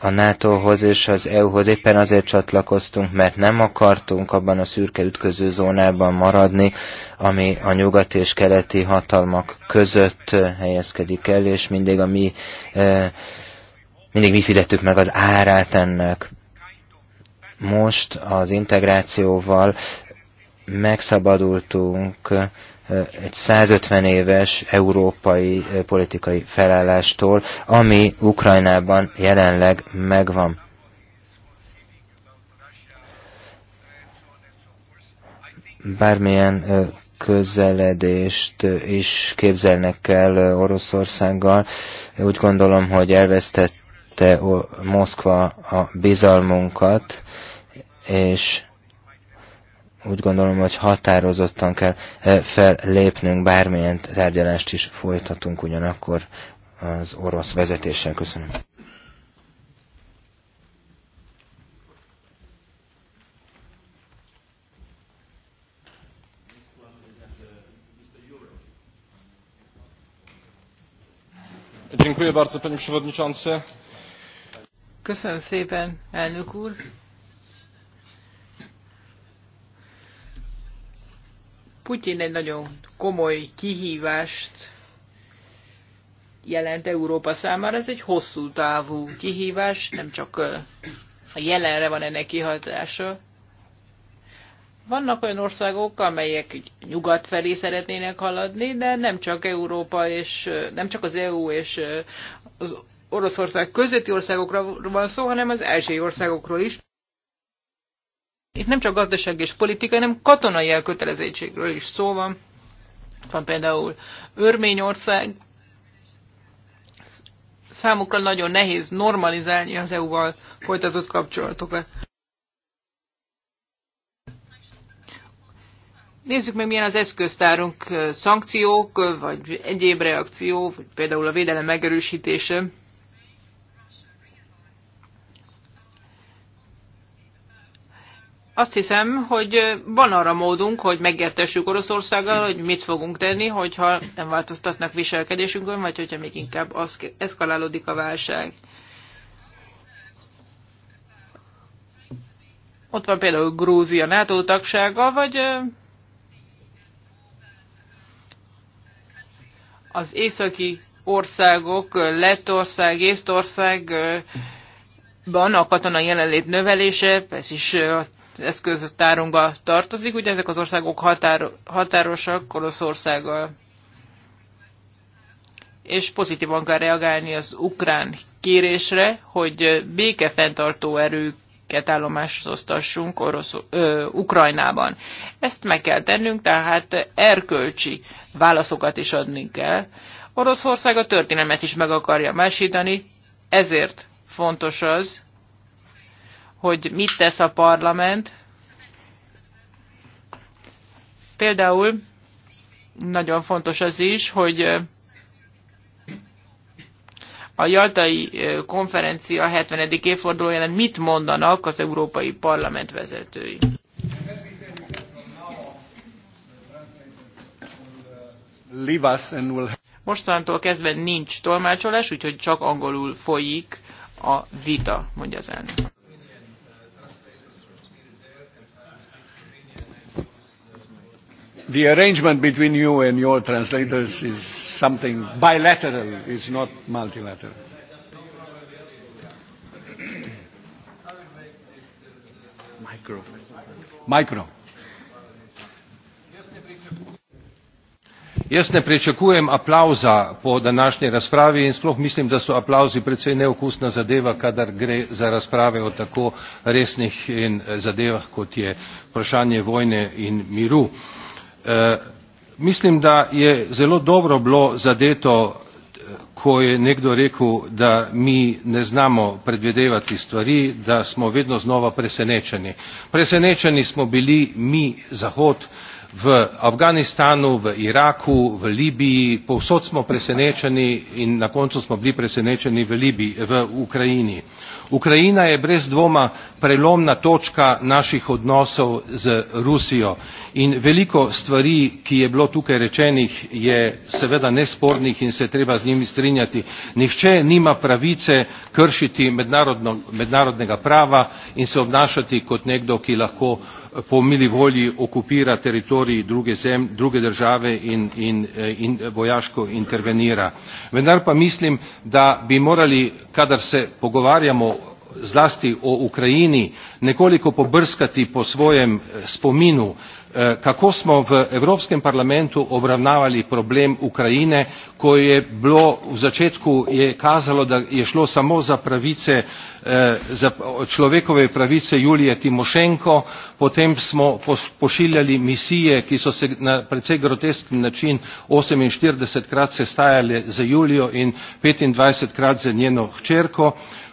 a NATO-hoz és az EU-hoz éppen azért csatlakoztunk, mert nem akartunk abban a szürke ütköző zónában maradni, ami a nyugati és keleti hatalmak között eh, helyezkedik el, és mindig a mi, eh, mindig mi fizettük meg az árát ennek. Most az integrációval megszabadultunk egy 150 éves európai eh, politikai felállástól, ami Ukrajnában jelenleg megvan. Bármilyen eh, közeledést eh, is képzelnek el Oroszországgal. Úgy gondolom, hogy elvesztette Moszkva a bizalmunkat, és úgy gondolom, hogy határozottan kell eh, fellépnünk, bármilyen tárgyalást is folytatunk ugyanakkor az orosz vezetéssel. Köszönöm. Dziękuję bardzo, panie przewodniczący. Köszönöm szépen, elnök úr. Putyin egy nagyon komoly kihívást jelent Európa számára. Ez egy hosszú távú kihívás, nem csak a jelenre van ennek kihatása. Vannak olyan országok, amelyek nyugat felé szeretnének haladni, de nem csak Európa és nem csak az EU és az Oroszország közötti országokra van szó, hanem az első országokról is. Itt nem csak gazdaság és politikai, hanem katonai elkötelezettségről is szó van. Van például Örményország, számukra nagyon nehéz normalizálni az EU-val folytatott kapcsolatokat. Nézzük meg, milyen az eszköztárunk, szankciók, vagy egyéb reakció, vagy például a védelem megerősítése. azt hiszem, hogy van arra módunk, hogy megértessük Oroszországgal, hogy mit fogunk tenni, hogyha nem változtatnak viselkedésünkön, vagy hogyha még inkább az eszkalálódik a válság. Ott van például Grúzia NATO tagsága, vagy az északi országok, Lettország, Észtországban a katonai jelenlét növelése, ez is a eszköztárunkba tartozik. Ugye ezek az országok határo határosak Oroszországgal. És pozitívan kell reagálni az ukrán kérésre, hogy békefenntartó erőket állomásoztassunk Orosz, ö, Ukrajnában. Ezt meg kell tennünk, tehát erkölcsi válaszokat is adni kell. Oroszország a történelmet is meg akarja másítani, ezért fontos az, hogy mit tesz a parlament. Például nagyon fontos az is, hogy a Jaltai konferencia 70. évfordulóján mit mondanak az Európai Parlament vezetői. Mostantól kezdve nincs tolmácsolás, úgyhogy csak angolul folyik a vita, mondja az elnök. the arrangement between you and your translators is something bilateral, it's not multilateral. Micro. Micro. Jaz ne pričakujem aplauza po današnji razpravi in sploh mislim, da so aplauzi predvsej neokusna zadeva, kadar gre za razprave o tako resnih zadevah, kot je vprašanje vojne in miru E, mislim, da je zelo dobro bilo zadeto, e, ko je nekdo rekel, da mi ne znamo predvidevati stvari, da smo vedno znova presenečeni. Presenečeni smo bili mi, Zahod, v Afganistanu, v Iraku, v Libiji, povsod smo presenečeni in na koncu smo bili presenečeni v, Libiji, v Ukrajini Ukrajina je brez dvoma prelomna točka naših odnosov z Rusijo in veliko stvari, ki je bilo tukaj rečenih, je seveda nespornih in se je treba z njimi strinjati. Nihče nima pravice kršiti mednarodnega prava in se obnašati kot nekdo, ki lahko po mili volji okupira teritorij druge, zem, druge države in, in, eh, in eh, vojaško intervenira. vendar pa mislim da bi morali kadar se pogovarjamo zlasti o ukrajini nekoliko pobrskati po svojem eh, spominu Eh, kako smo v evropskem parlamentu obravnavali problem ukrajine ko je bilo v začetku je kazalo da je šlo samo za pravice eh, za človekove pravice julije timošenko potem smo pošiljali misije ki so se na precej grotesken način oseminštiridesetkrat sestajale z julijo in petindvajsetkrat z njeno hčerko.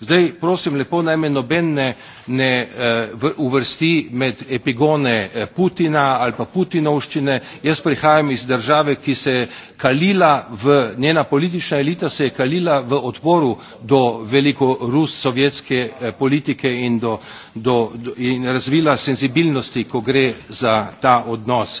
Zdaj, prosim lepo, naj me noben ne, ne uh, uvrsti med epigone eh, Putina ali pa Putinovščine. Jaz prihajam iz države, ki se je kalila v, njena politična elita se je kalila v odporu do veliko sovjetske eh, politike in, do, do, do, in razvila senzibilnosti, ko gre za ta odnos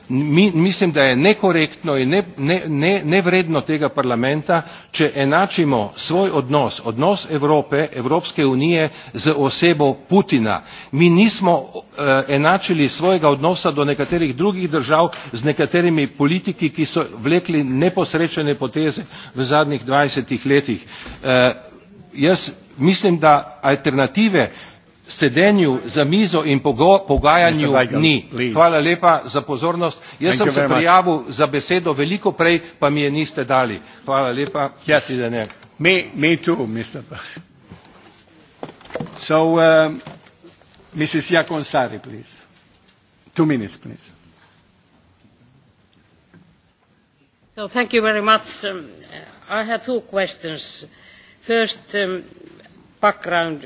mi, mislim da je nekorektno i ne, ne, ne, nevredno tega parlamenta če enačimo svoj odnos odnos Evrope, Evropske unije z osebo Putina. Mi nismo eh, enačili svojega odnosa do nekaterih drugih držav z nekaterimi politiki, ki so vlekli neposrečene poteze v zadnjih dvajsetih letih. Eh, jaz mislim da alternative sedenju za mizo in pogajanju ni. Hvala lepa za pozornost. Jaz Thank sem se prijavil much. za besedo veliko prej, pa mi je niste dali. Hvala lepa. Yes. Me, me too, Mr. So, um, uh, Mrs. Yakonsari, please. Two minutes, please. So, thank you very much. Um, I have two questions. First, um, background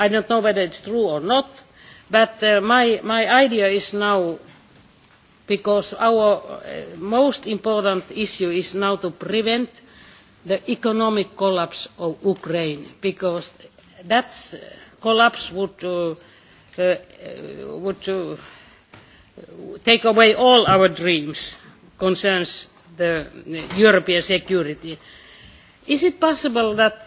i do not know whether it is true or not but uh, my, idea is now because our uh, most important issue is now to prevent the economic collapse of ukraine because that uh, collapse would, uh, uh, would uh, take away all our dreams concerns the european security. is it possible that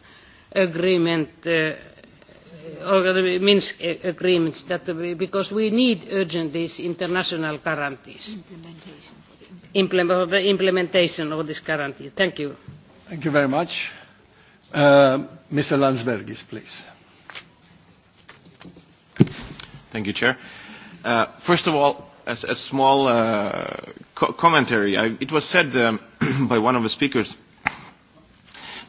agreement, uh, or the Minsk agreements, that, we, because we need urgent these international guarantees. Implementation. Imple- the implementation of this guarantee. Thank you. Thank you very much. Uh, Mr. Landsbergis, please. Thank you, Chair. Uh, first of all, as a small uh, co commentary, I, it was said um, by one of the speakers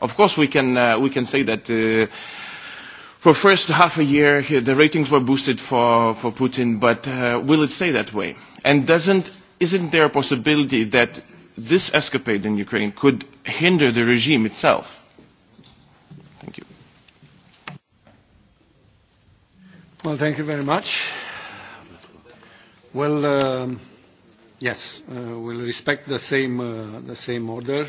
Of course, we can, uh, we can say that uh, for first half a year, the ratings were boosted for, for Putin, but uh, will it stay that way? And doesn't, isn't there a possibility that this escapade in Ukraine could hinder the regime itself? Thank you. Well, thank you very much. Well, um, yes, uh, we'll respect the same, uh, the same order.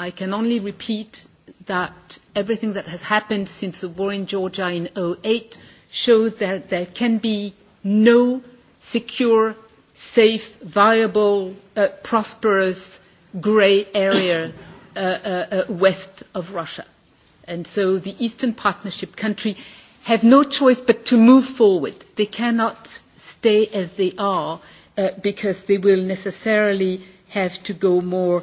I can only repeat that everything that has happened since the war in Georgia in 2008 shows that there can be no secure, safe, viable, uh, prosperous grey area uh, uh, uh, west of Russia. And so the Eastern Partnership countries have no choice but to move forward. They cannot stay as they are uh, because they will necessarily have to go more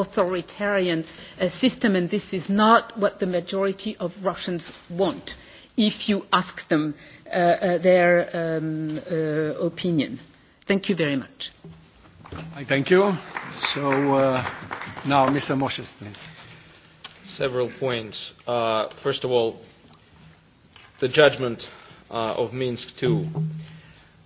authoritarian uh, system, and this is not what the majority of Russians want if you ask them uh, uh, their um, uh, opinion. Thank you very much. I thank you. So uh, now, Mr. Moshe, please. Several points. Uh, first of all, the judgment uh, of Minsk II.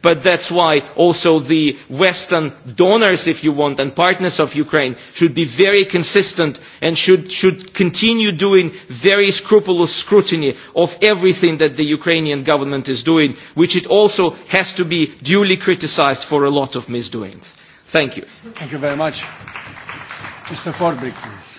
But that is why also the Western donors, if you want, and partners of Ukraine should be very consistent and should, should continue doing very scrupulous scrutiny of everything that the Ukrainian government is doing, which it also has to be duly criticised for a lot of misdoings. Thank you. Thank you very much. Mr. Corbett, please.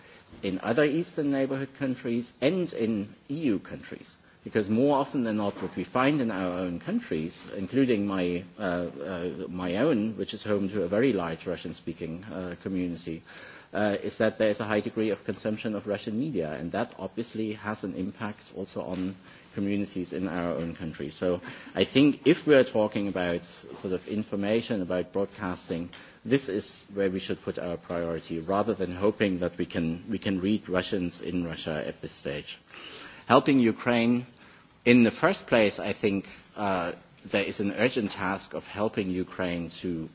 in other Eastern neighbourhood countries and in EU countries. Because more often than not, what we find in our own countries, including my, uh, uh, my own, which is home to a very large Russian-speaking uh, community, uh, is that there is a high degree of consumption of Russian media, and that obviously has an impact also on communities in our own country. So I think if we are talking about sort of information about broadcasting, this is where we should put our priority rather than hoping that we can, we can read Russians in Russia at this stage. Helping Ukraine, in the first place, I think uh, there is an urgent task of helping Ukraine to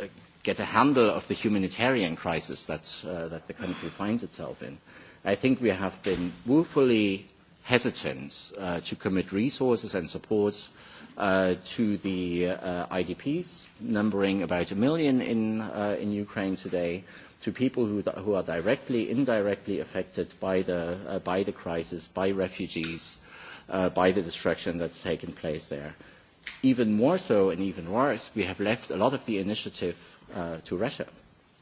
uh, get a handle of the humanitarian crisis that, uh, that the country finds itself in. I think we have been woefully hesitant uh, to commit resources and supports uh, to the uh, IDPs, numbering about a million in, uh, in Ukraine today, to people who, who are directly, indirectly affected by the, uh, by the crisis, by refugees, uh, by the destruction that's taken place there. Even more so and even worse, we have left a lot of the initiative uh, to Russia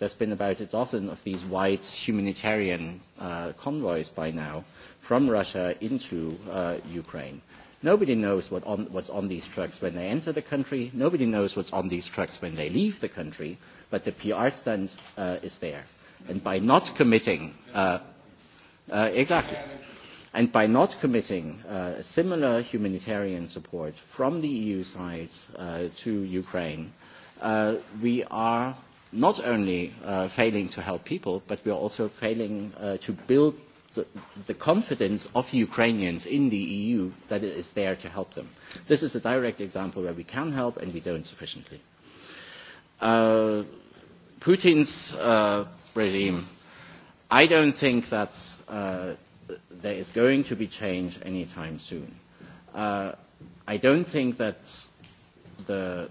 There's been about a dozen of these white humanitarian uh, convoys by now from Russia into uh, Ukraine. Nobody knows what on, what's on these trucks when they enter the country. Nobody knows what's on these trucks when they leave the country. But the PR stunt uh, is there. And by not committing, uh, uh, exactly. And by not committing uh, similar humanitarian support from the EU side uh, to Ukraine, uh, we are not only uh, failing to help people, but we are also failing uh, to build the, the confidence of Ukrainians in the EU that it is there to help them. This is a direct example where we can help and we don't sufficiently. Uh, Putin's uh, regime, I don't think that uh, there is going to be change anytime soon. Uh, I don't think that the